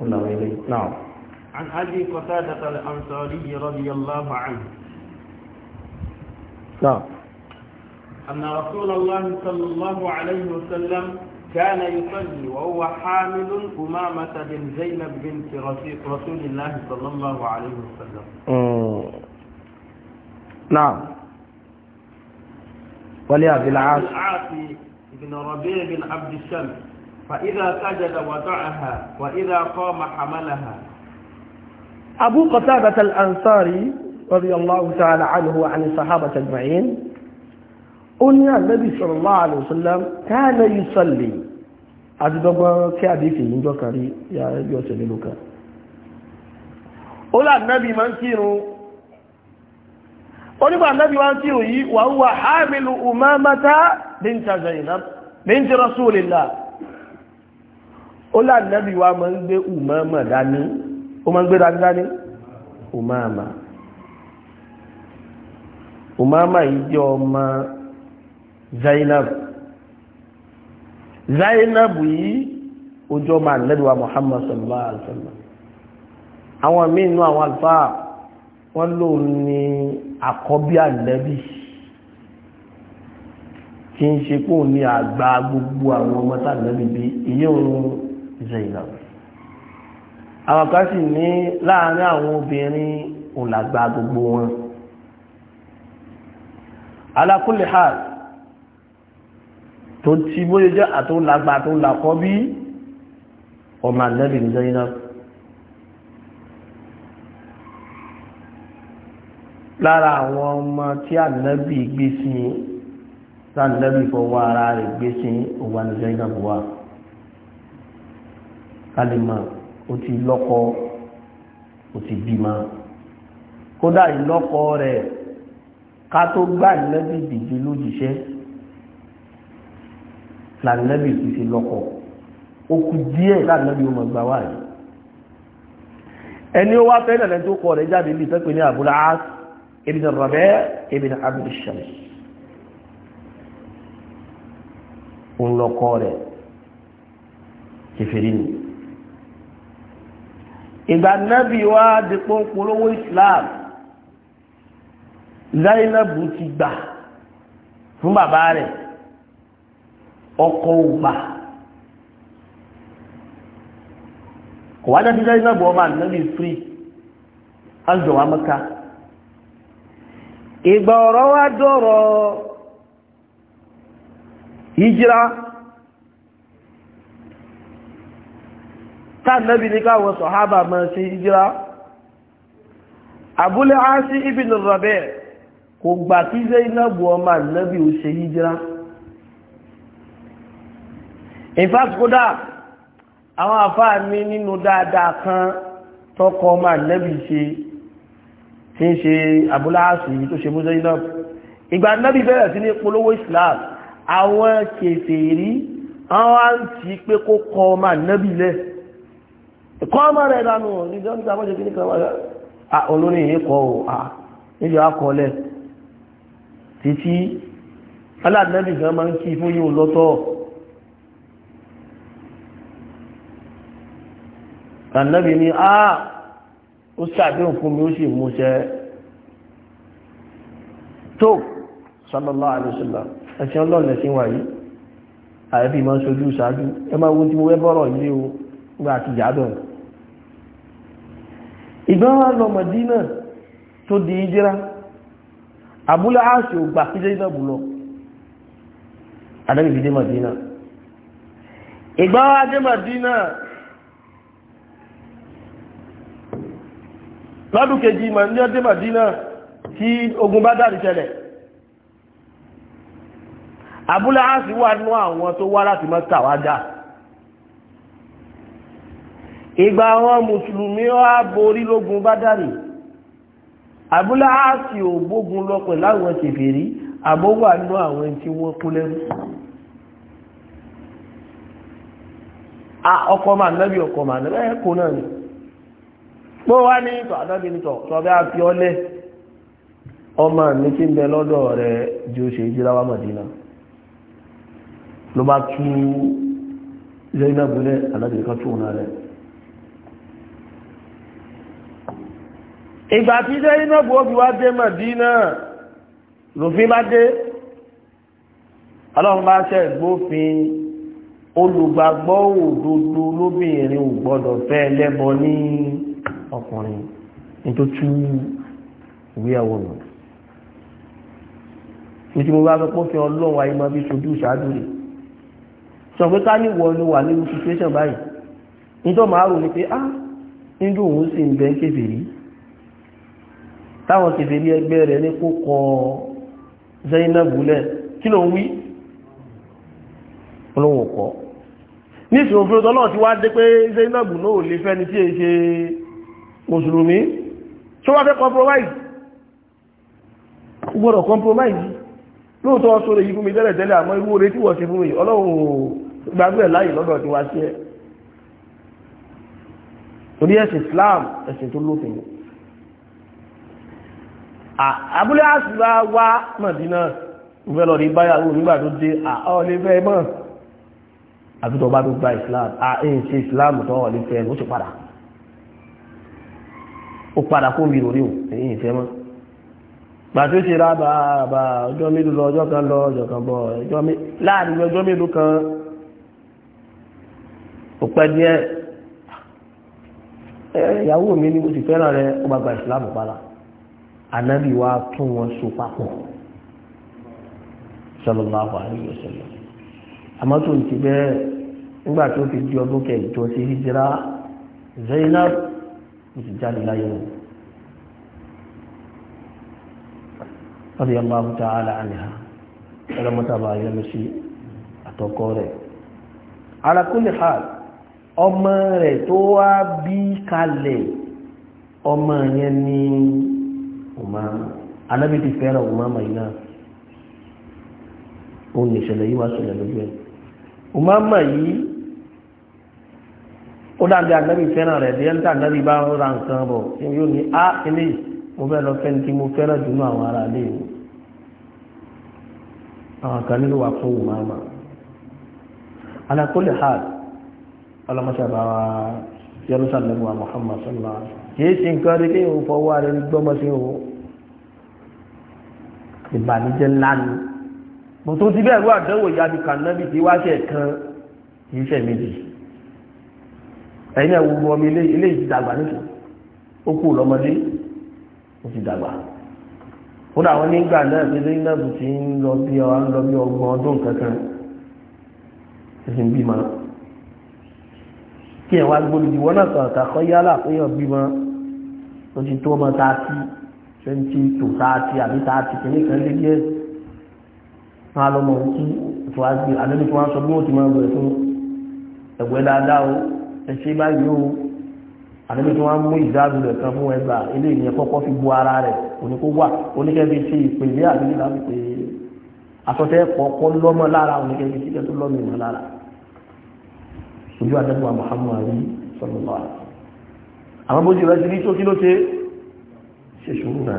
نعم عن أبي قتادة الأنصاري رضي الله عنه نعم أن رسول الله صلى الله عليه وسلم كان يصلي وهو حامل أمامة بن زينب بنت رسول الله صلى الله عليه وسلم مم. نعم وليا بالعاص بن ربيع بن عبد الشمس فإذا سجد وضعها وإذا قام حملها أبو قتادة الأنصاري رضي الله تعالى عنه وعن الصحابة أجمعين أن النبي صلى الله عليه وسلم كان يصلي أجدب كأبيك من ذكري يا يوسف لك أولا النبي من كيرو أولا النبي من كيرو وهو حامل أمامة بنت زينب بنت رسول الله ó láàdínábì wa máa ń gbé Umama dání ó máa ń gbé dání dání Umama Umama yìí jẹ́ ọmọ Zainab Zainab yìí ojú ọmọ ànábì wa Muhammad sallallahu alaihi wa sallam àwọn míì nú àwọn àlùfáà wọ́n lòun ní àkọ́bí ànábì kí n ṣe kóun ní àgbà gbogbo àwọn ọmọ tá ànábì bí ìyẹn òun Zainab àwọn kan sì ní láàárín àwọn obìnrin òǹlàgbà gbogbo wọn ala kulli hal tó ti bóyá jẹ́ àtòǹlàgbà àtòǹlàkọ́ bí ọmọ àlẹ́bì Zainab lára àwọn ọmọ tí àlẹ́bì gbé sí láàlẹ́bì fọwọ́ ara rẹ̀ gbé sí òwò àlẹ́bì Zainab wà kálímà ó ti lọ́kọ ó ti bímọ kódà ìlọ́kọ rẹ̀ ká tó gbà nẹ́bí dìde lójíṣẹ́ lànẹ́bí ti fi lọ́kọ ó kù díẹ̀ lànẹ́bí ó mọ̀ gbà wá yìí ẹni ó wá fẹ́ nàlẹ́ tó kọ rẹ̀ jáde ní ìtẹ́pẹ́ ní àbúrò áàs ebi ní rọ̀bẹ́ ebi ní abdul shams ń lọ́kọ rẹ̀ kẹfẹ́rí ìgbà nábì wá dípò polówó islam zainabu ti gbà fún bàbá rẹ̀ ọkọ ògbà kò wájá tí zainabu ọmọ ànábì free azọ wa mẹ́ka ìgbà ọ̀rọ̀ wá hijira tánàbí ní káwọn sọ̀hábà máa ṣe ìjírá Abul Aasi ibn Rabi' kò gbà kí Zainabu ọmọ ànábì ò ṣe ìjírá in fact kódà àwọn àfáà mi nínú dáadáa kan tọkọ ọmọ ànábì ṣe tí ń ṣe Abul Aasi tó ṣe mú Zainabu ìgbà ànábì bẹ̀rẹ̀ sí ní polówó Islam àwọn kèfèrí àwọn àǹtí pé kó kọ ọmọ ànábì lẹ́ẹ̀ ẹ̀kọ́ ọmọ rẹ̀ dànù níjọ́ níta mọ́jọ kí ní kan wáyé ah, olórí yìí kọ́ ò à ah, níjọ́ akọọlẹ̀ títí aládìlẹ́bì kan máa ń kí fún yíò lọ́tọ̀ ànábì ni a ah, ó ṣàdéhùn fún mi ó sì múṣẹ tó sallallahu alaihi wasallam ẹ̀sìn ọlọ́ọ̀lẹ̀ sí wáyé àyẹ́bí máa ń sojú ṣáájú ẹ máa wo tí mo wẹ́ o nígbà ìgbà wá lọ Mẹdínà tó di ìjírá abúlé áṣì ògbà kíjẹ́ ìdàbù lọ adẹ́bìbì dé Mẹdínà ìgbà wá dé Mẹdínà lọ́dún kejì ma ní ọdé Mẹdínà tí ogun bá dàrí tẹ́lẹ̀ abúlé áṣì wà nú àwọn tó wá láti mọ́ta wájá ìgbà àwọn mùsùlùmí wá borí lógun Bádàrì àbúlá àti ògbógun lọ pẹ̀lú àwọn kèfèrí àbówà ní àwọn tí wọ́n kú lẹ́rú ọmọ mi tí ń bẹ lọ́dọ̀ rẹ̀ ju ṣe ìjíráwá Mọ̀dínà ló bá tú Zainabu lẹ́ alábìkan tó rẹ̀ ìgbà tí Zainab ó fi wá dé Mẹ̀dínà lòfin bá dé ọlọ́run bá ṣe ìgbófin olùgbàgbọ́ òdodo lóbìnrin ò gbọ́dọ̀ fẹ́ lẹ́bọ ní ọkùnrin nítòtú ìgbéyàwó nù títí mo bá fẹ́ pófin ọlọ́run ayé máa fi ṣojú ìṣáájú rẹ̀ sọ pé ká ní wọ ni wà nínú situation báyìí nítorí màá rò ní pé ah nítorí òun sì ń bẹ́ kéfèé rí táwọn kèfèrí ẹgbẹ́ rẹ̀ ní kó kọ Zainabu lẹ̀ kí ló ń wí olóhùn ọkọ̀ ní ìsìn òfin ọ̀tọ̀ náà ti wá dé pé Zainabu náà lè fẹ́ ni tí è ṣe mùsùlùmí tó wá fẹ́ compromise gbọ́dọ̀ compromise lóòótọ́ sóre yìí fún mi tẹ́lẹ̀ tẹ́lẹ̀ àmọ́ irú oore tí wọ́n ṣe fún mi ọlọ́run gbàgbé ẹ̀ láyè lọ́dọ̀ tí wá sí ẹ̀sìn Islam ẹ̀sìn tó lófin àbúlé àṣìlá wá mọ̀dínà ìfẹ́ lọ rí báyàwó nígbà tó dé ọ̀lẹ́fẹ́ mọ́ àtútọ̀ bá tó gba islam ààyè ṣe islam tó ọ̀lẹ́fẹ́ ló ti padà ó padà kó mi lórí èyí ìfẹ́ mọ́ gbàtí ó ṣe rá bàbà ọjọ́ mélòó lọ ọjọ́ kan lọ ọjọ́ kan bọ̀ láàrin ọjọ́ mélòó kan ó pẹ́ díẹ̀ ìyàwó mi ni mo sì fẹ́ràn rẹ̀ ó bá gba islam padà anábì wa tún wọn so papọ̀ sallallahu alayhi wa sallam àmọ́ tó ń ti bẹ́ẹ̀ nígbà tó fi di ọdún kẹjọ sí hijira Zainab ó ti jáde láyé wọn radiyallahu ta'ala anha ọlọ́mọtàbà yẹnu sí àtọkọ rẹ̀ ala kulli ọmọ rẹ̀ tó wá bí kalẹ̀ ọmọ yẹn ni. Umama anábì ti fẹ́ràn Umama yìí náà òun nìṣẹ̀lẹ̀ yìí wá ṣẹlẹ̀ lójú ẹ̀ Umama yìí ó dàbí anábì fẹ́ràn rẹ̀ díẹ̀ níta anábì bá ń ra nǹkan bọ̀ yóò ní á ilé mo fẹ́ lọ fẹ́ ní kí mo fẹ́ràn jù náà àwọn ará ilé mi àwọn kan nílò wà fún Umama ala kulli hal ọlọ́mọṣàbáwá yẹrùsálẹ̀mù Muhammad sallallahu alaihi wasallam kìí ṣe nǹkan rí kí òun fọwọ́ rẹ̀ gbọ́mọ́ sí ìbànújẹ́ ńlá ni mo tó ti bẹ́ẹ̀ rú àdánwò ìyáàdù kànáàbì tí wá ṣe kan kì í ṣe méjì ẹ̀yin náà wo ọmọ ilé ilé yìí ti dàgbà nìkan ó kú lọ́mọdé ó ti dàgbà ó dà wọn nígbà náà pé zainabu ti ń lọ bí ọ ń lọ bí ọgbọ̀n ọdún kankan ṣe ń bímọ kí ẹ wá gbólódì wọn náà sọ̀rọ̀ kàkọ́ yálà pé ọ̀ bímọ ó ti tó ọmọ tá a sí twenty to thirty àbí thirty kìíní kan lé díẹ̀ wọn á lọ mọ ohun tí ìfọwọ́sí àdéhùn tí wọ́n sọ bí wọ́n ti máa bẹ̀rẹ̀ fún ẹ̀wẹ́ dáadáa o ẹ̀ṣẹ́ báyìí o àdéhùn tí wọ́n mú ìdáàbò rẹ̀ kan fún ẹgbàá ilé ìyẹn kọ́kọ́ fi bu ara rẹ̀ òní kó wà oníkẹ́bí ṣe ìpèlè àbí láti pè é asọ́tẹ́ kọ́kọ́ lọ́mọ lára oníkẹ́bí ṣe tó lọ́mọ ìmọ̀ lára ojú àdéhùn Muhammad sallallahu alaihi wasallam àwọn bó ti rẹ̀ ti rí tó kí ló ṣe sùúrù náà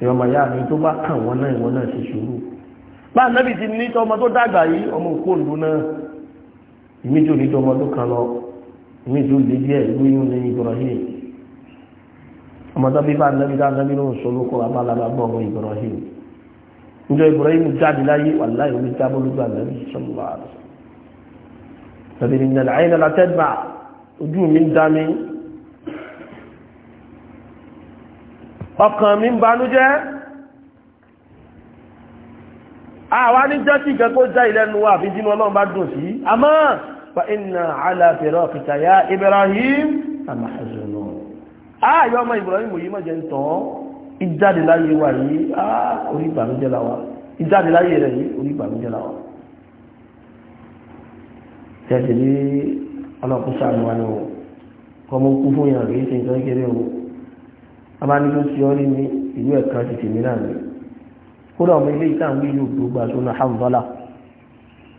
ìwọ ọmọ ìyá mi tó bá kàn wọ́n náà ìwọ náà ṣe sùúrù bá nẹ́bí ti ní tọmọ tó dàgbà yìí ọmọ òkú òǹdó náà ìmíjì ò ní tọmọ tó kan lọ ìmíjì ó lé díẹ̀ ìlú yìí ó lé Ibrahim ọmọ tó bí bá nẹ́bí dá nẹ́bí ló ń sọ lóko abálábá bọ́ ọmọ Ibrahim njọ Ibrahim jáde láyé wàláyé omi jábọ́ lójú ànẹ́bí sọ́lá àdùsọ́ tàbí ní nàìjíríà látẹ́gbà ojú mi ń ọkàn mi ń banújẹ́ àwa ní jẹ́ kí ìkẹ́ kó já ìlẹ́nu wa àbí jínú ọlọ́run bá dùn sí àmọ́ fa inna ala firaqika ya Ibrahim àmàṣẹ́sọ̀nà ààyọ́ ọmọ Ibrahim yìí mọ̀ jẹ́ ń tọ́ ìjáde láyé wa yìí orí ìbànújẹ́ láwa ìjáde láyé rẹ̀ yìí orí ìbànújẹ́ láwa tẹ́sí ní ọlọ́kùnṣà ni wa kú fún yàrá yìí ṣe ń tọ́ abánigbó tí ó rí ní ìlú ẹ̀ka ti tèmi náà ni kódà ọmọ ilé ìta àwọn ilé òdògba sóná hàmùbọ́là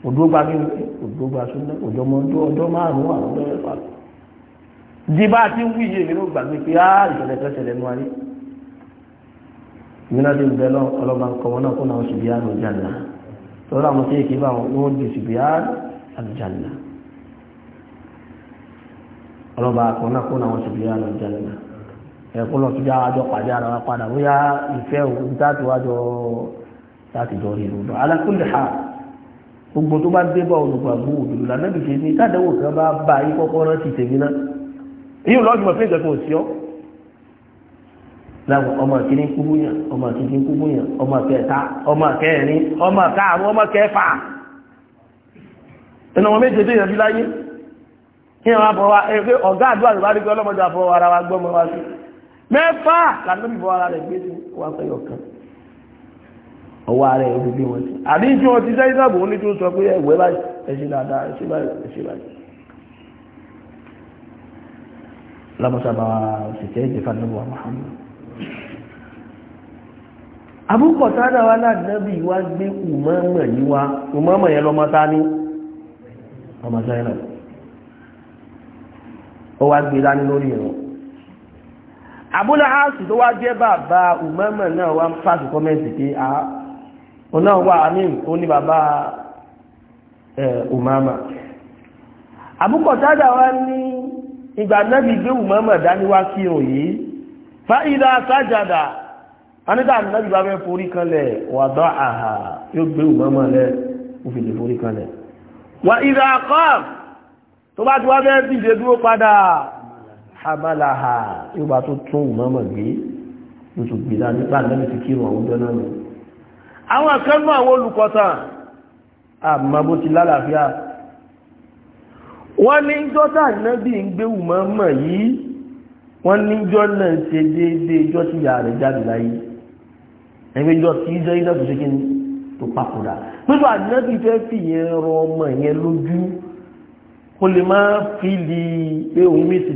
òdògba ní òdògba sóná òdòmọ ọjọ́ márùn-ún àwọn ọjọ́ ẹ̀fà di bá a ti ń wíyè nínú gbàgbé pé á ìṣẹ̀lẹ̀ tó ṣẹlẹ̀ nù ayé ìmúná ti ń bẹ lọ ọlọ́ba nǹkan wọn náà kó náà ṣùgbọ́n àrùn jàǹdà lọ́dọ̀ àwọn tí èké bá wọn wọ́n di ṣùgbọ́n àrùn jàǹdà ẹ̀kọ́ lọ síbi àjọ pàdé ara wa padà bóyá ìfẹ́ òun táàtì wájọ láti jọ rí ìròdọ̀ alákùnlé ha gbogbo tó bá dé bá olùgbàgbọ́ òdòdó lànàbì ṣe ní tádẹ́wò kan bá bá yí kọ́kọ́ rántí tèmi náà èyí lọ́ọ́ jùmọ̀ pé nǹkan kan ò sí ọ́ láwọn ọmọ kìíní kúkú yàn ọmọ kìíní kúkú yàn ọmọ kẹta ọmọ kẹrin ọmọ káàrún ọmọ kẹfà ẹnu ọmọ méje déyàn bí láyé kí wọn bọ wa ẹgbẹ ọgá àdúrà ló bá rí pé ọlọmọdé àfọwọ ara wa gbọmọ wa sí mẹ́fà lànà bíbọ̀ ara rẹ̀ gbé sí wà pẹ́ ọ̀kan ọwọ́ ara ẹ̀ gbogbo wọn sí àbí tí wọ́n ti sẹ́ ìsàbò ní tó sọ pé ẹ̀wẹ́ báyìí ẹ̀ṣẹ̀ dáadáa ẹ̀ṣẹ̀ báyìí ẹ̀ṣẹ̀ báyìí lámọ́sábà òṣìṣẹ́ ìjẹ̀fà lọ́wọ́ Muhammad abúkọ̀tádà wa ládàbí wá gbé ùmọ́mọ̀ yí wá ùmọ́mọ̀ yẹn lọ́mọ tá ní ọmọ sáyẹ́nà ó wá gbé dání lórí ìrùn abúláhásù tó wá jẹ́ bàbá umama náà wá ń fàṣù kọ́mẹ́ntì pé a ah, ọ̀nà wà amin ó ní bàbá umama abúkọ̀tádà wá ní ìgbà náàbì gbé umama dáníwá kírun yìí fa'ida sájàdà anígbà náàbì bá fẹ́ forí kanlẹ̀ wàdọ́ àhà yóò gbé umama lẹ́ òfìlè forí kanlẹ̀ wà ìdàkọ́ tó bá ti wá fẹ́ dìde dúró padà habalaha yóò tó tún ìmọ̀mọ̀ gbé lóṣù gbé dá nípa lẹ́nu ti kírun àwùjọ náà nù àwọn akẹ́nu àwọn olùkọ́tàn àmọ́ bó ti lálàáfíà wọ́n ní jọ́tà nábì ń gbé ìmọ̀mọ̀ yìí wọ́n ní jọ́ náà ṣe déédéé jọ́ ti yà rẹ̀ jáde láyé ẹgbẹ́ jọ tí ìjọ ìjọ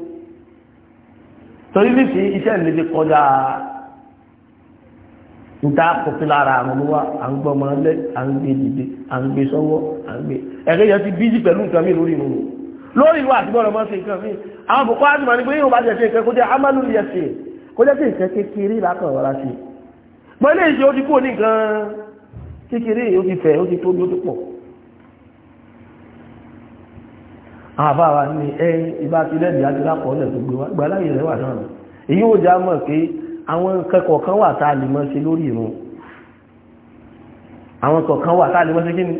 torí ní sí iṣẹ́ ìlú ti kọjá nta kòfin lára àwọn ọmọ wa à ń gbọ́ ọmọ lẹ́ à ń gbé dìde à ń gbé sọ́wọ́ à ń gbé ẹ̀rẹ́ yẹn ti bíjì pẹ̀lú nǹkan mi lórí ìrùn lórí ìwà àti bọ́ọ̀lù ọmọ sí nǹkan mi àwọn bùkọ́ àti màá ní pé yóò bá jẹ́ sí nǹkan kó jẹ́ amánú yẹ sí kó jẹ́ sí nǹkan kékeré lákàn rárá sí i pẹ̀lú èyí ó ti kú ní kékeré ó ti fẹ̀ ó ti tóbi ó ti pọ̀ àbáwa ní ẹyìn ibá ti lẹ́dìí adúlápọ̀ọ́lẹ̀ tó gbé wá gbàláyè rẹ̀ wà náà èyí ó já mọ̀ pé àwọn kẹ́kọ̀ọ́ kan wà tá a lè mọ́ sí lórí ìrun àwọn kọ̀ọ̀kan wà tá a lè mọ́ sí kí ni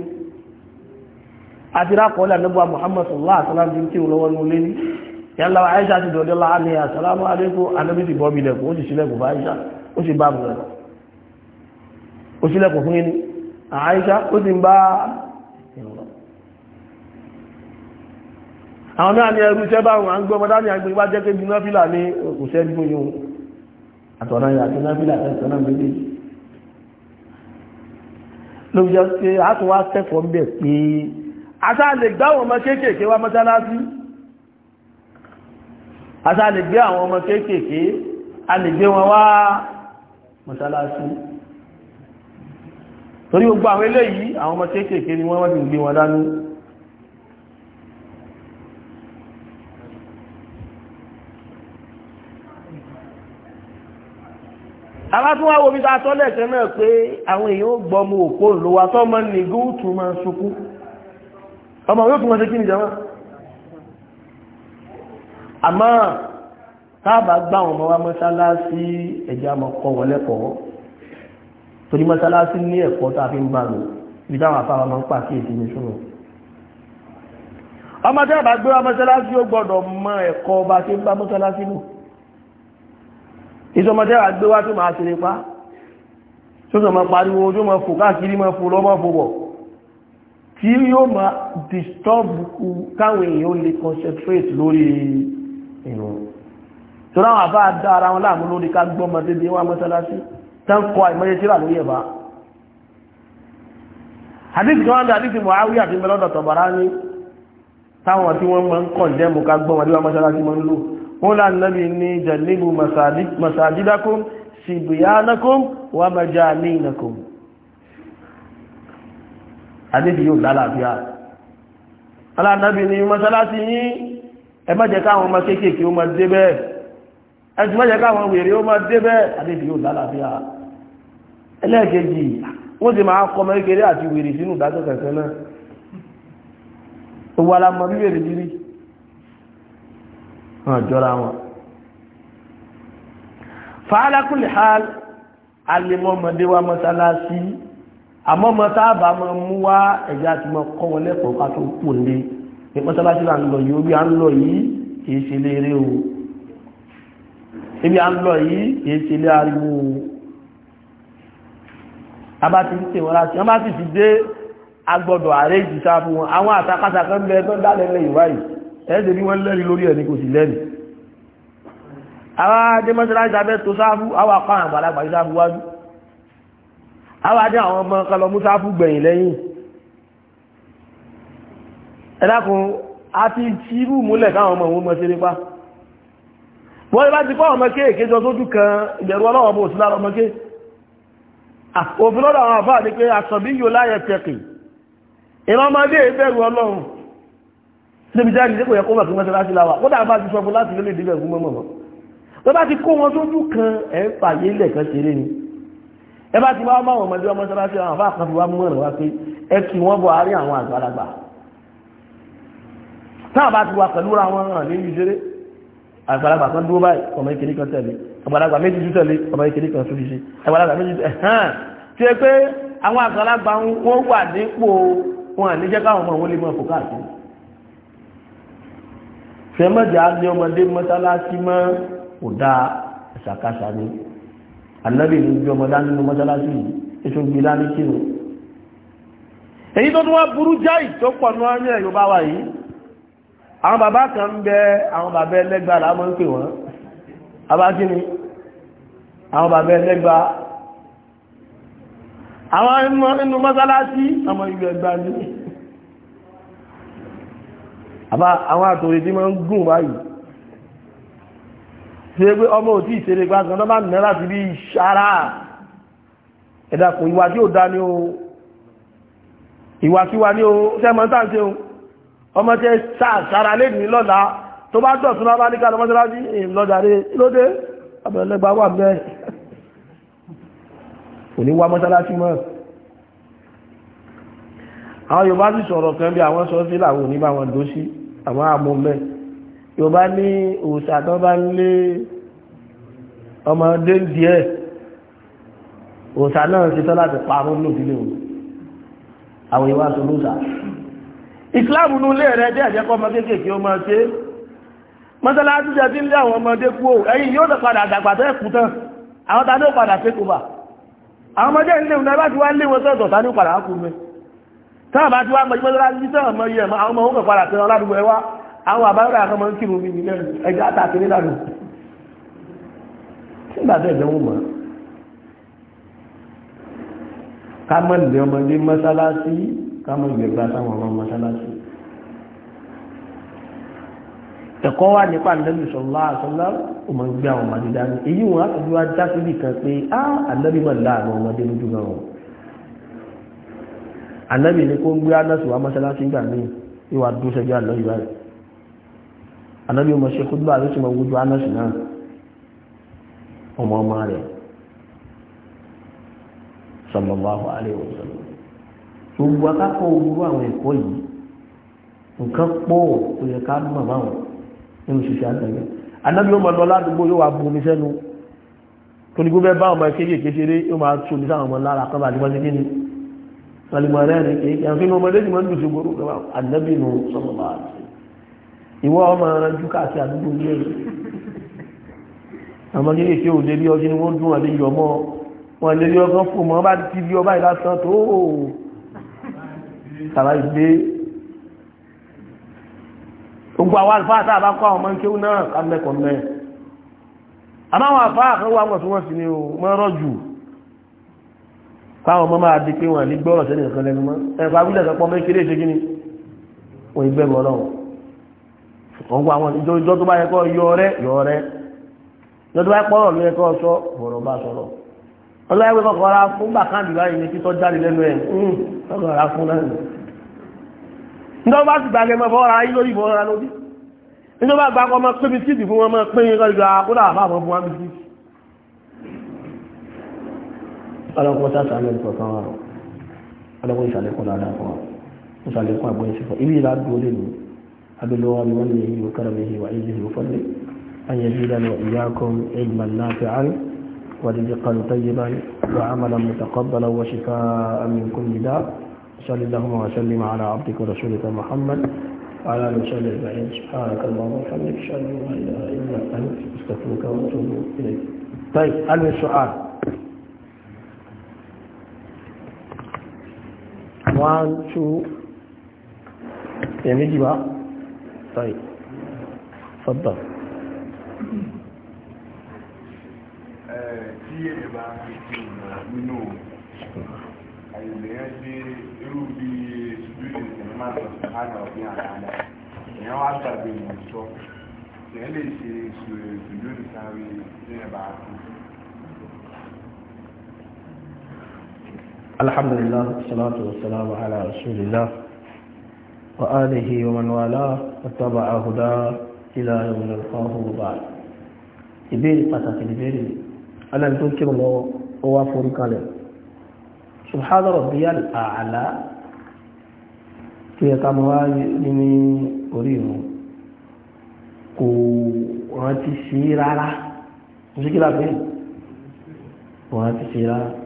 adúlápọ̀ọ́lẹ̀ anábọ́à Muhammad sallallahu alaihi wasallam ti ń lọ́wọ́ ní olé ní yálà Aisha ti dọ̀dọ̀ la ní assalamu alaikum anábí ti bọ́ mi lẹ̀kùn ó sì sílẹ̀kùn Aisha ó sì bá Aisha ó sì àwọn náà ni ẹrú iṣẹ́ báwọn à ń gbọ́ ọmọdá ní agbègbè bá jẹ́ pé bí náfílà ní òṣẹ́ bí gbóyún àtọ̀nà àti náfílà tẹ́sán náà méjì ló jẹ́ pé a tún wá kẹ́kọ̀ọ́ ń bẹ̀ pé àṣà lè gbá àwọn ọmọ kéékèèké wá mọ́sálásí àṣà lè gbé ni wọ́n wá ti gbé wọn dání alátúnwá wo bí ta tọ́lẹ̀ kan náà pé àwọn èèyàn ó gbọ́ ọmọ òpó ló wa tọ́mọ ní gúútù máa sunkún ọmọ yóò tún wọn ṣe kí ni jẹ́ wọn àmọ́ táàbà gbá àwọn ọmọ wa mọ́ṣáláṣí ẹ̀jẹ̀ àmọ́ kọ́ wọn lẹ́kọ̀ọ́ torí mọ́ṣáláṣí ní ẹ̀kọ́ tá a ní ẹ̀kọ́ bá ìsọmọdé wà gbé wá tó máa ṣe nípa ṣọ́sọ̀ ma pariwo ojú ma fò káàkiri ma fò lọ́mọ́ fò bọ̀ tí yóò ma disturb káwọn èèyàn lè concentrate lórí ìrù tó ráwọn àbá dá ara wọn láàmú lórí ká gbọ́mọ dédé wọn mọ́sálásí tán kọ àìmọ́yé tíra lórí ẹ̀bá àdíkì kan dá àdíkì Muawi àti mẹ́lọ́dọ̀ Tabarani táwọn tí wọ́n máa ń kọ̀ jẹ́mù ká gbọ́mọ dédé wọn mọ́sálásí máa ń lò wọ́n lá nàbí ní jẹ̀lébù masajidakum sibiyanakum wa majalinakum àdébì yóò lálàáfíà alánàbí ní masalasi yí ẹ má jẹ́ káwọn ọmọ kéèkéèké ó má débẹ̀ ẹ̀sùn má jẹ́ káwọn wèrè ó má débẹ̀ àdébì yóò lálàáfíà ẹlẹ́ẹ̀kejì wọ́n ti máa kọmọ kékeré àti wèrè sínú ìdájọ́ kẹ̀kẹ́ náà gbogbo alamọ̀ bí wèrè jírí wọn jọra wọn fàálákùlì hàl alẹ́mọ́mọdé wa mọ́sálásí àmọ́ mọ́sáàbà mọ́ mú wá ẹ̀yà tí mọ́ kọ́ wọn lẹ́kọ̀ọ́ ká tó pò lé ní mọ́sálásí là ń lọ yìí orí à ń lọ yìí kìí ṣe léèrè o ibi à ń lọ yìí kìí ṣe lé ariwo o a ti ń tè láti wọn bá sì ti dé agbọ́dọ̀ àrẹ ìjìṣà fún wọn àwọn àtakásà kan bẹ tó dálẹ́lẹ̀ ìwáyìí ẹ̀ẹ́dẹ̀ ni wọ́n lẹ́rìí lórí ẹni kò sì lẹ́rìí àwọn adémọ́síláṣí abẹ́ tó sáfú àwọn akọ́ àwọn àgbàlagbà sáfú wájú àwọn adé àwọn ọmọ kan lọ mú sáfú gbẹ̀yìn lẹ́yìn ẹ dákun a ti tírú múlẹ̀ káwọn ọmọ òun mọ́ sí nípa wọ́n bá ti kọ́ ọmọ kéèké jọ níbi jáde dípò yẹ kó mọ̀ kí wọ́n ṣe láti láwà kódà bá ti sọ fún láti lólè débẹ̀ fún mọ̀mọ̀ tó bá ti kó wọn sójú kan ẹ̀ ń fàyè ilẹ̀ kan ṣeré ni ẹ bá ti wá máwọn ọmọdé ọmọ sára sí àwọn àfáà kan fi wá mú ọ̀rọ̀ wá pé ẹ kì wọ́n bọ̀ àárín àwọn àgbàlagbà táà bá ti wà pẹ̀lú ra wọn hàn nínú ìṣeré àgbàlagbà kan dúró báyìí ọmọ ìkéré kan tẹ̀lé àgbàlagbà méjì fẹ́mọ̀jà ní ọmọdé mọ́sálásí mọ́ kò dá ṣàkàṣà ní anábì ní bí ọmọdá nínú mọ́sálásí yìí èso gbé dání kírun èyí tó tún wá burú jáì tó pọ̀ ní wọ́n yẹ̀ yóò bá wà yìí àwọn bàbá kan ń bẹ àwọn bàbá ẹlẹ́gbàá láwọn ń pè wọ́n abájíní àwọn bàbá ẹlẹ́gbàá àwọn inú mọ́sálásí ọmọ ìgbẹ̀gbà ní àbá àwọn àtòrí tí máa ń gùn báyìí tí ó pé ọmọ òtí ìṣeré gbáṣán tó bá nà láti bí ṣára ẹ̀dàkùn ìwà tí ó dá ní o ìwà tí wà ní o sẹ́mọ̀ tá à ń ṣe o ọmọ tẹ́ ṣára lè ní lọ́la tó bá tọ̀ tún lábá àwọn Yorùbá sì sọ̀rọ̀ kan bí àwọn sọ sí làwọn bá wọn dó sí àwọn àmúmẹ́ yóò bá ní òòṣà tó bá ń lé ọmọdé díẹ̀ òòṣà náà ṣe tán láti pa àwọn olóòdílé òun àwọn ìwà tó lóòṣà ìsìláàmù ní ilé rẹ̀ jẹ́ àjẹ́kọ́ ọmọ kéékèèké ó máa ṣe mọ́sálásí jẹ́ tí ń lé àwọn ọmọdé kú ò ẹ̀yìn yóò padà dàgbà tó ẹ̀kú tán àwọn ta ní ó padà fẹ́kùbà àwọn ọmọdé ń léwu náà bá ti wá léwu sọ́ọ̀tọ̀ ta ó padà kú mi táàbà tí wá mọ̀jú mọ́lá ní sẹ́wọ̀n mọ́ yẹ àwọn ọmọ òkè padà tẹ́lọ ládùúgbò ẹwà àwọn àbáyọ̀rọ̀ àwọn ọmọ kírun mi nílẹ̀ ẹja àtàkì ní ládùú nígbà tẹ́ ìjọ wọn mọ̀ ká mọ̀ lè ọmọdé mọ́sálásí ká mọ̀ lè gba sáwọn ọmọ mọ́sálásí ẹ̀kọ́ wà nípa ànábì sọ̀lá àsọ̀lá ọmọ ìgbé àwọn ọmọdé dání èyí wọn á tọ́jú wá já síbì kan pé á ànábì mọ̀ láàrin ọmọdé lójú náà anábì ní kó ń gbé anásù wa mọ́sálásí gbà míì ìwà dúró sẹ́jọ́ àlọ́ ìwà rẹ̀ anábì ọmọ ṣe kúdùbà ló sì mọ wójú anásù náà ọmọ ọmọ rẹ̀ sallallahu alaihi wasallam gbogbo akákọ̀ ogun àwọn ẹ̀kọ́ yìí nǹkan pọ̀ tó yẹ ká mọ̀ báwọn nínú ṣiṣẹ́ àtẹ̀yẹ anábì ọmọ lọ ládùúgbò yóò wá bu omi ní gbogbo ẹ bá alìmọ̀lẹ́ rẹ̀ kìí kí àfihàn ọmọdé ti máa ń dùsù gbóró lọ́wọ́ ànábì nù sọ́mọ̀lá ìwọ ọmọ aranjú káàkiri àdúgbò ilé rẹ̀ àmọ́ nílé tí ó lè rí ọdún ni wọ́n dún àlè yọ mọ́ wọn lè rí ọgán fún mọ́ bá ti rí ọba ìlàsán tó tàbá ìgbé gbogbo àwọn àlùfáà tá a bá kọ́ àwọn ọmọ ń kéwú náà ká mẹ́kọ̀ọ́ mẹ́ àmọ́ àwọn àlùfáà kan wà wọ̀ tí wọ́n sì ní o mọ́ rọ́jù káwọn ọmọ máa di pé wọn ní gbọ́rọ̀ sẹ́ni nǹkan lẹ́nu mọ́ ẹ̀fà abúlé kan pọ́ mọ́ kéré ṣe kíni wọ́n ìbẹ̀rù ọlọ́run wọ́n gba àwọn ìjọ ìjọ tó bá yẹ kọ́ yọ ọrẹ́ yọ ọrẹ́ ìjọ tó bá yẹ pọ́rọ̀ ló yẹ kọ́ sọ ọ̀rọ̀ bá sọ̀rọ̀ ọlọ́yẹ pé kọ́kọ́ ra fún bàkàndì báyìí ní títọ́ jáde lẹ́nu ẹ̀ kọ́kọ́ ra fún náà ǹjọ́ bá sì gbàgbé mọ́ fọ́ra ayé lórí ìbọn ra lóbi ǹjọ́ bá gbàgbọ́ mọ́ pé mi ọlọ́pọ̀ sáàtà ní ọ̀pọ̀ kan wọ́n ọlọ́pọ̀ ìsàlẹ̀kùn dáadáa fún wa ìsàlẹ̀kùn àgbọ̀ ìsìnkọ̀ ibi ìlàgbò lè ní abúlọ́wà ni wọ́n lè yí òkàrà méjì wà ìlú ìlú fọ́lẹ̀ an yă zira wa iyakun ilman nafi'an wa rizqan tayyiban wa amalan mutaqabbalan wa shifaan min kulli da sallallahu wa sallim ala abdika على رسول الله سبحانك اللهم وبحمدك اشهد ان لا اله الا انت استغفرك واتوب اليك طيب السؤال one two èmi jìbá sorry fọ́tọ̀ tí èyí bá ń fi nínú àìlèyàn ṣe irú bí ṣùgbọ́n ìṣẹ̀lẹ̀ máa sọ sáàdà òfin àdáadá èyàn wá gbàgbé ìmọ̀ sọ èyàn lè ṣe ìṣòro ìṣòro ìṣàrí tí èyí bá kú الحمد لله wassalamu ala على رسول الله wa man wala wa taba'a huda ila yawm al-qahu wa ba'd ìbéèrè pàtàkì ìbéèrè alan tó kírun lọ ó wá forí kalẹ̀ subhana rabbiyal a'la tó yẹ ká mọ wá nínú orí mu kò rántí sí rárá mo sì kí láti sí rárá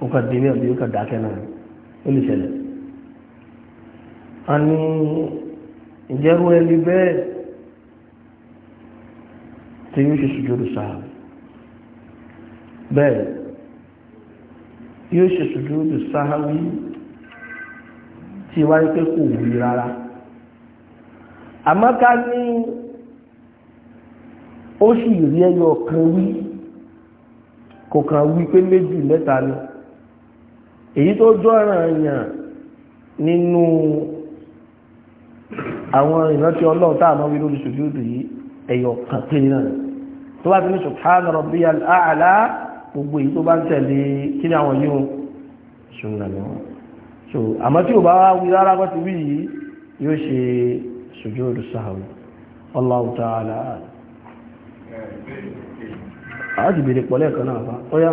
ó kà dé ní àbí ó kà dákẹ́ náà ó lè ṣẹlẹ̀ a ní ìjẹ́rú ẹni bẹ́ẹ̀ tí yóò ṣe sùjúdù sáà bẹ́ẹ̀ yóò ṣe sùjúdù sáà wí tí wáyé pé kò wí rárá àmọ́ ká ní ó sì rí ẹyọ kan wí kò kàn wí pé méjì mẹ́ta ni èyí tó jọ ọ̀ranyàn nínú àwọn ìrántí ọlọ́run tá àmọ́ wílórí sùjúdù yìí ẹ̀yọ̀ kan náà tó bá ti ní a'la gbogbo èyí tó bá ń tẹ̀lé kí ni àwọn yíò ṣùgbọ́n so pọ̀lẹ́ kan náà bá yá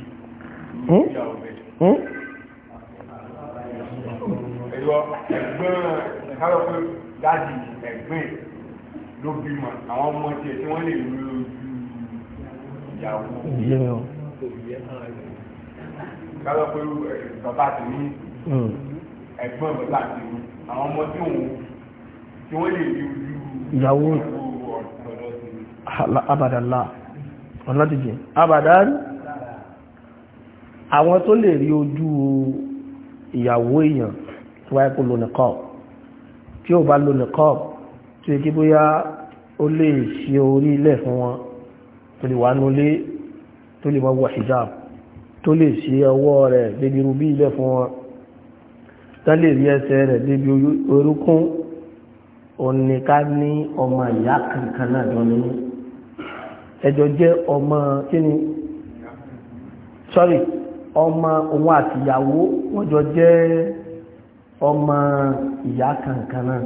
Hmm? Hmm? ẹ̀yọ ẹ̀gbọ́n káwọ́ pé dáàdì ẹ̀gbọ́n ló bímọ àwọn ọmọ tiẹ̀ tí wọ́n lè rí ojú ìyàwó káwọ́ pé bàbá ti ní hmm. ẹ̀gbọ́n bàbá ti ní àwọn ọmọ tí òun tí wọ́n lè rí ojú ìyàwó abadala ọ̀nà dìjì abadan àwọn tó lè rí ojú ìyàwó èèyàn tó wáyé kó lónìí kọ́ tí ó bá lónìí kọ́ tí ó kí bóyá ó lè ṣe orí ilẹ̀ fún wọn tó lè wà nulé tó lè máa wọ hijab tó lè ṣe ọwọ́ rẹ̀ débi irú bí ilẹ̀ fún wọn tó lè rí ẹsẹ̀ rẹ̀ débi orúkún òní ká ní ọmọ ìyá kankan náà jọ nínú ẹjọ jẹ́ ọmọ kíni sorry ọmọ òun àti ìyàwó wọ́n jọ jẹ́ ọmọ ìyá kankan náà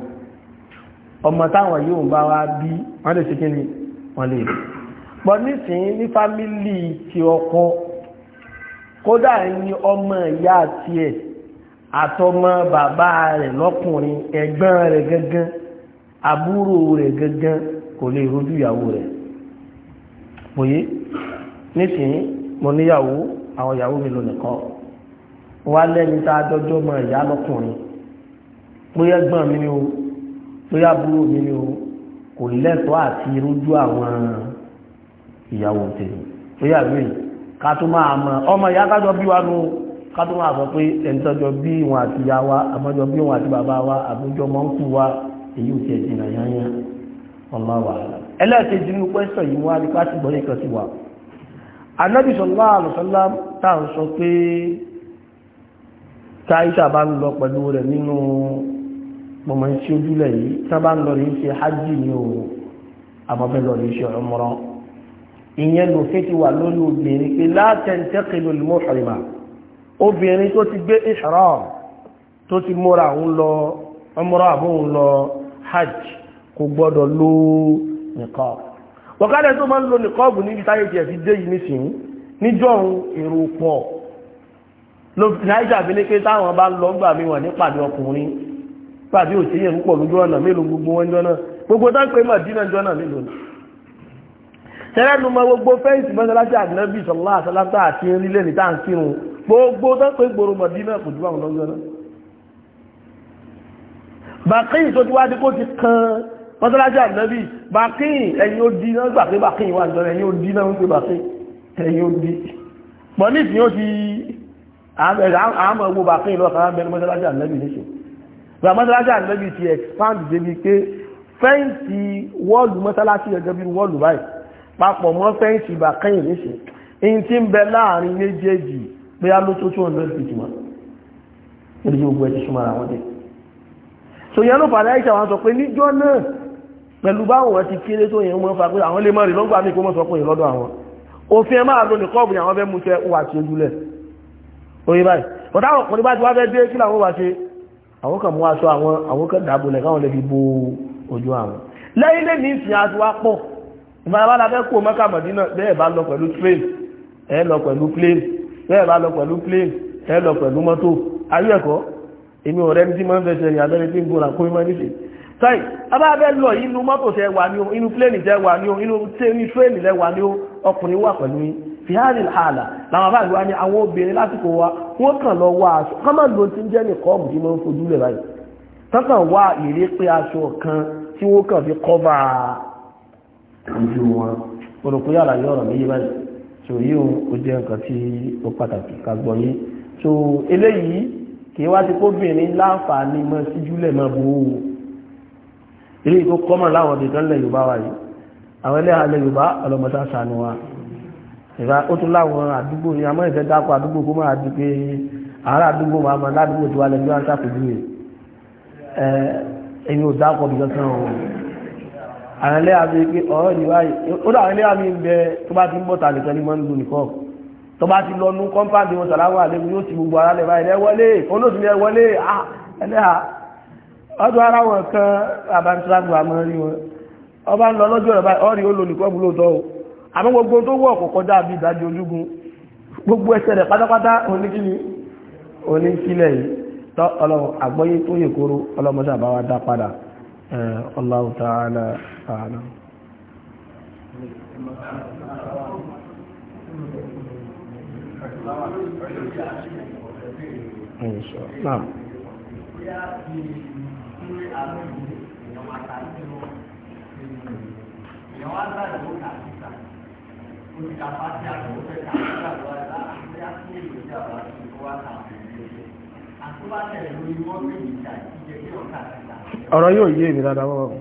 ọmọ táwọn yóò bá wá bí wọ́n lè ṣe ni wọ́n lè rí pọ̀ nísìnyí ní fámílì ti ọkọ kódà ní ọmọ ìyá àti ẹ̀ àtọmọ bàbá rẹ̀ lọ́kùnrin ẹ̀gbọ́n rẹ̀ gangan àbúrò rẹ̀ gangan kò lè rojú ìyàwó rẹ̀ mo níyàwó àwọn ìyàwó mi lónìí kọ́ wá lẹ́ni tá a dọ́jọ́ mọ ìyá lọ́kùnrin bóyá gbọ́n mi ni o bóyá búrò mi ni o kò lẹ́tọ̀ọ́ àti irújú àwọn ìyàwó tèmi bóyá mi ká tó máa mọ ọmọ ìyá kájọ bí wa nù ká tó máa sọ pé ẹni tọ́jọ bí wọn àti ìyá wa àmọ́jọ bí wọn àti bàbá wa àbújọ mọ́ ń kú wa èyí ò tiẹ̀ jìnnà yányá ọlọ́wà ẹlẹ́ẹ̀kejì nínú pẹ́sọ̀ yìí wọ́n á ní ká anábì sọ̀lá àlùsọ́lá táà ń sọ pé táìsà bá ń lọ pẹ̀lú rẹ̀ nínú mọ̀mọ̀ sí ojúlẹ̀ yìí tá bá ń lọ rí ṣe hajj ní o àbọ̀fẹ́ lọ rí ṣe umra ìyẹn ló fẹ́ ti wà lórí obìnrin pé látẹ̀ntẹ́kìlò ọ̀kadà tó máa ń lo nìkọ́ọ̀bù níbi táyé tiẹ̀ fi dé yìí nísìnyí níjọ́ èrò pọ̀ ló náíjà fi ní pé táwọn bá lọ gbà mí wọ̀n ní pàdé ọkùnrin pàdé òsì yẹn púpọ̀ lójú ọ̀nà mélòó gbogbo wọn jọ náà gbogbo tán pé mọ̀ dínà jọ náà mélòó ni. tẹ́lẹ̀nu mọ gbogbo fẹ́ǹsì mọ́sálásí àdínábì sọ̀lá àsálátà àti nílé ní tá à ń kírun gbogbo tán pé gbòòrò mọ̀ dínà kò ju àwọn lọ́jọ́ náà. bàkẹ́yìn tó ti wá dé kó ti kan mọ́sálásí ànábì bàkín ẹ̀yin ó di náà gbàgbé bàkín wà lọ́rọ̀ ẹ̀yin ó di náà ń pè bàkín ẹ̀yin ó di pọ̀ ní ìsìn ó ti àmọ̀ owó bàkín lọ́kàn á bẹnu mọ́sálásí ànábì níṣẹ́ gba mọ́sálásí ànábì ti expand débi pé fẹ́ǹsì wọ́ọ̀lù mọ́sálásí ẹ̀jẹ̀ bí wọ́ọ̀lù báyìí papọ̀ mọ́ fẹ́ǹsì bàkín níṣẹ́ èyí tí ń bẹ láàrin méjèèjì pé á ló tó 200 feet mọ́ èyí gbogbo ẹ̀ ti súnmọ́ àwọn dé so yẹn ló fàdá ìṣàwọn sọ pé níjọ́ náà pẹ̀lú báwọn ti kéré tó yẹn mọ́ fagbé àwọn lè mọ́ rí lọ́gbà mí kó mọ́ sọkún yìí lọ́dọ̀ àwọn òfin ẹ máa lò ní kọ́ọ̀bù yẹn àwọn fẹ́ mú tẹ wà tí ojúlẹ̀ orí báyìí bọ̀dá àwọn ọkùnrin bá ti wá fẹ́ dé kí làwọn wá ṣe àwọn kan mú aṣọ àwọn àwọn kan dàbòlẹ̀ káwọn lè fi bo ojú àwọn lẹ́yìn lè ní ìsìn àti wá pọ̀ ìfarabára fẹ́ kó mọ́kà mọ̀dínà bẹ́ẹ̀ bá lọ pẹ̀lú train ẹ lọ pẹ̀lú plane bẹ́ẹ̀ bá lọ pẹ̀lú plane ẹ lọ pẹ̀lú mọ́tò ayé ẹ̀kọ́ èmi ọ̀rẹ́ ní tí máa ń fẹsẹ̀ rìn abẹ́rẹ́ tí ń gbọ́ra kó mímọ́ níṣẹ́ sọ́yìn abábẹ́ lọ inú mọ́tò tẹ wà ní o inú pléènì tẹ wà ní o inú tréènì tẹ wà ni o ọkùnrin wà pẹ̀lú yín fi hàn àlà làwọn bá ìwá ní àwọn obìnrin lásìkò wa wọ́n kàn lọ wá aṣọ kọ́mọ ló ti ń jẹ́ nìkan ọ̀mù tí wọ́n fojú lẹ̀ báyìí tọ́kàn wá ìrè pé aṣọ kan tí wọ́n kàn fi kọ́fà ojú wọn olùkú yàrá yọ ọ̀rọ̀ méjì báyìí tó yíò ó jẹ́ nǹkan tí ó pàtàkì ká gbọ́ yé tó eléyìí kì í wá ti kóbìnrin láǹfààní mọ́ síjúlẹ̀ mọ́ bò ó ilé ìkó kọ́mọ̀ láwọn ìdìkan lẹ̀ Yorùbá wáyé àwọn ilé alẹ́ Yorùbá ọlọ́mọta sànù wa ìgbà ó tún láwọn àdúgbò ní àmọ́ ìfẹ́ dákọ̀ àdúgbò kó máa di pé àárá àdúgbò máa mọ ládùúgbò tí wà lẹ́gbẹ́ wọn ṣàpèjúwe ẹni ò dákọ̀ bí kankan o àwọn ilé àmì pé ọ̀rọ̀ yìí wáyé ó dà àwọn ilé àmì ń bẹ tó bá ti ń bọ̀ lọ nú kọ́ńpáàdì wọn sàláwọ̀ àlẹ́ yóò ti gbogbo ara lẹ̀ báyìí ẹ wọlé olóòtú Ọdụ ara wọn kan abantilagbọ àmọ́ ọba ń lọ lọ́jọ́ ọ̀rọ̀ báyìí ọ̀rí olólùkọ́ bú lóòótọ́ o àmọ́ gbogbo tó wọ̀ kò kọjá bí ìdájí ojúgun gbogbo ẹsẹ̀ rẹ̀ pátápátá oníkíni tó àárọ̀ yìí èèyàn máa ta sí wọn èèyàn wá gbà ló kà ó ti ka pàṣẹ àgbà ó fẹ́ ta síta lọ àgbà àti àti ìròyìn àgbà tó kó wá ta àtúbà tẹ̀lé lórí wọ́n lè ní ìjà ìjẹ́ bí ọ̀tá síta. ọ̀rọ̀ yóò yé mi dáadáa wọ́n.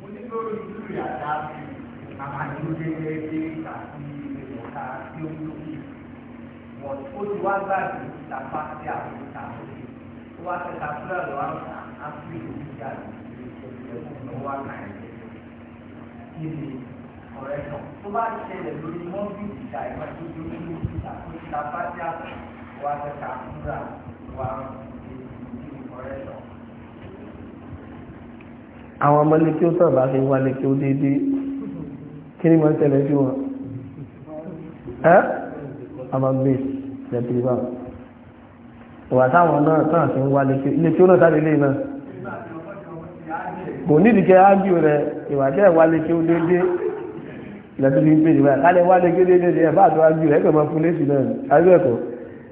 mo ní lórí ìlú àdá àmàlúdé ẹgbẹ́ àti ìrọ̀ká tí ó ń lókè wọ́n ó ti wá gbàgbé ìtàpá sí àbúrò tàbí ó wá fẹ́ ta sílẹ̀ lọ́wọ́ ápì òkúta ìṣẹ̀lẹ̀ ìṣẹ̀lẹ̀ ọ̀rẹ́ náà tó bá ṣẹlẹ̀ lórí wọ́n bí ìjà ìwà tó tó ní ìjà tó ti ta bá dé àpò wà tẹ̀ka àkúrà wà ọ̀rẹ́ náà. àwọn ọmọ ilé kí ó sábà fi wá ilé kí ó déédéé kí ni wọ́n ṣẹlẹ̀ sí wọn ẹ́ àmàgbé lẹ́tìrì báwọn ìwà táwọn náà tán àti ń wá ilé kí ó náà tàbí ilé náà kò nídìí kẹ́ ágbíò rẹ̀ ìwàjẹ́ ìwálé kí ó dédé lẹ́tọ́jú ń pèjì báyìí kálẹ̀ wálé kí ó dédé rẹ̀ bá àtọ́ ágbíò rẹ̀ kẹ̀mọ́ fún lẹ́sì náà àgbẹ̀kọ́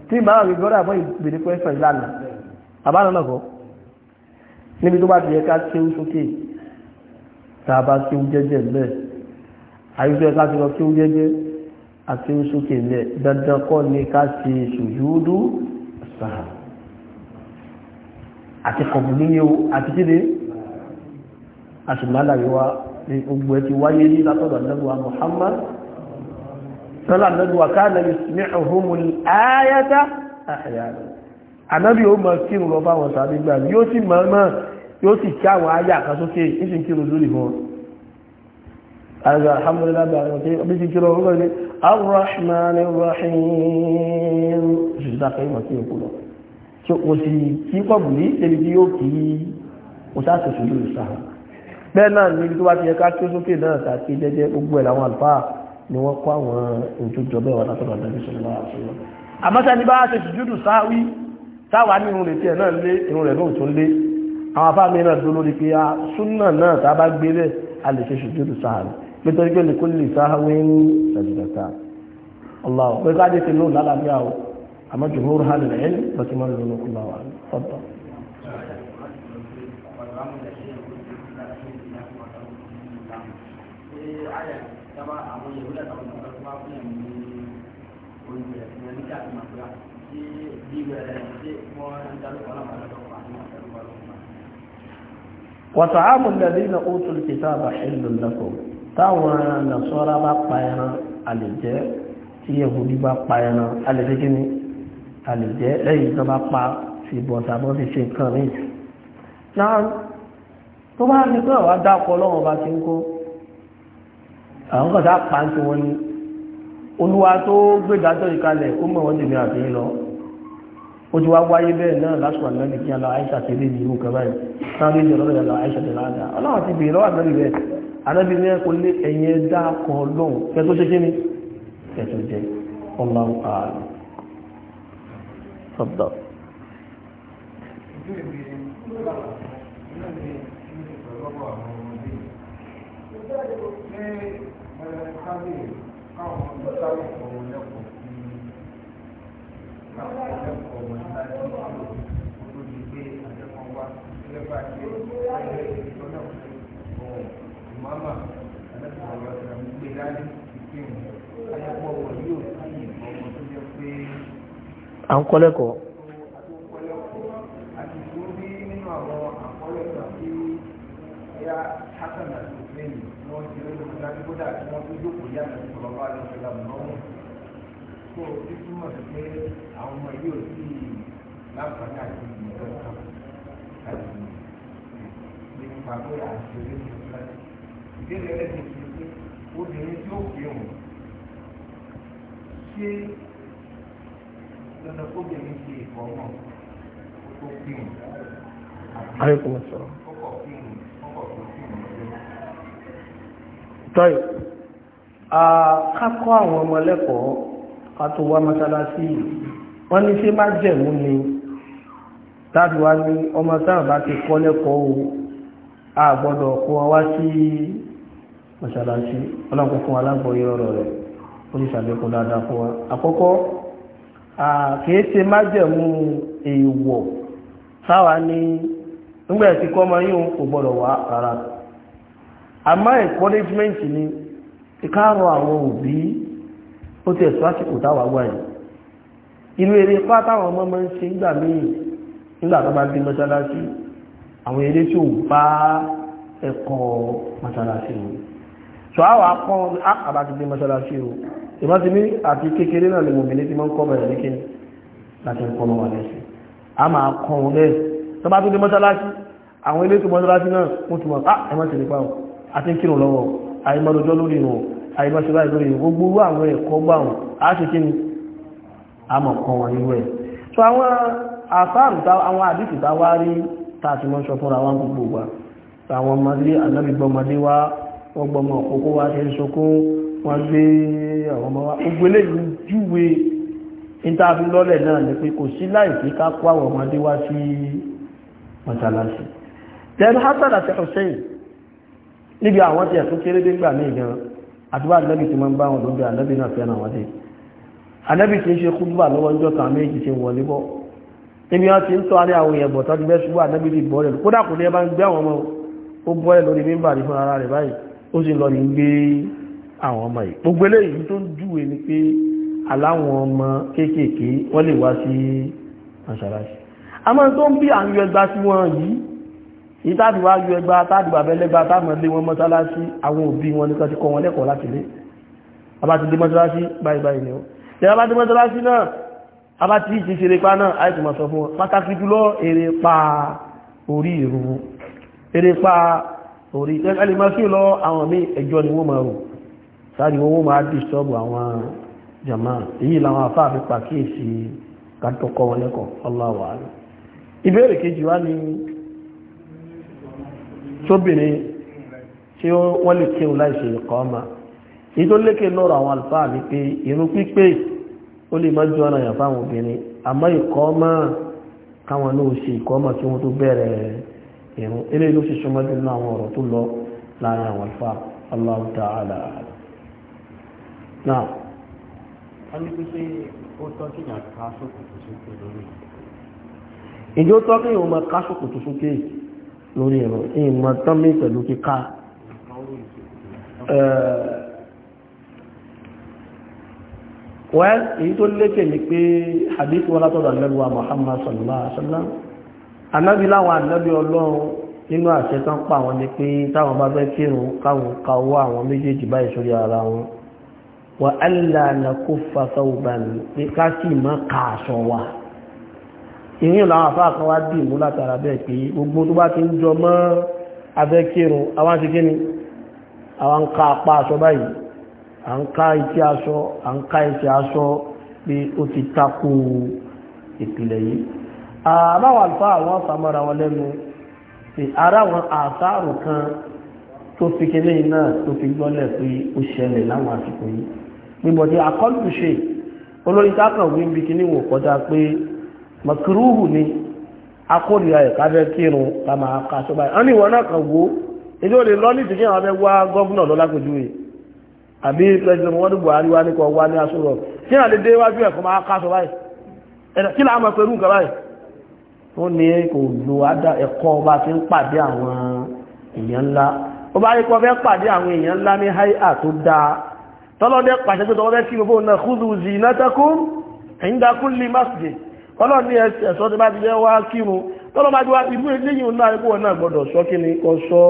tí màá rí gbọ́dọ̀ àbọ̀ ìgbèrè pẹ́sẹ̀ ìlànà àbálọ́ náà kọ́ níbi tó bá ti yẹ ká ṣe ń sókè tá a bá ṣe ń jẹ́jẹ́ bẹ́ẹ̀ àyíṣẹ́ ká ti lọ ṣe ń jẹ́jẹ́ àti ń sókè bẹ́ẹ̀ dandan kọ́ ni ká ṣe sùjúdú sáà àti kọ̀bùnú yẹn o àti kéde àṣìlálàyé wa ogbò ẹ ti wáyé ní látọ̀dọ̀ lẹ́gbà Muhammad sọ́lá lẹ́gbà káàlẹ̀ ìsìnìhùnmùn ayata àyàrẹ̀ anábì ó mọ̀ kí rọ bá wọn sàbí gbà yóò sì mọ̀ mọ̀ yóò sì kí àwọn ayà kan sókè ìsìn kí rojú lìfún wọn àgbà alhamdulillah bá wọn kí ọbí ti kí rọ sáà bẹ́ẹ̀ náà níbi tó bá ti yẹ ká tó sókè náà kàkí jẹ́jẹ́ gbogbo ẹ̀ làwọn àlùfáà ni wọ́n kọ́ àwọn ìjọjọ bẹ́ẹ̀ wà látọ̀dọ̀ àdébí sọ̀rọ̀ àṣọyọ. àmọ́sá ní bá ṣe sùjúdù sáwí táwa ní irun rẹ̀ tiẹ̀ náà lé irun rẹ̀ náà tó lé àwọn afá mi náà dúró lórí pé a súnà náà tá a bá gbé bẹ́ẹ̀ a lè ṣe sùjúdù sáàrì nítorí àyà sábà àwọn yòówù láti àwọn ọ̀gá tó bá fún yàn ní oúnjẹ ìyẹn ní káàkiri màgbà tí bí wẹ̀rẹ̀ ṣe wọ́n ń dálópa náà wọ́n lọ́kọ̀ àti wọ́n dálópa lọ́kọ̀. وطعام الذين أوتوا الكتاب حل لكم táwọn nàṣọ́rá bá pa ẹran àlèjẹ́ tí yẹ̀hùdí bá pa ẹran àlèjẹ́ kí ni àlèjẹ́ lẹ́yìn tó bá pa fi bọ̀tà bọ́ fi ṣe nǹkan rí náà tó bá ní pé àwọn adákọ̀ ọlọ́run bá ti ń kó àwọn kan sáà pàǹtí wọn ni olúwa tó gbé dájọ́ ìkalẹ̀ ó mọ̀ wọ́n tèmi àti lọ ó ti wá wáyé bẹ́ẹ̀ náà lásìkò àgbẹ̀lẹ̀ kí aláwọ̀ àìsà ti rí ìlú kan báyìí náà lè jọ̀rọ̀ ìyàlọ̀ àìsà ti láàdá ọlọ́wọ́ ti bèèrè lọ́wọ́ àgbẹ̀lẹ̀ rẹ̀ àdẹ́bí ní ẹkùn lé ẹ̀yẹ dákọ̀ ọlọ́run kẹ tó ṣe kí ni kẹ tó jẹ ọlọ́run ààrùn sọ́dọ̀ Thank you à ń kọ́lẹ́kọ̀ọ́. àti ìṣòro bí nínú àwọn àkọlẹ́kọ̀ọ́ tí ẹ̀yà hákànà kódà tí wọ́n tó jókòó yá àti ìfọlọ́pá àti ìfọlọ́pá lọ́wọ́ kó o ti túmọ̀ sí pé àwọn ọmọ yóò sì láǹfààní àti ìgbìyànjú kan láti ní nípa pé àti oríṣi ìfúnra ìbéèrè rẹ̀ ti fi pé obìnrin tí ó pè wọ́n ṣé dandan kóbìnrin ṣe ìfọ̀mọ́ tó pè wọ́n. Ayé kò sọ̀rọ̀. tọ́yì kákọ́ àwọn ọmọ ẹlẹ́kọ̀ọ́ mọ́sálásí wọ́n ní ṣé má jẹ̀mú ni láti wá ní ọmọ sáà bá ti kọ́ lẹ́kọ̀ọ́ o a gbọ́dọ̀ kó wá sí mọ́sálásí ọlọ́kùn rẹ̀ dáadáa fún wa àmá encouragement ni ìkárọ̀ àwọn òbí ó ti ẹ̀sùn àsìkò táwà wà yìí inú eré ipá táwọn ọmọ máa ń ṣe nígbà míì nígbà tó bá gbé mọ́ṣáláṣí àwọn eré tí ò bá ẹ̀kọ́ mọ́ṣáláṣí ni so àwọn apọ́ àbá ti gbé mọ́ṣáláṣí o ìmọ̀ ti ní àti kékeré náà ni mòmìnir ti máa ń kọ́ bẹ̀rẹ̀ ní kíni láti ń kọ́nà wà lẹ́sìn a máa kọ́ wọn bẹ́ẹ̀ tó bá tó dé mọ́ṣáláṣí àwọn ilé tó mọ́ṣáláṣí náà wọ́n ti mọ̀ ah ẹ̀mọ́ ti nípa wọn àti kírun lọ́wọ́ àìmọ́lójọ́ lórí ìrùn àìmọ́sílá ìlú ìrùn gbogbo àwọn ẹ̀kọ́ gbáhùn àṣìkíní àmọ̀ kan wọn irú ẹ̀ so àwọn àfáàrùta àwọn àdìsì tá wá rí tààtì mọ́ sọ fúnra wọn gbogbo wa àwọn ọmọdé anábìgbọmọdé wá wọ́n gbọmọ òkókó wá ṣe ń sokún wa gbogbo eléyìí júwe ìtàfi lọ́lẹ̀ náà ni níbi àwọn tí ẹ̀tún kéré dé gbà ní ìgan àdúrà ànábì tí wọ́n bá wọn lóbi ànábì náà fẹ́ràn wọn dé ànábì tí ń ṣe kúdùbà lọ́wọ́ ọjọ́ kan méjì ṣe wọlé bọ́ níbi wọn ti ń tọ́ alẹ́ àwọn èèyàn bọ̀tọ́ ti bẹ́ ṣubú ànábì ti bọ́ rẹ̀ kódà kò ní ẹ bá ń gbé àwọn ọmọ ó bọ́ ẹ lórí mímbà ní fúnra rẹ̀ báyìí ó sì lọ ní gbé àwọn ọmọ yìí gbogbo eléyìí tó ń júwe ni pé aláwọn ọmọ kéékèèké wọ́n lè wá sí mọ́ṣáláṣí àmọ́ tó ń bí àwọn ẹgbà sí wọn yìí ìtàdì wá yọ ẹgbà tàdì bàbẹ́ lẹ́gbà táàmù lé wọn mọ́sálásí àwọn òbí wọn nìkan ti kọ́ wọn lẹ́kọ̀ọ́ láti lé abáti dé mọ́sálásí báyìí báyìí ni ó tẹ́lá bá dé mọ́sálásí náà abáti ti ṣe repa náà àìsàn máa sọ fún wọn pàtàkì jùlọ èrè pa orí ìrùwò èrè pa orí ẹgbẹ́lẹ́ máa sí lọ àwọn míì ẹjọ́ ni wọ́n máa rò sáàdì wọn wọ́n máa dìstọ́bù àwọn jàmá èyí làwọn afá àfi pàkíyèsí kátọ́kọ́ wọn lẹ́kọ̀ọ́ ọlọ́wàá ìbéèrè kejì wá ni tóbìnrin tí wọ́n lè kí ọlá ìṣe ìkọ́ ọmọ èyí tó lékè lọ́rọ̀ àwọn àlùfáà ní pé irun pípé ó lè má ju ara yàn fáwọn obìnrin àmọ́ ìkọ́ ọmọ káwọn náà ṣe ìkọ́ ọmọ tí wọ́n tó bẹ̀rẹ̀ irun eléyìí ló ṣe súnmọ́jú nínú àwọn ọ̀rọ̀ tó lọ láàrin àwọn àlùfáà Allahu ta'ala náà. a ní pé ṣé ó tọ́ kí ìyàn ká sókòtò sókè máa ká sókè lórí ẹ̀rọ ìmọ̀ tán mí pẹ̀lú kíká wẹ́n èyí tó lékè ní pé hadith wọ́n látọ̀dọ̀ lẹ́lúwà Muhammad sallallahu alaihi wasallam anábí láwọn anábí ọlọ́run nínú àṣẹ tán pa àwọn ní pé táwọn bá fẹ́ kírun káwọn kawọ́ àwọn méjèèjì báyìí sórí ara wọn wa alla nakuffa thawban ní ká sì má kààṣọ wa ìyìn làwọn àfáà kan wá dì mú látara bẹ́ẹ̀ pé gbogbo tó bá ti ń jọ mọ́ abẹ́kírun àwọn ti kí ni àwọn ń ká apá aṣọ báyìí à ń ká iṣẹ́ aṣọ pé ó ti takò ìpìlẹ̀ yìí àbáwọn àlùfáà àwọn fàmọ́ra wọn lẹ́nu ara wọn àṣàrò kan tó fi kéré náà tó fi gbọ́lẹ̀ pé ó ṣẹlẹ̀ láwọn àsìkò yìí níbọ̀dí mọ̀kìrúhù ni akórìíra ẹ̀ka fẹ́ kírun ká máa ka aṣọ báyìí wọ́n ni ìwọ náà kàn wo èyí ò lè lọ ní ìtìkí àwọn abẹ́ wá gọ́fúnà lọ lápèjúwe àbí pẹ̀sìdẹ̀mù wọ́n ní Buhari wá ní kọ wá ní aṣọ rọ̀ kí ni lè dé wájú ẹ̀kọ́ máa ka aṣọ báyìí kí láà máa pẹ̀lú nǹkan báyìí ó ní kò lo ẹ̀kọ́ bá ti ń pàdé àwọn èèyàn ńlá ó bá rí kọ́ fẹ́ pàdé àwọn èèyàn ńlá ní háìhà tó dáa tọ́lọ́dẹ́ pàṣẹ pé tọ́lọ́dẹ́ ọlọ́run ní ẹ̀sọ́ tí bá ti jẹ́ wá kírun tọ́lọ́ bá ti wá ìlú eléyìí náà ikú náà gbọ́dọ̀ sọ kí ni kọ́ sọ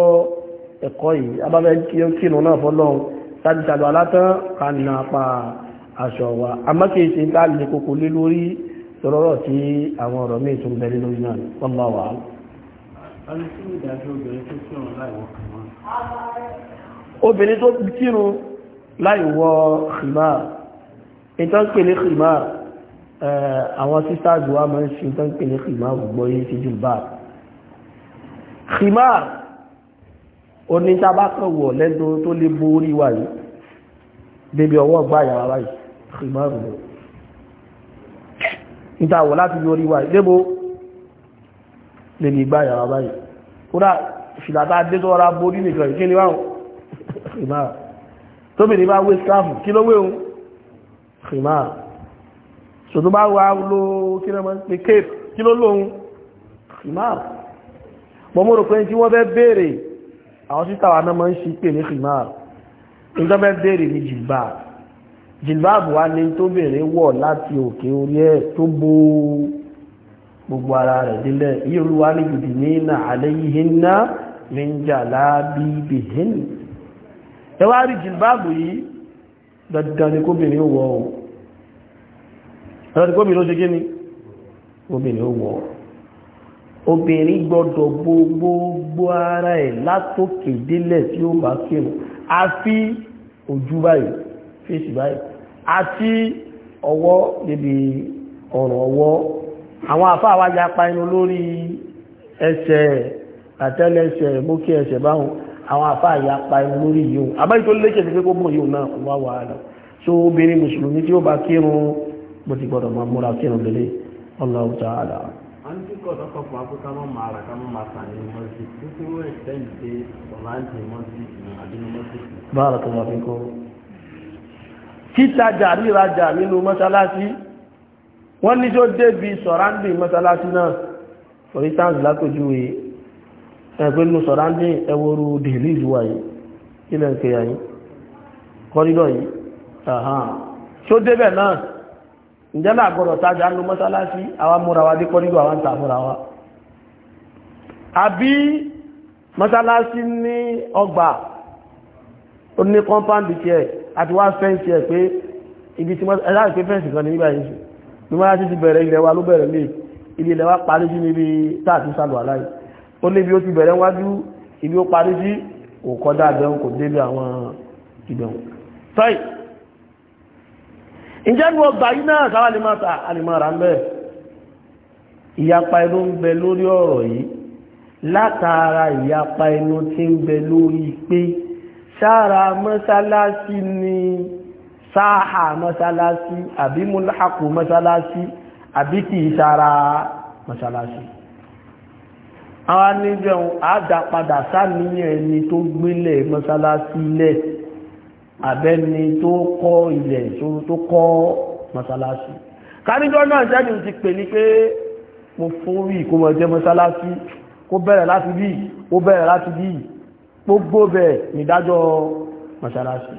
ẹ̀kọ́ yìí abáfẹ́ kírun náà fọlọ́run sáti sàlù alátán ká nà pa aṣọ wa àmọ́ kì í ṣe ká lè koko lé lórí tọ́lọ́rọ̀ tí àwọn ọ̀rọ̀ míì tún bẹ̀rẹ̀ lórí náà wọ́n bá wà á. obìnrin tó kírun láì wọ khimar ìtàn pèlè khimar Eh, àwọn sísáàdù wa máa ń ṣe tán pè ní khimar gbọ́ yé sí jùlbà khimar onítàbákọ̀wọ̀ lẹ́nu tó lè borí wà yìí débi ọwọ́ gbá ìyàwó wáyìí khimar rẹ̀ ìtàwọ̀ láti yorí wà yìí débò débi gbá ìyàwó wáyìí kúrà ìfìlàtà adétọ́ra borí nìkan ìkíni wáhùn (laughs) khimar tóbi ní bá wé so tó bá wà ló kí náà máa ń pè cape kí ló lóhun khimar bọ́ mọ́ rò pé tí wọ́n fẹ́ béèrè àwọn títà wà náà máa ń ṣe pè ní khimar ní tó fẹ́ béèrè ní jilbab jilbab wà ní tó béèrè wọ̀ láti òkè orí ẹ̀ tó bó gbogbo ara rẹ̀ délẹ̀ iye olúwa ẹ̀rọ̀dì gómìn ló ṣe gíní obìnrin ó wọ́ obìnrin gbọ́dọ̀ gbogbo ara ẹ̀ látòkè délẹ̀ tí ó bá kírun a fi ojú báyìí fèsì báyìí àti ọwọ́ débi ọ̀rọ̀ ọwọ́ àwọn àfáà wá ya pa inú lórí ẹsẹ̀ àtẹ́lẹsẹ̀ mókè ẹsẹ̀ báhùn àwọn àfáà ya pa inú lórí yìí àbáyìí tó lékè sí pé kó mọ̀ yìí náà wá wàhálà so obìnrin mùsùlùmí tí ó bá kírun bó ti gbọ́dọ̀ máa múra sí ìrùn lélẹ̀ Allahu ta'ala. a ń tí kọ́ sọ́kọ̀ fún akókò máa ma ara ká máa sàn ní mọ́sí tí tí wọ́n ń tẹ́lẹ̀ dé ọ̀la ń tẹ mọ́sí àbí ní mọ́sí. barakallahu fikum. títajà rírajà nínú mọ́sálásí wọ́n ní tó débi sọ̀ráńdì mọ́sálásí náà for instance lákòjúwe ẹgbẹ́ nínú sọ̀ráńdì ẹwọ́rú dèlí ìlúwa yìí ǹjẹ́ náà gbọ́dọ̀ tajà ń lo mọ́sálásí àwa múra wa dípọ́ nígbà wa ń ta múra wa àbí mọ́sálásí ní ọgbà ó ní kọ́mpáǹdì tí ẹ̀ àti wá fẹ́ǹsì ẹ̀ pé ibi tí ẹ̀láì pé fẹ́ǹsì kan ní nígbà yìí ní mọ́sálásí ti bẹ̀rẹ̀ ilẹ̀ wa ló bẹ̀rẹ̀ lè ilé ilẹ̀ wa parí sí níbi táàtì sálù aláì ó ní ibi ó ti bẹ̀rẹ̀ wájú ibi ó parí sí òkọjá àbẹ̀wò kò débi àwọn ìbẹ̀wò ìjẹ́nu ọgbà yìí náà sáwà lè máa ta àlèmọ́ra ń bẹ́ẹ̀ ìyapa ẹnu ń bẹ lórí ọ̀rọ̀ yìí látara ìyapa ẹnu tí ń bẹ lórí pé sára mọ́sálásí ni sáà mọ́sálásí àbí múláàkù mọ́sálásí àbí kìí sára mọ́sálásí àwọn níjẹun àádápadà sáníyàn ẹni tó gbélẹ̀ mọ́sálásí lẹ́ẹ̀ àbẹ́ni tó kọ́ ilẹ̀ ìṣòro tó kọ́ mọ́sálásí káníjọ́ náà jáde ti pè ní pé mo fún rí kó mọ̀ jẹ́ mọ́sálásí kó bẹ̀rẹ̀ láti bí ó bẹ̀rẹ̀ láti bí gbogbo bẹ̀ nídájọ́ mọ́sálásí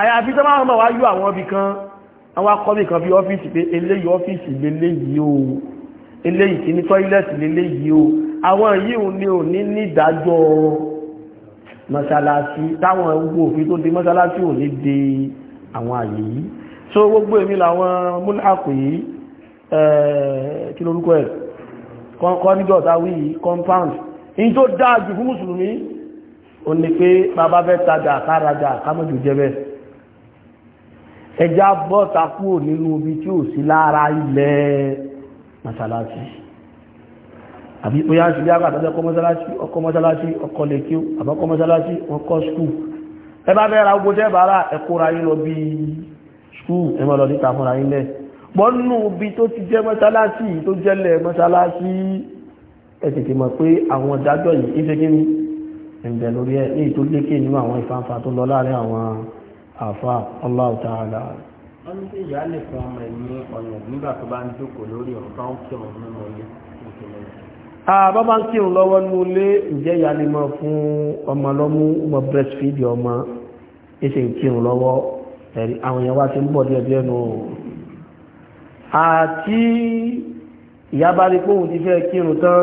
àyàfi tó máa wá yú àwọn ibi kan àwọn akọ́bí kan bí ọ́fíìsì pé eléyìí ọ́fíìsì lélẹ́yìí o eléyìí mọ́sálásí táwọn gbogbo òfin tó dé mọ́sálásí ò ní dé àwọn àyè yìí so gbogbo èmi làwọn múláàpù yìí kí lórúkọ ẹ̀ kọ́nígọ̀ta wí compound in tó dáàjù fún mùsùlùmí ó ní pé bàbá fẹ́ tajà kárajà kámọ́jù jẹ́bẹ̀ ẹja bọ́ta kúrò nínú ibi tí ò sí lára ilẹ̀ mọ́sálásí àbí ó yá sí bí àgbà tọ́jọ́ kọmọ́sálásí ọkọ̀ mọ́sálásí ọkọ̀ lẹ́kí àbọ́kọ̀ mọ́sálásí ọkọ̀ skúù ẹ bá bẹ́ẹ̀ ra ogun tẹ́ bàárà ẹkùnra yín lọ bí skúù ẹ máa lọ níta fúnra yín lẹ̀ bọ́nù bí tó ti jẹ́ mọ́sálásí tó jẹ́lẹ̀ mọ́sálásí ẹ tètè mọ̀ pé àwọn ìdájọ́ yìí ń fẹ́kí ni ẹ̀ǹdẹ̀ lórí ẹ ní ìtó lékè nínú àwọn ìfàǹfà tó lọ láàrin àwọn àfa Allahu ta'ala wọ́n ní ìyá lè fún ọmọ ẹ̀ ní ọ̀nà nígbà tó bá ń jókòó lórí ọ̀rọ̀ tó ń kí ọ̀rọ̀ nínú ọ̀yẹ́ àbá ah, bá ń kírun lọ́wọ́ ní olé ìjẹ́ ìyá lè mọ́ fún ọmọ lọ́mú ọmọ breastfeed ọmọ ẹsẹ̀ ìkírun lọ́wọ́ ẹ̀rí àwọn èèyàn wá ti ń bọ̀ díẹ̀ díẹ̀ nù àti ìyá bá rí póhùn ti fẹ́ kírun tán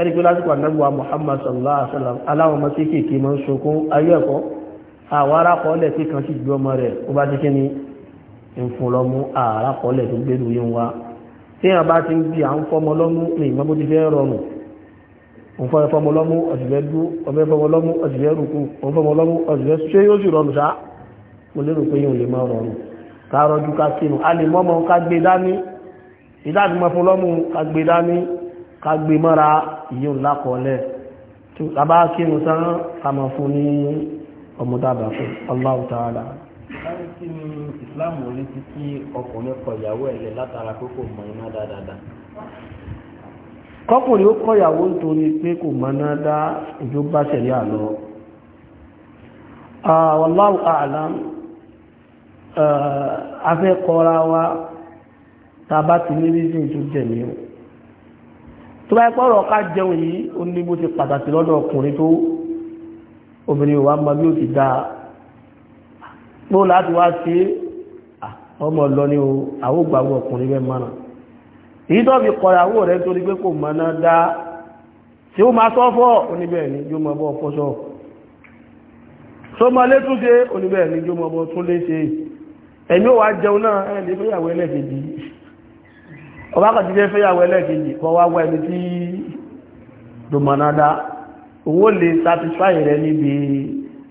ẹni pé lásìkò ànágbà Muhammad sallallahu alaihi wasallam aláwọn ọmọ sí kéèké máa ń sunkún ayé ẹ̀kọ́ téèyàn bá ti ń bí à ń fọmọ lọ́mú ní ìmọ̀ bó ti fẹ́ rọrùn òun fọ́ ẹfọmọ lọ́mú ọ̀sìfẹ́ dú ọmọ ẹfọmọ lọ́mú ọ̀sìfẹ́ rùkú òun fọmọ lọ́mú ọ̀sìfẹ́ ṣé yóò sì rọrùn sá mo lérò pé yóò lè máa rọrùn ká rọjú ká sínú a lè mọ́mọ́ ká dání ìdáàbí mọ́ra ìyóò lákọọ́lẹ̀ tó lábá kírun sán ká Allahu ta'ala báyìí kí ni islam ò lè ti kí ọkùnrin kọ ìyàwó ẹ̀ lẹ̀ látara pé kò mọ iná dáadáa kọkùnrin ó kọyàwó nítorí pé kò mọ iná dá ìjọba ṣẹlẹ̀ àlọ wallahu a'lam afẹ́ kọra wa tàbá ti ní rízìn tó jẹ̀ ní o tó bá pọ́rọ̀ ká jẹun yìí ó ní bó ti pàtàkì lọ́dọ̀ ọkùnrin tó obìnrin wa mọ bí ó ti dáa pé láti wá sí ọmọ lọ ní àwògbàwò ọkùnrin bẹ́ẹ̀ mọ́nà èyí tó fi kọ̀ ìyàwó rẹ̀ torí pé kò mọ́nà dá tí ó máa sọ́fọ́ oníbẹ̀ẹ́ ni yóò mọ́ bọ́ fọ́sọ́ sọmọ létúnṣe oníbẹ̀ẹ́ ni yóò mọ́ bọ́ tún léṣe ẹ̀mí ò wá jẹun náà ẹ̀ lè fẹ́yàwó ẹlẹ́kejì ọba kan ti fẹ́ fẹ́yàwó ẹlẹ́kejì kọ́ wá wá ẹni tí dùmọ̀nà dá owó lè satisfy rẹ níbi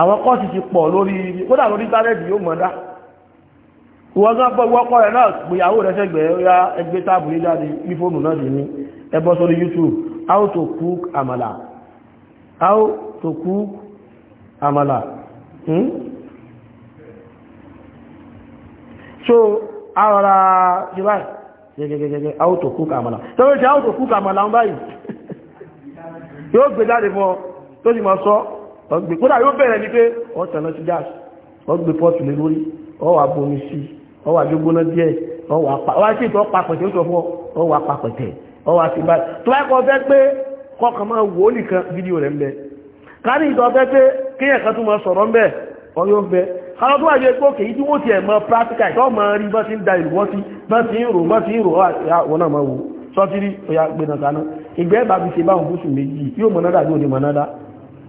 àwọn kọ́ọ̀sì ti pọ̀ lórí kódà lórí tálẹ́ẹ̀dì yóò mọ̀dá wọ́n gán bọ́ wọ́pọ̀ rẹ̀ náà gbìyàwó rẹ̀ sẹ́gbẹ̀ ya ẹgbẹ́ táàbù ní jáde ní fóònù náà dì ní ẹ sórí YouTube how to cook amala. how to cook àmàlà hmm? so ara ṣe báyìí how to cook àmàlà tẹ́wọ́n how to cook àmàlà ń báyìí (laughs) yóò gbé jáde fún ọ tó sì máa sọ ọgbẹ̀ kódà yóò bẹ̀rẹ̀ ní pé wọ́n tẹ̀lọ́ sí gáàsì ọgbẹ̀ pọ́ọ̀tù lé lórí ọwà bomi sí ọwà jógbóná díẹ̀ ọwà sí ìtọ́ papẹ̀tẹ̀ oṣù ọ̀fọ́ ọwà papẹ̀tẹ̀ ọwà sí báyìí tó bá kọ́ fẹ́ pé máa wò ó nìkan fídíò rẹ̀ ń bẹ kárí ìtọ́ fẹ́ pé kéèyàn kan tún máa sọ̀rọ̀ ń bẹ ọyọ́ ń bẹ káwọn tó wà ní epo kèyí tí ti ìtọ́ máa rí bá ti ń da ìlú ti bá ti ń rò bá ti ń rò ah, náà máa wò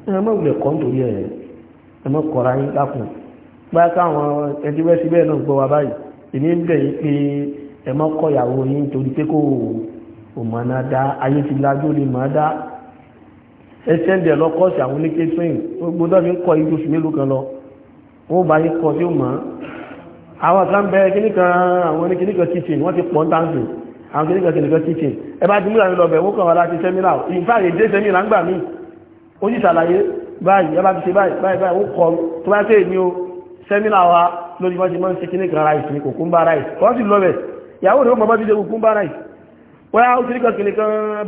ẹ má wulẹ̀ kọ́ nítorí ẹ̀ ẹ má kọ́ra yín dákun bá káwọn ẹdíwẹ́sí bẹ́ẹ̀ náà gbọ́ wa báyìí èmi ń bẹ̀ yín pé ẹ má kọ́ ìyàwó yín torí pé kò ò mọ̀ náà dá ayé ti lajú ni mọ̀ dá ẹ sẹ́ndì ẹ̀ àwọn oníké swing gbogbo dọ́ọ̀mí ń kọ́ yín oṣù mélòó kan lọ wọ́n bá yín kọ́ tí ó mọ̀ àwọn kan bẹ kíníkan àwọn oníkíníkan kitchen wọ́n ti pọ̀ ń tàǹsì àwọn kíníkan kíníkan kitchen ẹ bá ti múra mi lọ bẹ̀ wọ́n kàn wá láti sẹ́mínà ìfáàyè dé sẹ́mínà ń gbà ó sì ṣàlàyé báyìí ẹbá ti ṣe báyìí báyìí ó kọ tó bá tẹ́ ní o sẹ́mínà wa lórí wọ́n ti mọ́ sí kíníkà ráìsì ní kòkúmbà ráìsì wọ́n sì lọ́bẹ̀ ìyàwó rẹ̀ mọ́ bá ti ṣe kòkúmbà ráìsì wọ́n yá ó ti ríkà kìnnìkà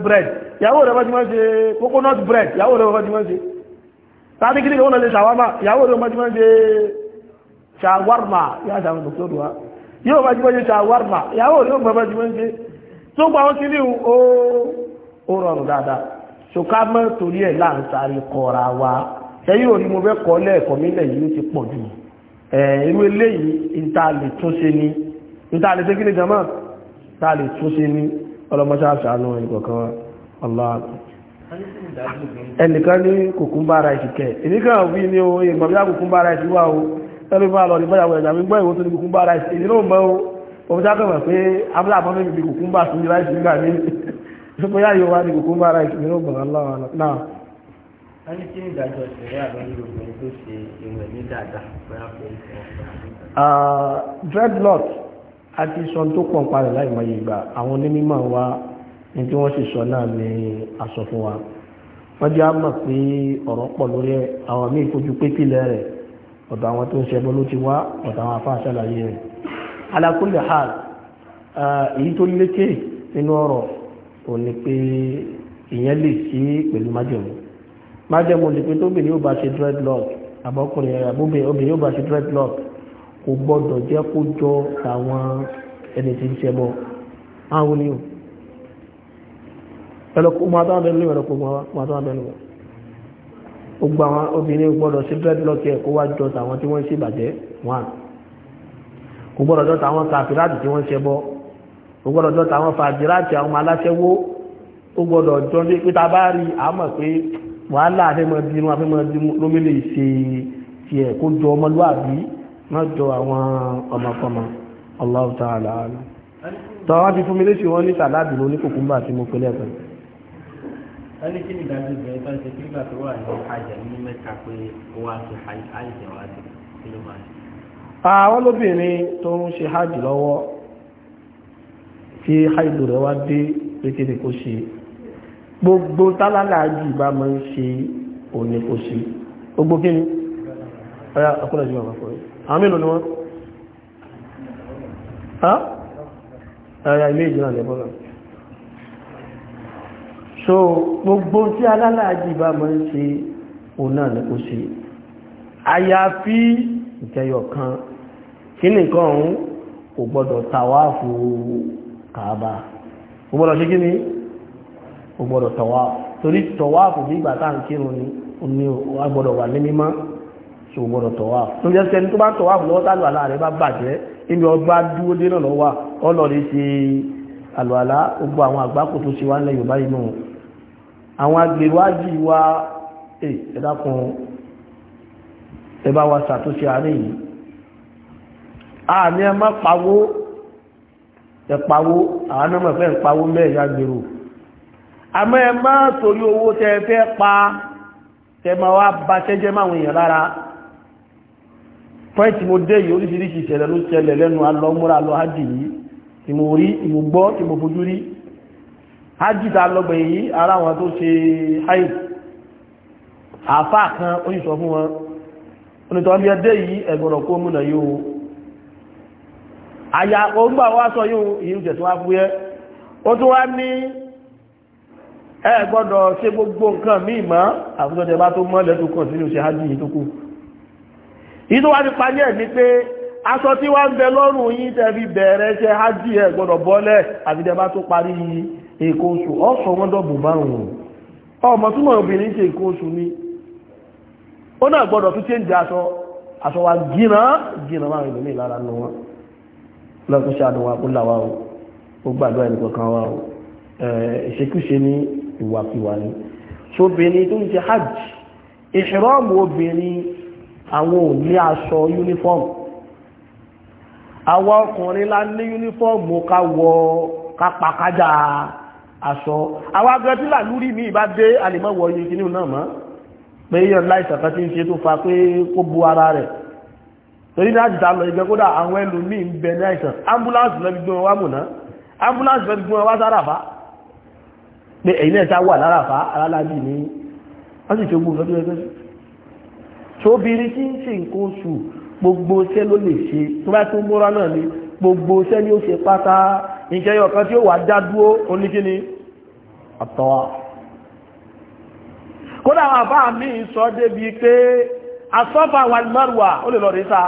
bread ìyàwó rẹ̀ mọ́ ti mọ́ ṣe coconut bread ìyàwó rẹ̀ mọ́ ti mọ́ ṣe tàbí kíníkà ó lọ lè ṣàwámà ìyàwó rẹ̀ mọ́ ti mọ́ ṣe ṣàwármà yá ṣàwọn dòkítọ́rù wa yóò mọ́ ti mọ́ ṣe ṣàwármà ìyàwó rẹ̀ mọ́ ti mọ́ ṣe tó gbà ó sí ní o rọrùn so ká mọ́ torí ẹ̀ là ń sáré kọra wa sẹ́yìn òní mo fẹ́ kọ́ lẹ́ẹ̀kọ́ mi lẹ̀ yìí ló ti pọ̀ jù irú eléyìí níta lè tún ṣe ni níta lè ṣe kí ni jama níta lè tún ṣe ni ọlọmọṣẹ́ àṣàánú ẹnìkọ̀ọ̀kan ọlọ́run ẹnìkan ní kùkúmbára ìṣìkẹ́ ìníkàn wí ní o ìgbàmíyà kùkúmbára ìṣìwà o tẹ́lú bá lọ ní báyàwó ẹ̀dà mi gbọ́ ìwò tó ní kùkúmbára ìṣìkẹ́ ìdínà mọ́ o ọmọdé akọ̀mọ̀ pé abúlé àbọ́mẹ́bí kùkúmbà sí ní láìsí nígbà ní sọ́kọ́ yá yóò wá ní kòkó bára ìṣòro ọgbọ̀n aláwọ̀ náà. a ní kí ní ìdájọ́ ìṣẹ̀lẹ̀ àlọ́yìn obìnrin tó ṣe ìwẹ̀ ní dáadáa pẹ́lá pé dreadlock àti sọ́n tó pọ̀ ń parẹ̀ láì mọ ìgbà àwọn onímọ̀ wa ní tí wọ́n sì sọ náà ní aṣọ fún wa wọ́n jẹ́ àmọ̀ pé ọ̀rọ̀ pọ̀ lórí ẹ̀ àwọn míì fojú pépìlẹ̀ rẹ̀ ọ̀dọ̀ àwọn tó ń ṣẹbọ ló ti wá ọ̀dọ̀ àwọn afá ṣàlàyé rẹ̀ alákùnlé hàn èyí tó lékè nínú ọ̀rọ̀ òun ni pé ìyẹn lè sí pẹ̀lú májẹ̀mú májẹ̀mú ni pé tóbìnrin yóò bá ṣe dreadlock àbọ́kùnrin ẹ̀rọ àbóbìnrin obìnrin yóò bá ṣe dreadlock kò gbọ́dọ̀ jẹ́ kó jọ àwọn ẹni tí ń ṣe bọ́ àwọn ni o ẹlọ́kọ́ máa tó àbẹ̀lú ẹ̀rọ̀kọ́ máa tó àbẹ̀lú gbogbo obìnrin gbọ́dọ̀ ṣe dreadlock ẹ̀ kó wá jọ tàwọn tí wọ́n ń ṣèbàjẹ́ one kò gbọ́dọ̀ jọ tàwọn kàfíráàtì tí wọ́n ṣe bọ́ ó gbọ́dọ̀ jọ tàwọn fàájìrá àti àwọn aláṣẹwó ó gbọ́dọ̀ jọ ní pé ta bá rí àmọ̀ pé wàhálà afẹ́mọ̀ dirun afẹ́mọ̀ dirun lómi lè ṣe tiẹ̀ kó jọ ọmọlúwàbí má jọ àwọn ọmọkọmọ Allahu àwọn lóbìnrin tó ń ṣe hajj lọ́wọ́ tí haidu rẹ̀ wá dé pékèrè kó ṣe gbogbo tálálàájì bá mọ́ ń ṣe òní kó ṣe gbogbo kí ni ọ̀yá ọkùnrin jùlọ àpapọ̀ rẹ̀ àwọn mélòó ni wọ́n ẹ̀yà ilé ìjìnà lẹ́bọ́lá so gbogbo tí alálàájì bá mọ́ ń ṣe òun náà ní kó ṣe àyàfi ìtẹyọ̀ kan kí nìkan òun kò gbọ́dọ̀ tàwáàfù kàábà ó gbọ́dọ̀ ṣe kí ni ó gbọ́dọ̀ tọ̀wá torí tọ̀wá kò bí ìgbà tá à ń kírun ni ó gbọ́dọ̀ wà ní mímọ́ ṣe ò gbọ́dọ̀ tọ̀wá tó jẹ́ sẹ́ni tó bá tọ̀wá fún lọ́wọ́ tálù àlá rẹ̀ bá bàjẹ́ níbi ọgbà dúró dé náà lọ́wọ́ ọlọ́rin ṣe àlùalá gbogbo àwọn àgbákò tó ṣe wá nílẹ̀ Yorùbá inú àwọn agbèrèwájì wa eh, ẹ dákun ẹ bá wa ṣàtúnṣe àárín yìí àmì ẹ má pawó ẹ̀pàwó àwọn ọmọ ẹ̀fẹ́ ìpàwó mẹ́rin agbèrò àmọ́ ẹ má torí owó tẹ fẹ́ pa tẹ ma wá bá tẹ́jẹ́ máwọn èèyàn lára pẹ́ẹ̀tì mo dé yìí oríṣiríṣi ìṣẹ̀lẹ̀ ló ṣẹlẹ̀ lẹ́nu alọ́múra lọ hajj yìí tí mo rí tí mo gbọ́ tí mo fojú rí hajj ta àyà ògbà wá sọ yóò yìí jẹ̀ tó wá fúyẹ́ ó tún wá ní ẹ gbogbo nǹkan míì mọ́ àfúnṣọ́jẹ́ bá tó mọ́ lẹ́tù kan sínú ṣe hajj yìí tó kù yìí tó wá ti parí ẹ̀ ní pé aṣọ tí wá ń bẹ lọ́rùn yìí tẹ́ bẹ̀rẹ̀ ṣe hajj ẹ gbọ́dọ̀ bọ́lẹ̀ àfijẹ́ bá tó parí lọ́tún ṣàánú wa kó làwà o ó gbàdúrà ẹnì kankan wa o ìṣekúṣe ní ìwàkiwà ni so obìnrin tó ń ṣe hajj ìṣìrọ́ọ̀mù obìnrin àwọn ò ní aṣọ uniform àwọn ọkùnrin la ní uniform ká wọ kápákájà aṣọ àwọn agbẹ́tílà lórí mi ìbá dé alìmọ́wọ̀ yìí kìnnìún náà mọ́ pé yíyan láìsàkà tí ń ṣe tó fa pé kó bu ara rẹ̀ torí láti dá lọ ibẹ̀ kódà àwọn ẹlòmíì ń bẹ ní àìsàn ambulance lọ́bi gbọ́n wá mùná ambulance lọ́bi gbọ́n wá sáràfá pé ẹ̀yìn náà sá wà láràfá aláàbì ní wọ́n sì tó gbọ́n lọ́dún ẹgbẹ́ sí. tóbìnrin tí ń ṣe nǹkan oṣù gbogbo iṣẹ́ ló lè ṣe tó bá tún múra náà ni gbogbo iṣẹ́ ni ó ṣe pátá ìṣẹ́ ọ̀kan tí ó wà dá dúró oníkíni àtọ́wà kódà àwọn àbá mi sọ débi pé asọ́fà wàlúmọ́rùwà ó lè lọ rí sáà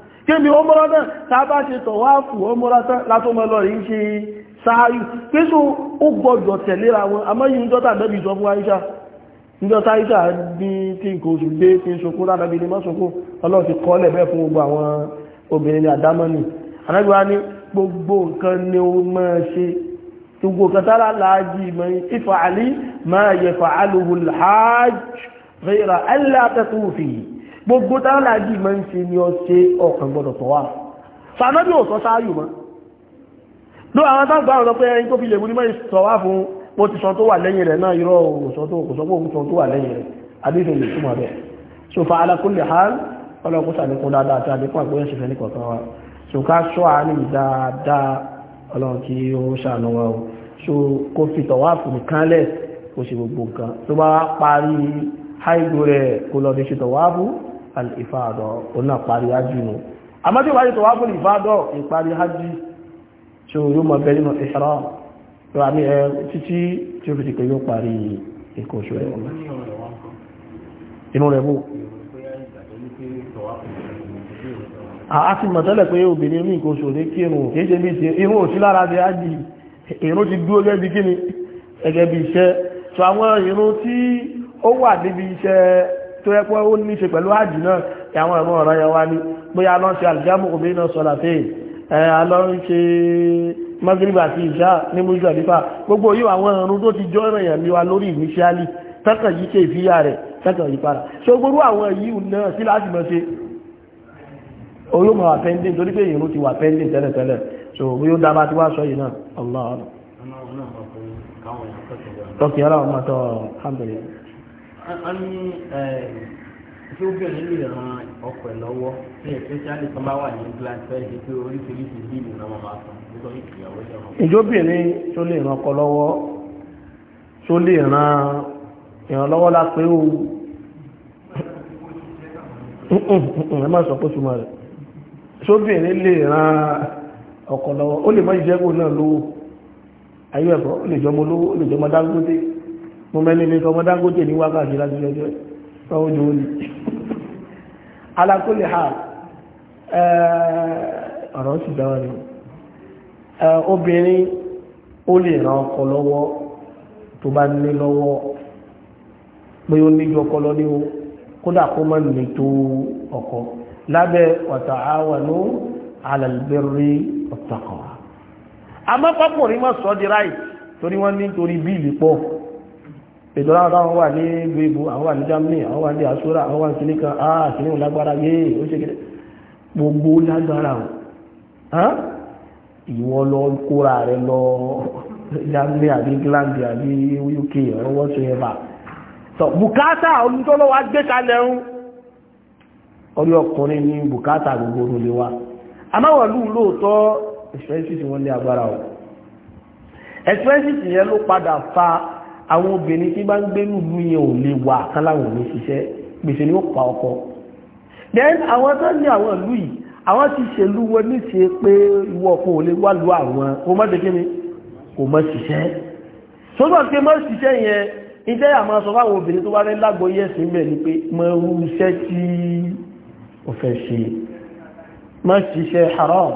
kébi ọmọrọ náà tàbá ṣe tọ̀wáàfù ọmọrọ látọ́mọ lọ rí ṣe sáàyù pẹ́sù ó gbọ́dọ̀ tẹ̀léra wọn amáyí ń jọ́ta àdẹ́bì sọ fún àìṣà ń jọ́ta àìṣà bí tí n kò sùn gbé tí n sọkún ládàbí ní mọ́sùnkún ọlọ́run gbogbo táwọn láàájì máa ń ṣe ni ọ ṣe ọ̀kan gbọdọ̀ tọ́wà sànọ́bí ò sọ sáàyù mọ́ ló àwọn tágbà ọ̀rọ̀ pé ẹni tó fi lè mú ní mọ́ ìsọ̀wá fún mo ti sọ tó wà lẹ́yìn rẹ̀ náà irọ́ òsọ tó kò sọ pé òun so fa ala kulli hal ọlọ́kùn sàlékún dáadáa àti àdékún àgbóyẹ̀ ṣẹfẹ́ ní kọ̀ọ̀kan so ká sọ àárín dáadáa ọlọ́run so kó fi tọ̀wá fún nìkan lẹ̀ kó ṣe gbogbo nǹkan tó bá parí háìgbó rẹ̀ lọ fi ṣe tọ̀wá fún alìfàdọ̀ ọ̀nà parí hajji nù àmọ́tí wáyé tó wá fún ìfàdọ̀ ìparí hajji tí ó yóò mọ̀ bẹ́ nínú ìṣẹ́rọ̀ tó wà ní ẹ títí tí ó fi ti pé yóò parí ẹ̀kọ́ oṣù rẹ̀ wọn inú rẹ̀ bù a ti mọ̀ tẹ́lẹ̀ pé obìnrin ní nǹkan oṣù ní kírun kìí ṣe bí ṣe irun òsí lára ti hajji irun ti dúró gẹ́gẹ́ bí kíni gẹ́gẹ́ bí iṣẹ́ so àwọn irun tí ó wà níbi iṣẹ́ tó yẹ pé ó ní ṣe pẹ̀lú àjì náà kí àwọn ẹ̀mọ́ ọ̀rọ̀ yẹn wá ní bóyá lọ́n ṣe àlùjámù òbí náà sọ̀là tẹ́ ẹ̀ alọ́n ṣe mọ́gíríbì àti ìṣá ní mọ́jú àdífà gbogbo yìí àwọn ẹ̀rùn tó ti jọ́ ìrìnyàn ní wa lórí ìníṣíálì tẹ́kàn yìí ṣe ìfíyà rẹ̀ tẹ́kàn yìí para ṣe gbogbo àwọn yìí náà sí láti mọ́ ṣe olómọ̀ wà pẹ́ndìn torí pé ìrún ti wà pẹ́ndìn tẹ́lẹ̀tẹ́lẹ̀ so bí ó dábàá ti wá sọ yìí náà Allah Allah. a ní tí lè ran ọkọ ẹ̀ lọ́wọ́ tí bá wà ní England fẹ́ ṣe pé oríṣiríṣi bíìlì náà máa máa nítorí ìyàwó ìjọba. tó lè ran ọkọ lọ́wọ́ tó lè ran ìrànlọ́wọ́ lápẹ́ o ẹ má sọ pé rẹ̀ sóbìnrin lè ran ọkọ lọ́wọ́ ó lè náà lówó ayé ó lè jọmọ lówó ó mo mẹ́ni ní sọmọ Dangote ní wákàtí láti lọ́jọ́ sọ́wọ́ jò ó ní alákólè ha ọ̀rọ̀ sì dáwà ní obìnrin ó lè ràn ọkọ lọ́wọ́ tó bá ní lọ́wọ́ pé ó ní ju ọkọ lọ ní o kódà kó má ní tó ọkọ lábẹ́ ọ̀tà àwọnú alàlùbẹ́rẹ́ ọ̀tàkọ̀ ìjọra àwọn wà ní gbogbo àwọn wà ní Germany àwọn wà ní asúra àwọn wà ní kìnnìkà àà kìnnìkà lágbára yéè ó ṣe kìnnìkà gbogbo lágbára ọ̀ ìwọ lọ kóra rẹ lọ Germany àbí England àbí UK ọ̀rọ̀ wọ́n ṣe ẹ̀bà tọ̀ bùkátà olùtọ́lọ́wà gbé kalẹ̀ ń orí ọkùnrin ní bùkátà gbogbo olùlé wa amáwọ̀lú lóòótọ́ expenses wọn ní agbára ọ̀ expenses yẹn ló padà fa àwọn obìnrin tí bá ń gbé lùlú yẹn ò lè wà kán láwọn ò ní ṣiṣẹ́ gbèsè ni ó pa ọkọ then àwọn tó ní àwọn ìlú yìí àwọn ti ṣèlú wọn ní ṣe pé ìwọ ọkọ ò lè wá lu àwọn kó má dékí ni kò mọ ṣiṣẹ́ sọ́dọ̀ pé mọ́ ṣiṣẹ́ yẹn iṣẹ́ àmọ́ sọ fáwọn obìnrin tó wá rẹ́ lágbóyè sí mẹ́ ni pé mọ iṣẹ́ tí ò fẹ́ ṣe mọ́ ṣiṣẹ́ haram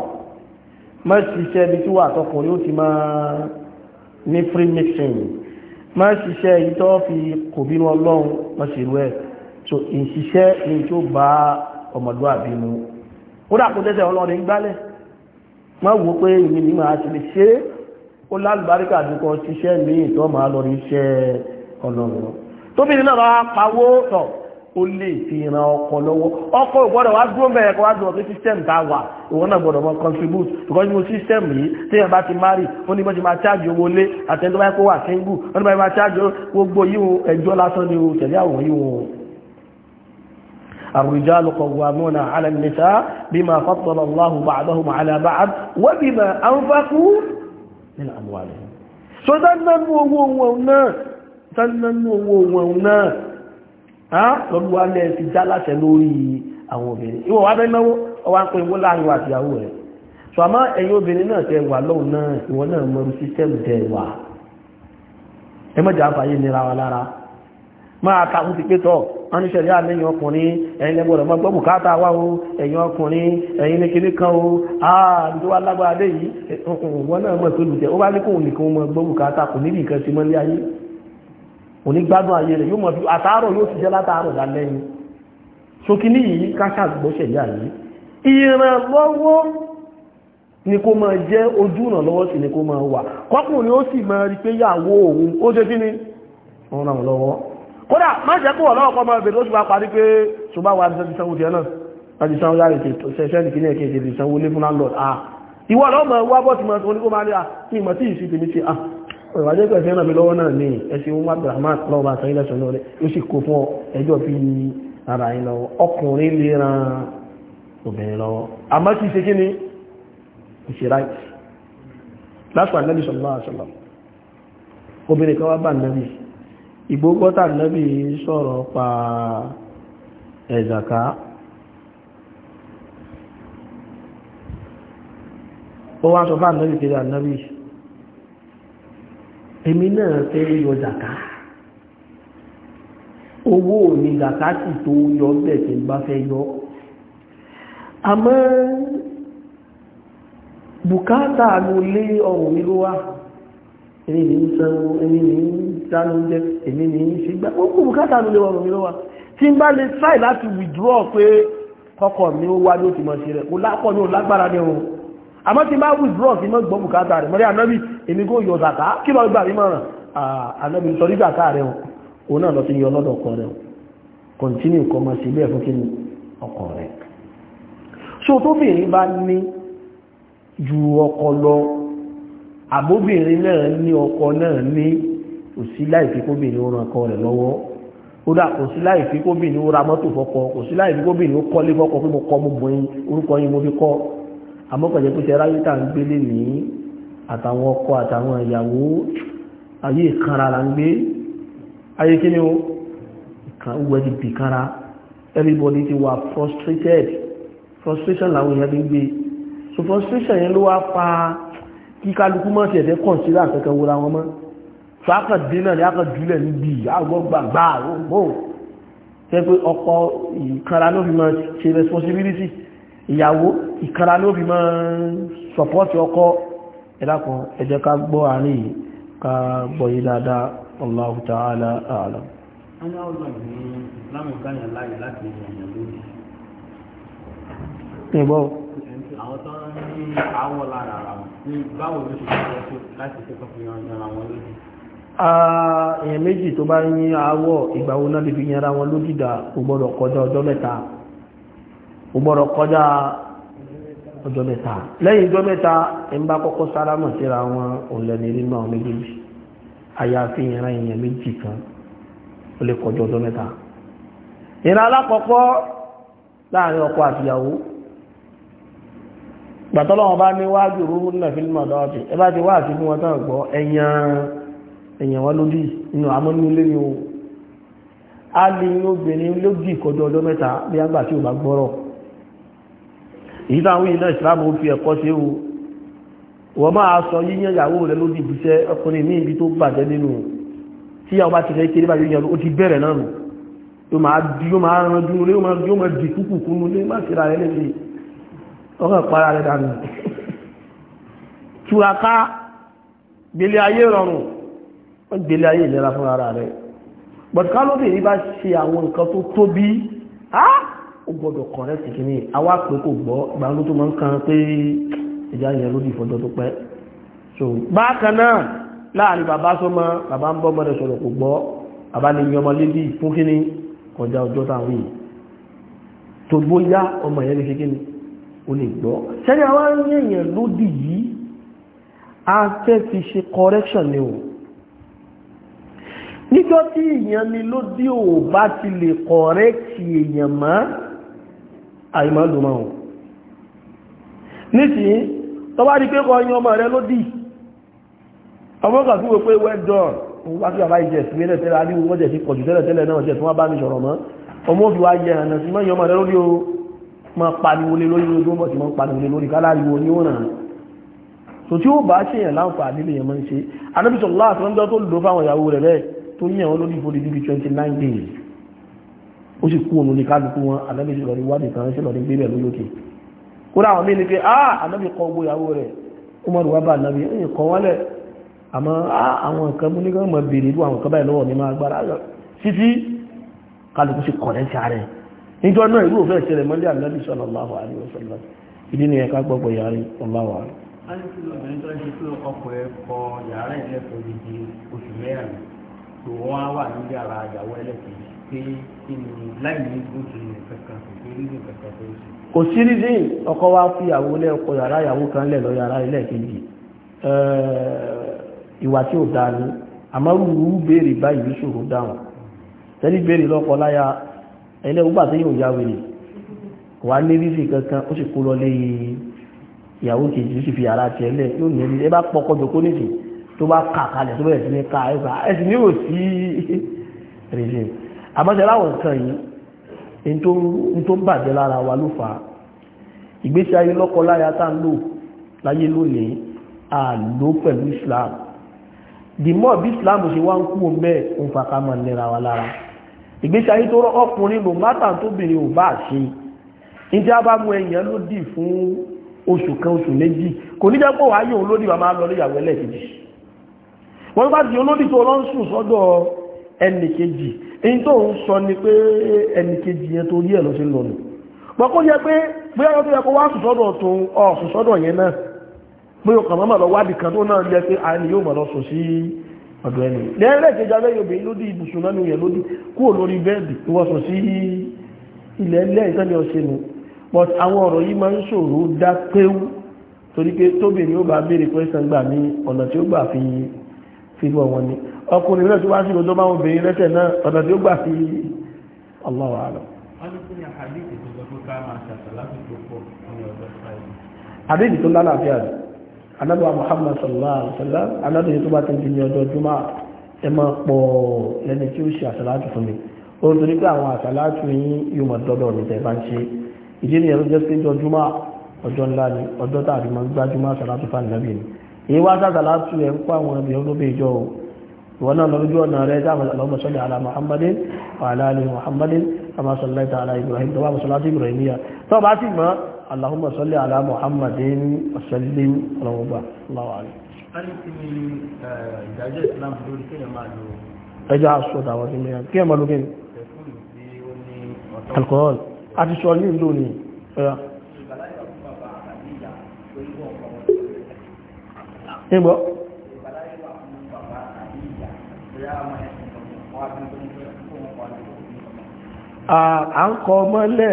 mọ́ ṣiṣẹ́ bí tí wà tọkùnrin ó ti máa ní free mixing má ṣiṣẹ́ èyí tó fi kò bínú ọlọ́run má ṣe rú ẹ̀ tó ìṣiṣẹ́ ní tó bá ọmọlúwàbí mu ó dàpọ̀ tẹ́sẹ̀ ọlọ́run gbálẹ̀ má wò pé ìmì ní máa ti lè ṣe é ó lálùbáríkà dúkọ ṣiṣẹ́ ní ìtọ́ máa lọ ní iṣẹ́ ọlọ́run tóbi nínú ọ̀rọ̀ pawó tọ̀ ó lè fi ran ọkọ lọ́wọ́ ọkọ ìgbọ́dọ̀ wá dúró mẹ́rẹ̀ kọ́ wá dúró pé system tá wà ìwọ náà gbọ́dọ̀ mọ contribute because mo system yìí tí èèyàn ti marry ó ní bọ́n máa charge owó lé àtẹ́ńtọ́ kó wà single ó ní báyìí máa charge gbogbo yíwo ẹjọ́ lásán ni o tẹ̀lé àwọn yíwo. الرجال قوامون على النساء بما فضل الله بعضهم على بعض وبما أنفقوا من أموالهم. sọ dáná nú owó wọn náà dáná nú owó wọn náà lọ́dún wa lẹ́ ti já láṣẹ lórí àwọn obìnrin ìwọ wa bẹ́ẹ̀ náwó ọwọ́ ń pè wọ́n láàrin wa àtìyàwó rẹ̀ sọ àmọ́ ẹ̀yin obìnrin náà tẹ wà lọ́hùn náà ìwọ náà mọ̀rú sísẹ́mù tẹ wà ẹ mọ̀jà àfààyè nira wa lára máa takú ti pé tọ́ wọ́n ní ṣẹ̀rí àlẹ́yìn ọkùnrin ẹ̀yin lẹ́gbọ̀rọ̀ mọ́ gbọ́ bùkátà wá o ẹ̀yin ọkùnrin ẹ̀yin ní kíní kan o ààrùn tó wá lágbára dé yìí wọn náà mọ̀ tó lùtẹ̀ ó bá ní kóun nìkan mọ́ gbọ́ bùkátà kò níbi nǹkan ti mọ́ lé ayé onígbádùn ayé rẹ̀ yóò mọ̀ fi àtàárọ̀ yóò ti jẹ́ látàárọ̀ lálẹ́yìn ṣókí ní yìí káṣàgbọ́ṣẹ̀ yà yìí ìrànlọ́wọ́ ni kó máa jẹ́ ojú ìrànlọ́wọ́ sí ni kó máa wà kọ́kùnrin ó sì máa rí pé yàwó òun ó jẹ́ kí ni ọ̀ràn lọ́wọ́ kódà má jẹ́ kó wọ̀lọ́wọ́ kọ́ máa bèèrè ó sì bá parí ah ìwádìí pẹ̀sẹ̀ náà fi lọ́wọ́ náà ní ẹ̀sìn ohun abdulrahman lọ́wọ́ àtàrí lẹ́sùn lọ́rẹ́ ó sì kó fún ẹjọ́ bí ara yìí lọ́wọ́ ọkùnrin lè ran obìnrin lọ́wọ́ àmọ́ kìí ṣe kí ni ìṣe ráìtì lásìkò ànábì sallallahu alaihi wasallam obìnrin kan wá bá ànábì ìgbógbọ́tà ànábì sọ̀rọ̀ pa ẹ̀zàká ó wá sọ fún ànábì kiri ànábì èmi náà fẹ́ yọ zàká owó ni zàká sì tó yọ bẹ́ẹ̀ tí bá fẹ́ yọ àmọ́ bùkátà ló lé ọrùn mi ló wà èmi ní ń sanwó èmi ní ń dánú jẹ èmi ní ń ṣe gbá ó kú bùkátà lé ọrùn mi ló wà tí bá lè try láti withdraw pé kọ́kọ́ mi ó wá ló ti mọ̀ sí rẹ̀ kó lápọ̀ ní ò lágbára ní òun àmọ́ ti máa withdraw sí mọ́ gbọ́ bùkátà rẹ̀ mọ́rí ànábì èmi kò yọ zàká kí lọ gbà mímọ̀ ràn ànábì sọ rí zàká rẹ̀ òun náà lọ sí yọ lọ́dọ̀ ọkọ rẹ̀ continue kọ́ máa ṣe bẹ́ẹ̀ fún kí ni ọkọ rẹ̀ so tóbìnrin bá ní ju ọkọ lọ àbóbìnrin náà ní ọkọ náà ní kò sí láìfi kóbìnrin ó ran ọkọ rẹ̀ lọ́wọ́ kódà kò sí láìfi kóbìnrin ó ra mọ́tò fọ́kọ kò sí láìfi kóbìnrin ó kọ́lé fọ́kọ pé mo kọ́ mo bọ̀ orúkọ yín mo fi kọ́ àmọ́kọ̀jẹ́ pé ṣe ráyé tà ń gbé lè ní àtàwọn ọkọ àtàwọn ìyàwó ayé ìkanra là ń gbé ayé kí ni ó ìwẹ̀ ti bì kanra everybody ti wà frustrated frustration làwọn èèyàn ti ń gbé so frustration yẹn ló wá fa kí kálukú mọ́ ti ẹ̀fẹ́ kọ̀nsílà kẹ́kẹ́ wọra wọn mọ́ so akàdé náà ni akàdúlẹ̀ níbi àgbọ̀gbàgbà ó mọ́ ṣe pé ọkọ̀ ìkanra ló fi máa ṣe responsibility ìyàwó ìkanra ló bí mọ́ sọpọ́tì ọkọ ẹ̀dàkùn ẹjẹ́ ká gbọ́ àárín ká gbọ́ yí dáadáa Allahu ta'ala a'lam ìgbọ́ àwọn tó ń ní àwọ̀ lára ara wọn ní báwo ló ṣe kọ́ láti ṣe kọ́ fi yanra wọn lójú èèyàn méjì tó bá ń ní àwọ̀ ìgbàwo náà lè fi yanra wọn lójú dà ó gbọ́dọ̀ kò gbọ́dọ̀ kọjá ọjọ́ mẹ́ta lẹ́yìn ọjọ́ mẹ́ta ń bá kọ́kọ́ sálámọ̀ síra wọn òǹlẹ̀ni nínú àwọn méjèèjì àyàfi ìran èèyàn méjì kan ó lè kọjá ọjọ́ mẹ́ta ìran alákọ̀ọ́kọ́ láàrin ọkọ àtìyàwó gbàtọ́lọ́wọ́n bá ní wájú rúrú nílẹ̀ ni o a lè obìnrin lódì kọjá ọjọ́ mẹ́ta bí a tí ò bá gbọ́rọ̀ èyí táwọn iná ìsìlámù fi ẹ̀kọ́ ṣe o wọ́n máa sọ yíyan ìyàwó rẹ̀ ló dìbì iṣẹ́ ọkùnrin ní ibi tó bàjẹ́ nínú tí àwọn bá ti fẹ́ kéré bá yíyan ó ti bẹ̀rẹ̀ náà nù yóò máa di yóò máa ran dúró yóò máa yóò máa di kúkú kúnú ní má síra rẹ̀ lẹ́sẹ̀ ọkàn para rẹ̀ dànù túraká gbélé ayé rọrùn wọ́n gbélé ayé ìlera fún ara rẹ̀ bọ̀dùkálóbìnrin bá ṣe àwọn nǹkan tó tóbi ah ó gbọ́dọ̀ kọ̀rẹ́tì kí ní àwa pé kò gbọ́ gbàǹdó tó máa ń kan pé ìjà yẹn ló di tó pẹ́ so bákan náà láàrin bàbá sọmọ bàbá ń bọ́ mọ́rẹ̀ sọ̀rọ̀ kò gbọ́ bàbá ní yan ọmọ lébi fún kí ní kọjá ọjọ́ táwọn tó bóyá ọmọ ni ó lè gbọ́ sẹ́ni àwa ń correction ni o níjọ́ ni lódì ò bá ti lè kọ̀rẹ́tì èèyàn mọ́ àìmọ́ lò máa hùn nísìnyí tó bá di pé kọ yan ọmọ rẹ lódì ọmọ kan fún pé well done òun bá kí bàbá ìjẹ sí ilẹ̀ tẹ́lẹ̀ adíwò wọ́n jẹ̀ sí pọ̀jù tẹ́lẹ̀ tẹ́lẹ̀ náà jẹ̀ tí wọ́n bá mi sọ̀rọ̀ mọ́ ọmọ òfin wa yẹ ẹ̀nà sí mọ́yàn ọmọ rẹ lórí o máa pariwo lé lórí ojú ọmọ sí máa pariwo lé lórí káláriwo ní òun náà so tí ó bá ṣe yẹn láǹfààní lè yẹn máa ń ṣe anábìsọ̀ láàfin ọjọ́ tó lò fáwọn ìyàwó rẹ̀ bẹ́ẹ̀ tó yẹn wọn lórí ìfòdì bíi twenty nine days ó sì kú òun ní kálukú wọn anábì sí lọ́rí wádìí kan sí lọ́rí gbé bẹ̀ lóyókè kódà àwọn míì ní pé ah anábì kọ owó ìyàwó rẹ̀ ó mọ̀ rúwá bá anábì ẹ̀yìn kọ wọ́lẹ̀ àmọ́ ah, àwọn nǹkan mú ní kan mọ̀ bèrè irú àwọn nǹkan báyìí lọ́wọ́ mi máa gbára títí kálukú sí kọ̀rẹ́ ti ààrẹ níjọ náà irú òfin ìṣẹ̀lẹ̀ mọ́lẹ́ anábì sallallahu alaihi wasallam ìdí ni ẹ̀ka gbọ́gbọ́ yàrá Allahu a'lam. a ní kí lóbìnrin tó ń ṣe pé ọkọ̀ ẹ̀ kọ yàrá ìlẹ́kọ̀ọ́ di oṣù mẹ́rin tó wọ́n á wà níbi ara ìyàwó ẹlẹ́kẹ̀ẹ́ pé kí ni láì ní gbóòtù ní kankan kò sí rízìn kankan tó ń ṣe. kò sí rízìn ọkọ wa fi ìyàwó lẹ ọkọ yàrá ìyàwó kan lẹ lọ yàrá ilé kejì ìwà tí ò dáa ni àmọ́ rúurú béèrè báyìí ṣòro dáhùn tẹ́lí béèrè lọ́kọ láya ẹlẹ́ ògbà tí yóò yá wèrè wà ní rízìn kankan ó sì kó lọ lé ìyàwó kejì ó sì fi yàrá tiẹ̀ lẹ̀ yóò ní ẹ bá pọkọ jòkó nìsín tó bá kà kalẹ̀ tó bẹ̀rẹ̀ sí ní ká ẹ̀ sì ní òsì rèé àmọ́sẹ̀ láwọn nǹkan yìí ní tó ń bàjẹ́ lára wa ló fà á ìgbésí ayé lọ́kọ láya tá ń lò láyé lónìí à ló pẹ̀lú Islam the more bí Islam ṣe wá ń kú mẹ́ ń fa ká máa nira wa lára ìgbésí ayé tó ọkùnrin lò mátà tóbìnrin ò bá ṣe ní a bá mú ẹ̀yàn ló dì fún oṣù kan oṣù méjì kò ní jẹ́ pọ̀ wáyé òun lódì wa máa lọ níyàwó ẹlẹ́ẹ̀kejì wọ́n bá di olódì tó lọ́n sùn sọ́dọ̀ ẹnì èyí tó ń sọ ni pé ẹnìkejì yẹn tó rí ẹ̀ lọ sí lọ́nà pọ̀ kó yẹ pé bóyá ọdún yẹ kó wá sùsọ́dọ̀ tó ọ̀sùsọ́dọ̀ yẹn náà mọ́mọ́ lọ tó náà yẹ pé yóò mọ̀ lọ sùn sí ọ̀dọ̀ ẹni ibùsùn náà yẹn lódì kúrò lórí bẹ́ẹ̀dì tó sí ilẹ̀ irú ọ̀wọ́n ni ọkùnrin náà tó wá sí ọjọ́ máa ń bèèrè lẹ́sẹ̀ náà ọ̀nà tí ó gbà sí Allahu a'lam. àdéhìí tó lálàáfíà rẹ̀ anábọ̀ Muhammad sallallahu alaihi wasallam anábìyẹ tó bá ti di ní ọjọ́ jùmọ̀ ẹ máa pọ̀ lẹ́ni tí ó ṣe àṣàláàtù fún mi ó ń torí pé àwọn àṣàláàtù yín yóò mọ̀ dọ́dọ̀ ní tẹ̀ bá ń ṣe ìdí nìyẹn ló jẹ́ pé ọjọ́ jùmọ̀ ọjọ́ ńlá ni ọjọ́ tàbí máa ń gbájúmọ̀ àṣàláàtù fún ànábìyẹ ni èyí wá sáà sàlátù ẹ̀ ń kó àwọn ẹbí olóbè ìjọ o ìwọ náà lọ́jọ́ ọ̀nà rẹ̀ sáà Allahumma salli ala Muhammadin wa ala ali Muhammadin kama sallaita ala Ibrahim tó bá mọ̀ sọ́lá sí Ibrahimiyya tó bá sì mọ́ Allahumma salli ala Muhammadin ọ̀sẹ̀lẹ̀ ọlọ́wọ́gbà sọ ní ìlú ni ẹgbọ́ a n kọ ọmọ lẹ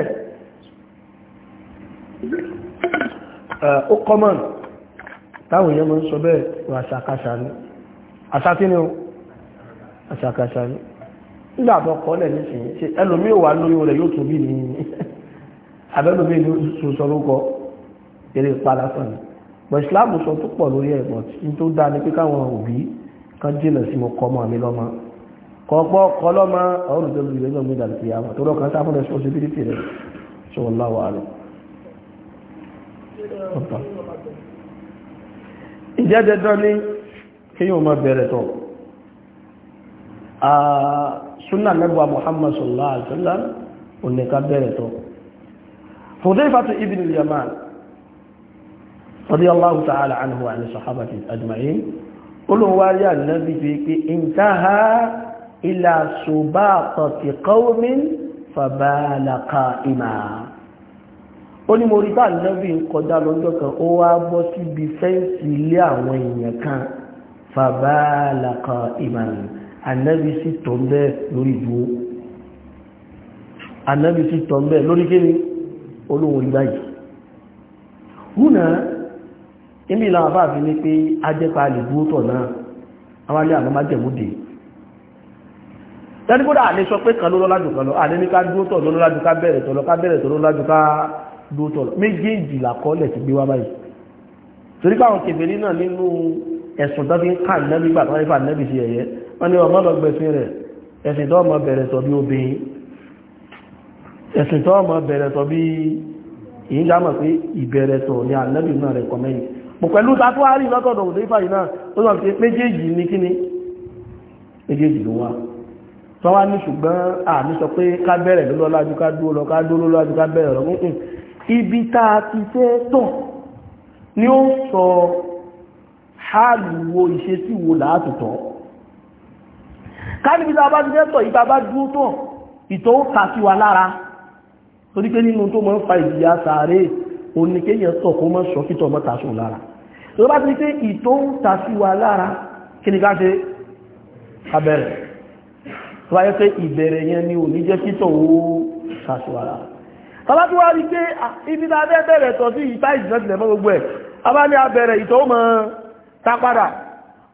ó kọmọ̀n táwọn èèyàn mọ ń sọ bẹ́ẹ̀ wà àṣàkáṣà ní àṣàkí ni ó àṣàkáṣà n'i nígbà tó kọ́ lẹ̀ nísìnyí ṣe ẹlòmí wà n'i rẹ̀ yóò tóbi ní (laughs) abẹ́lòmí ló sọ eré ni pọ̀ ìsìláàmù sọ tó pọ̀ lórí ẹ̀ but tó dáa ni pé káwọn òbí kan jìnà sí mo kọ́ ọmọ mi lọ́mọ kọ́pọ́ kọlọ́mọ ọ̀rùn tó lórí ẹgbẹ́ mi dàbí ìyá wọn tó rọ̀ kan sáfù responsibility rẹ̀ ṣe wọ́n láwọ̀ ìjẹ́ dandan ni kéèyàn máa bẹ̀rẹ̀ tọ̀ sunna nẹ́gbà Muhammad sallallahu alaihi wasallam òní ká bẹ̀rẹ̀ tọ̀ Hudayfatu ibn al-Yaman radiyallahu ta'ala anhu wa sahabati ajma'in olùwárí ànábì fi pé intaha ila subaqati qawmin fàbálà qa'ima ó ní mo rí bá ànábì ń kọjá lọ́jọ́ kan ó wá bọ́ síbi fẹ́ǹsì ilé àwọn èèyàn kan fàbálà qa'ima ànábì sì tó ń bẹ́ lórí ìdúró ànábì sì tó ń bẹ́ lórí kíni olóhùn ìgbà yìí húnà ilé ìlànà bá fi ní pé ajẹ́pa lè dúró tọ̀ náà àwọn alẹ́ àwọn májẹ̀múdè tẹ́lifódà àlè sọ pé kan ló lọ́lájú kan lọ àlè ní ká dúró tọ̀ lọ́lájú ká bẹ̀rẹ̀ tọ̀ lọ ká bẹ̀rẹ̀ tọ̀ lọ́lájú ká dúró tọ̀ lọ méjèèjì làkọọ́lẹ̀ ti gbé wá báyìí torí káwọn kèfèrí náà nínú ẹ̀sùn tó fi ń mọ̀ pé ìbẹ̀rẹ̀ ni ànẹ́bí náà rẹ̀ kọ́ pẹ̀lú tatuwari lọ́tọ̀dọ̀ òdífà iná ó sọ pé méjèèjì ní kíni méjèèjì ló wá tó wá ní ṣùgbọ́n àmì sọ pé ká bẹ̀rẹ̀ ló ká dúró lọ ká dúró lọ́lá ká bẹ̀rẹ̀ lọ nǹkan ibi tá a ni ó sọ háàlù wo ìṣesí wo láàtútọ̀ ká níbi tá a bá ti fẹ́ tọ̀ ìta bá dúró tọ̀ ìtọ̀ ó kà sí wa lára torí pé nínú tó máa ń fa ìjìyà sàárè òní kéèyàn tọ̀ kó mọ́ sọ kítọ̀ mọ́ta sùn lára tó bá ti pé ìtọ́ ń ta sí wa lára kí ni ká ṣe abẹ́rẹ̀ tó bá yẹ́ pé ìbẹ̀rẹ̀ yẹn ni ò ní jẹ́ títọ̀ ó ṣàṣùwà lára tọ́lá tó pé ibi ta bẹ́ bẹ̀rẹ̀ tọ́ sí ìta ìjìnà tilẹ̀ fún gbogbo ẹ̀ abá ní abẹ̀rẹ̀ ìtọ́ ó mọ ta padà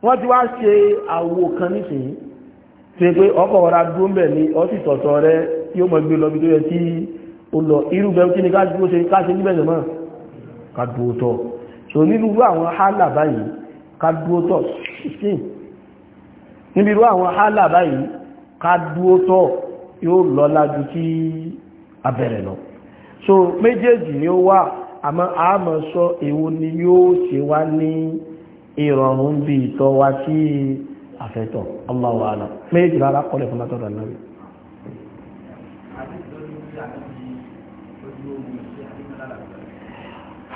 wọ́n ti wá ṣe àwo kan nísìnyí ṣe pé ọkọ̀ ọ̀rá dúró ń bẹ̀ ní ọtí ni ká dúró ṣe so nírúurú àwọn hálà báyìí ká dúó tọ̀ sí níbirú àwọn hálà báyìí ká dúó tọ̀ yóò lọ́lá ju a abẹ̀rẹ̀ lọ so méjèèjì ni ó wà àmọ́ àmọ́ sọ èwo ni yóò ṣe wá ní ìrọ̀rùn bí ìtọ́ wa sí àfẹ́tọ̀ Allahu a'lam méjèèjì rárá kọ́lẹ̀ fún látọ̀dọ̀ náà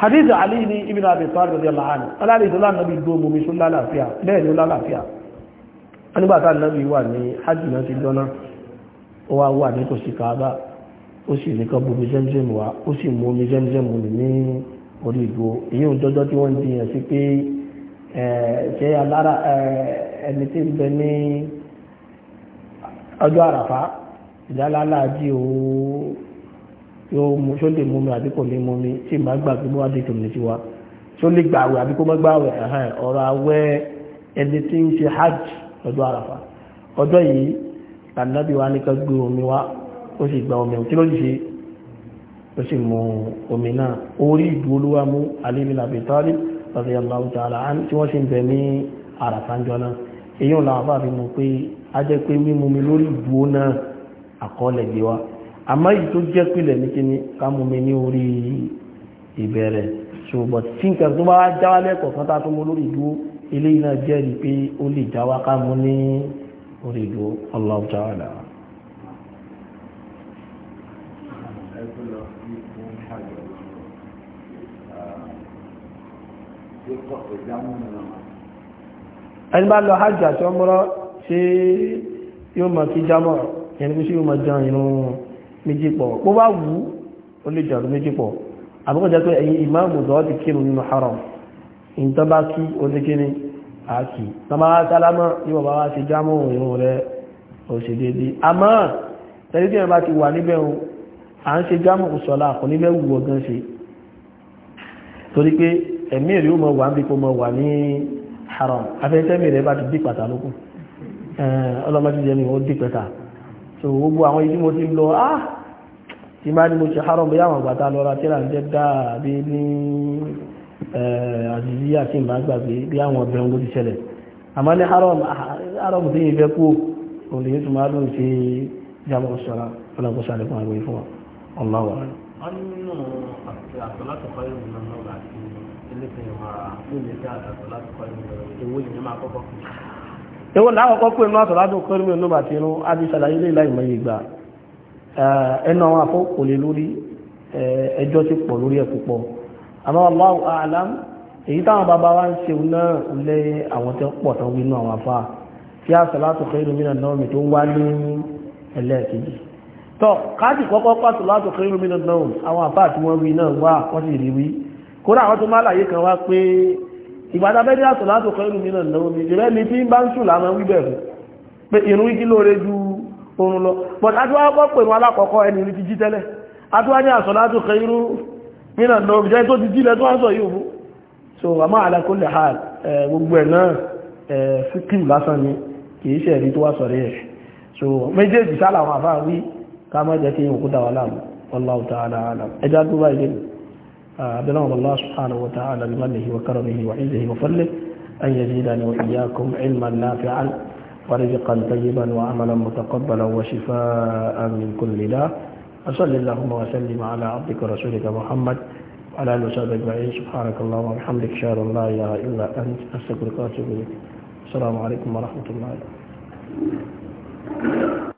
hadith ali ni ibn abi talib radiyallahu anhu alali to lan nabi do mumi sun lálàáfíà bẹ́ẹ̀ ni lálàáfíà anigba ta nabi wà ní hajj na ti dona ó wá wà ní tòsí kaaba ó sì ní kan bomi zemzem wá ó sì mú omi zemzem mu ní orí ìgò èyí ò jọjọ tí wọ́n jiyàn sí pé ṣe alára ẹni tí ń bẹ ní ọjọ́ àràfá ìdálálá àjí òun yóò mú tó lè mú mi àbí kò lè mú mi tí màá gbà pé wọ́n á dìtò mi tiwa tó lè gbà àwẹ̀ àbí kó má gbà àwẹ̀ ọ̀rọ̀ àwẹ̀ ẹni tí ń ṣe hajj lọ́jọ́ àràfà ọjọ́ yìí ànábì wa ní ká gbé omi wá ó sì gba omi tí ló sì ṣe ó sì mú omi náà orí ìdúró mú Ali bin Abi Talib radiyallahu ta'ala an tí wọ́n sì ń bẹ ní àràfà ńjọ náà èyí ò làwọn bá mú pé a jẹ́ pé mímú mi lórí ìdúró náà àkọọ́lẹ̀ gbé wa àmọ́ èyí tó jẹ́ pìlẹ̀ ní kíní ká mú mi ní orí ìbẹ̀rẹ̀ ṣùgbọ́n tí nǹkan tó bá jáwá lẹ́kọ̀ọ́ kan tá tó mú lórí ìdúró eléyìí náà jẹ́rìí pé ó lè jáwá ká mú ní orí ìdúró Allahu ta'ala. ẹni bá lọ hajj àti ọmọrọ ṣé yóò mọ̀ kí jámọ̀ yẹn ni pé yóò mọ̀ jẹun inú méjì pọ̀ bó bá wù ú ó lè dàrú méjì pọ̀ àbúkọ̀ jẹ́ pé ẹ̀yin ìmáàmù zọ́ ti kírun nínú haram ìntọ́ bá kí oníkíní àkì tọ́mọ́ sálámọ́ yíò bá wá sí jámọ́ ìrún rẹ̀ òṣèdédé àmọ́ tẹ́lẹ̀ tí wọ́n bá ti wà níbẹ̀ o à ń ṣe jámọ́ ìṣọ́lá kò níbẹ̀ wù ọgán ṣe torí pé ẹ̀mí rí ó mọ wà níbi kó mọ wà ní haram afẹ́tẹ́mì rẹ̀ bá ti dí pàtàlókù ọlọ́mọ so gbogbo àwọn ibi mo ti lọ ah tí máa ní mo ṣe haram bóyá àwọn àgbàtà lọ́ra eh, tí ràǹjẹ́ dàbí ní àjíjí àti ìmọ̀gbàgbé bí àwọn ọ̀bẹ̀rún ló ti ṣẹlẹ̀ àmọ́ ní haram ah, tí yìí fẹ́ kú òun lè yóò tún máa lóun ṣe jábọ̀ ṣọ́ra ọlọ́gbọ́ sáré fún àgbẹ̀ fún ọlọ́wọ́ rẹ̀. wọ́n ewu láwọ́kọ́ pé inú àtọ̀ládùn kọrùmí olóba ti inú adìsàlàyé lè láì mọ̀ ìgbà ẹnà àwọn afọ́kò lè lórí ẹjọ́ ti pọ̀ lórí ẹ̀ a'lam èyí táwọn bàbá wa ń ṣe náà lé àwọn tó pọ̀ tán wínú àwọn afá tí àtọ̀ládùn kọrùmí mìíràn náà mi tó ń wá ní ẹlẹ́ẹ̀kejì tọ́ káàdì kọ́kọ́ pàtọ̀ládùn kọrùmí mìíràn náà àwọn afá àti wọ́n láyé kan wá pé ìgbàdá bẹ́ẹ̀dẹ́ àtọ̀ látò kọ́ ìrù mìíràn náà omi ìrẹ́ ni tí ń bá ń sùn láàmà wíbẹ̀ fún pé ìrun wíkí lóore ju oorun lọ but adúwá pọ̀ pè wọn alákọ̀ọ́kọ́ ẹni orí ti jí tẹ́lẹ̀ adúwá ní àsọ̀ látò kọ́ ìrù mìíràn náà omi jẹ́ tó ti jí lẹ́ tó wá sọ yìí òfú so àmọ́ alákólẹ̀ ha gbogbo ẹ̀ náà fíkìm lásán ni kì í ṣe ẹ̀rí tó wá sọ̀rọ̀ ẹ̀ so méjèèjì sálà àwọn àfáà wí ká má jẹ́ kí òkúta wà láàmú wallahu ta'ala alam ẹjá tó bá ilé mi بنوم الله سبحانه وتعالى بمنه وكرمه وعزه وفله أن يزيدني وإياكم علما نافعا ورزقا طيبا وعملا متقبلا وشفاء من كل داء وصل اللهم وسلم على عبدك ورسولك محمد وعلى آله وصحبه أجمعين سبحانك اللهم وبحمدك أشهد أن لا إله إلا أنت أستغفرك وأتوب إليك السلام عليكم ورحمة الله وبركاته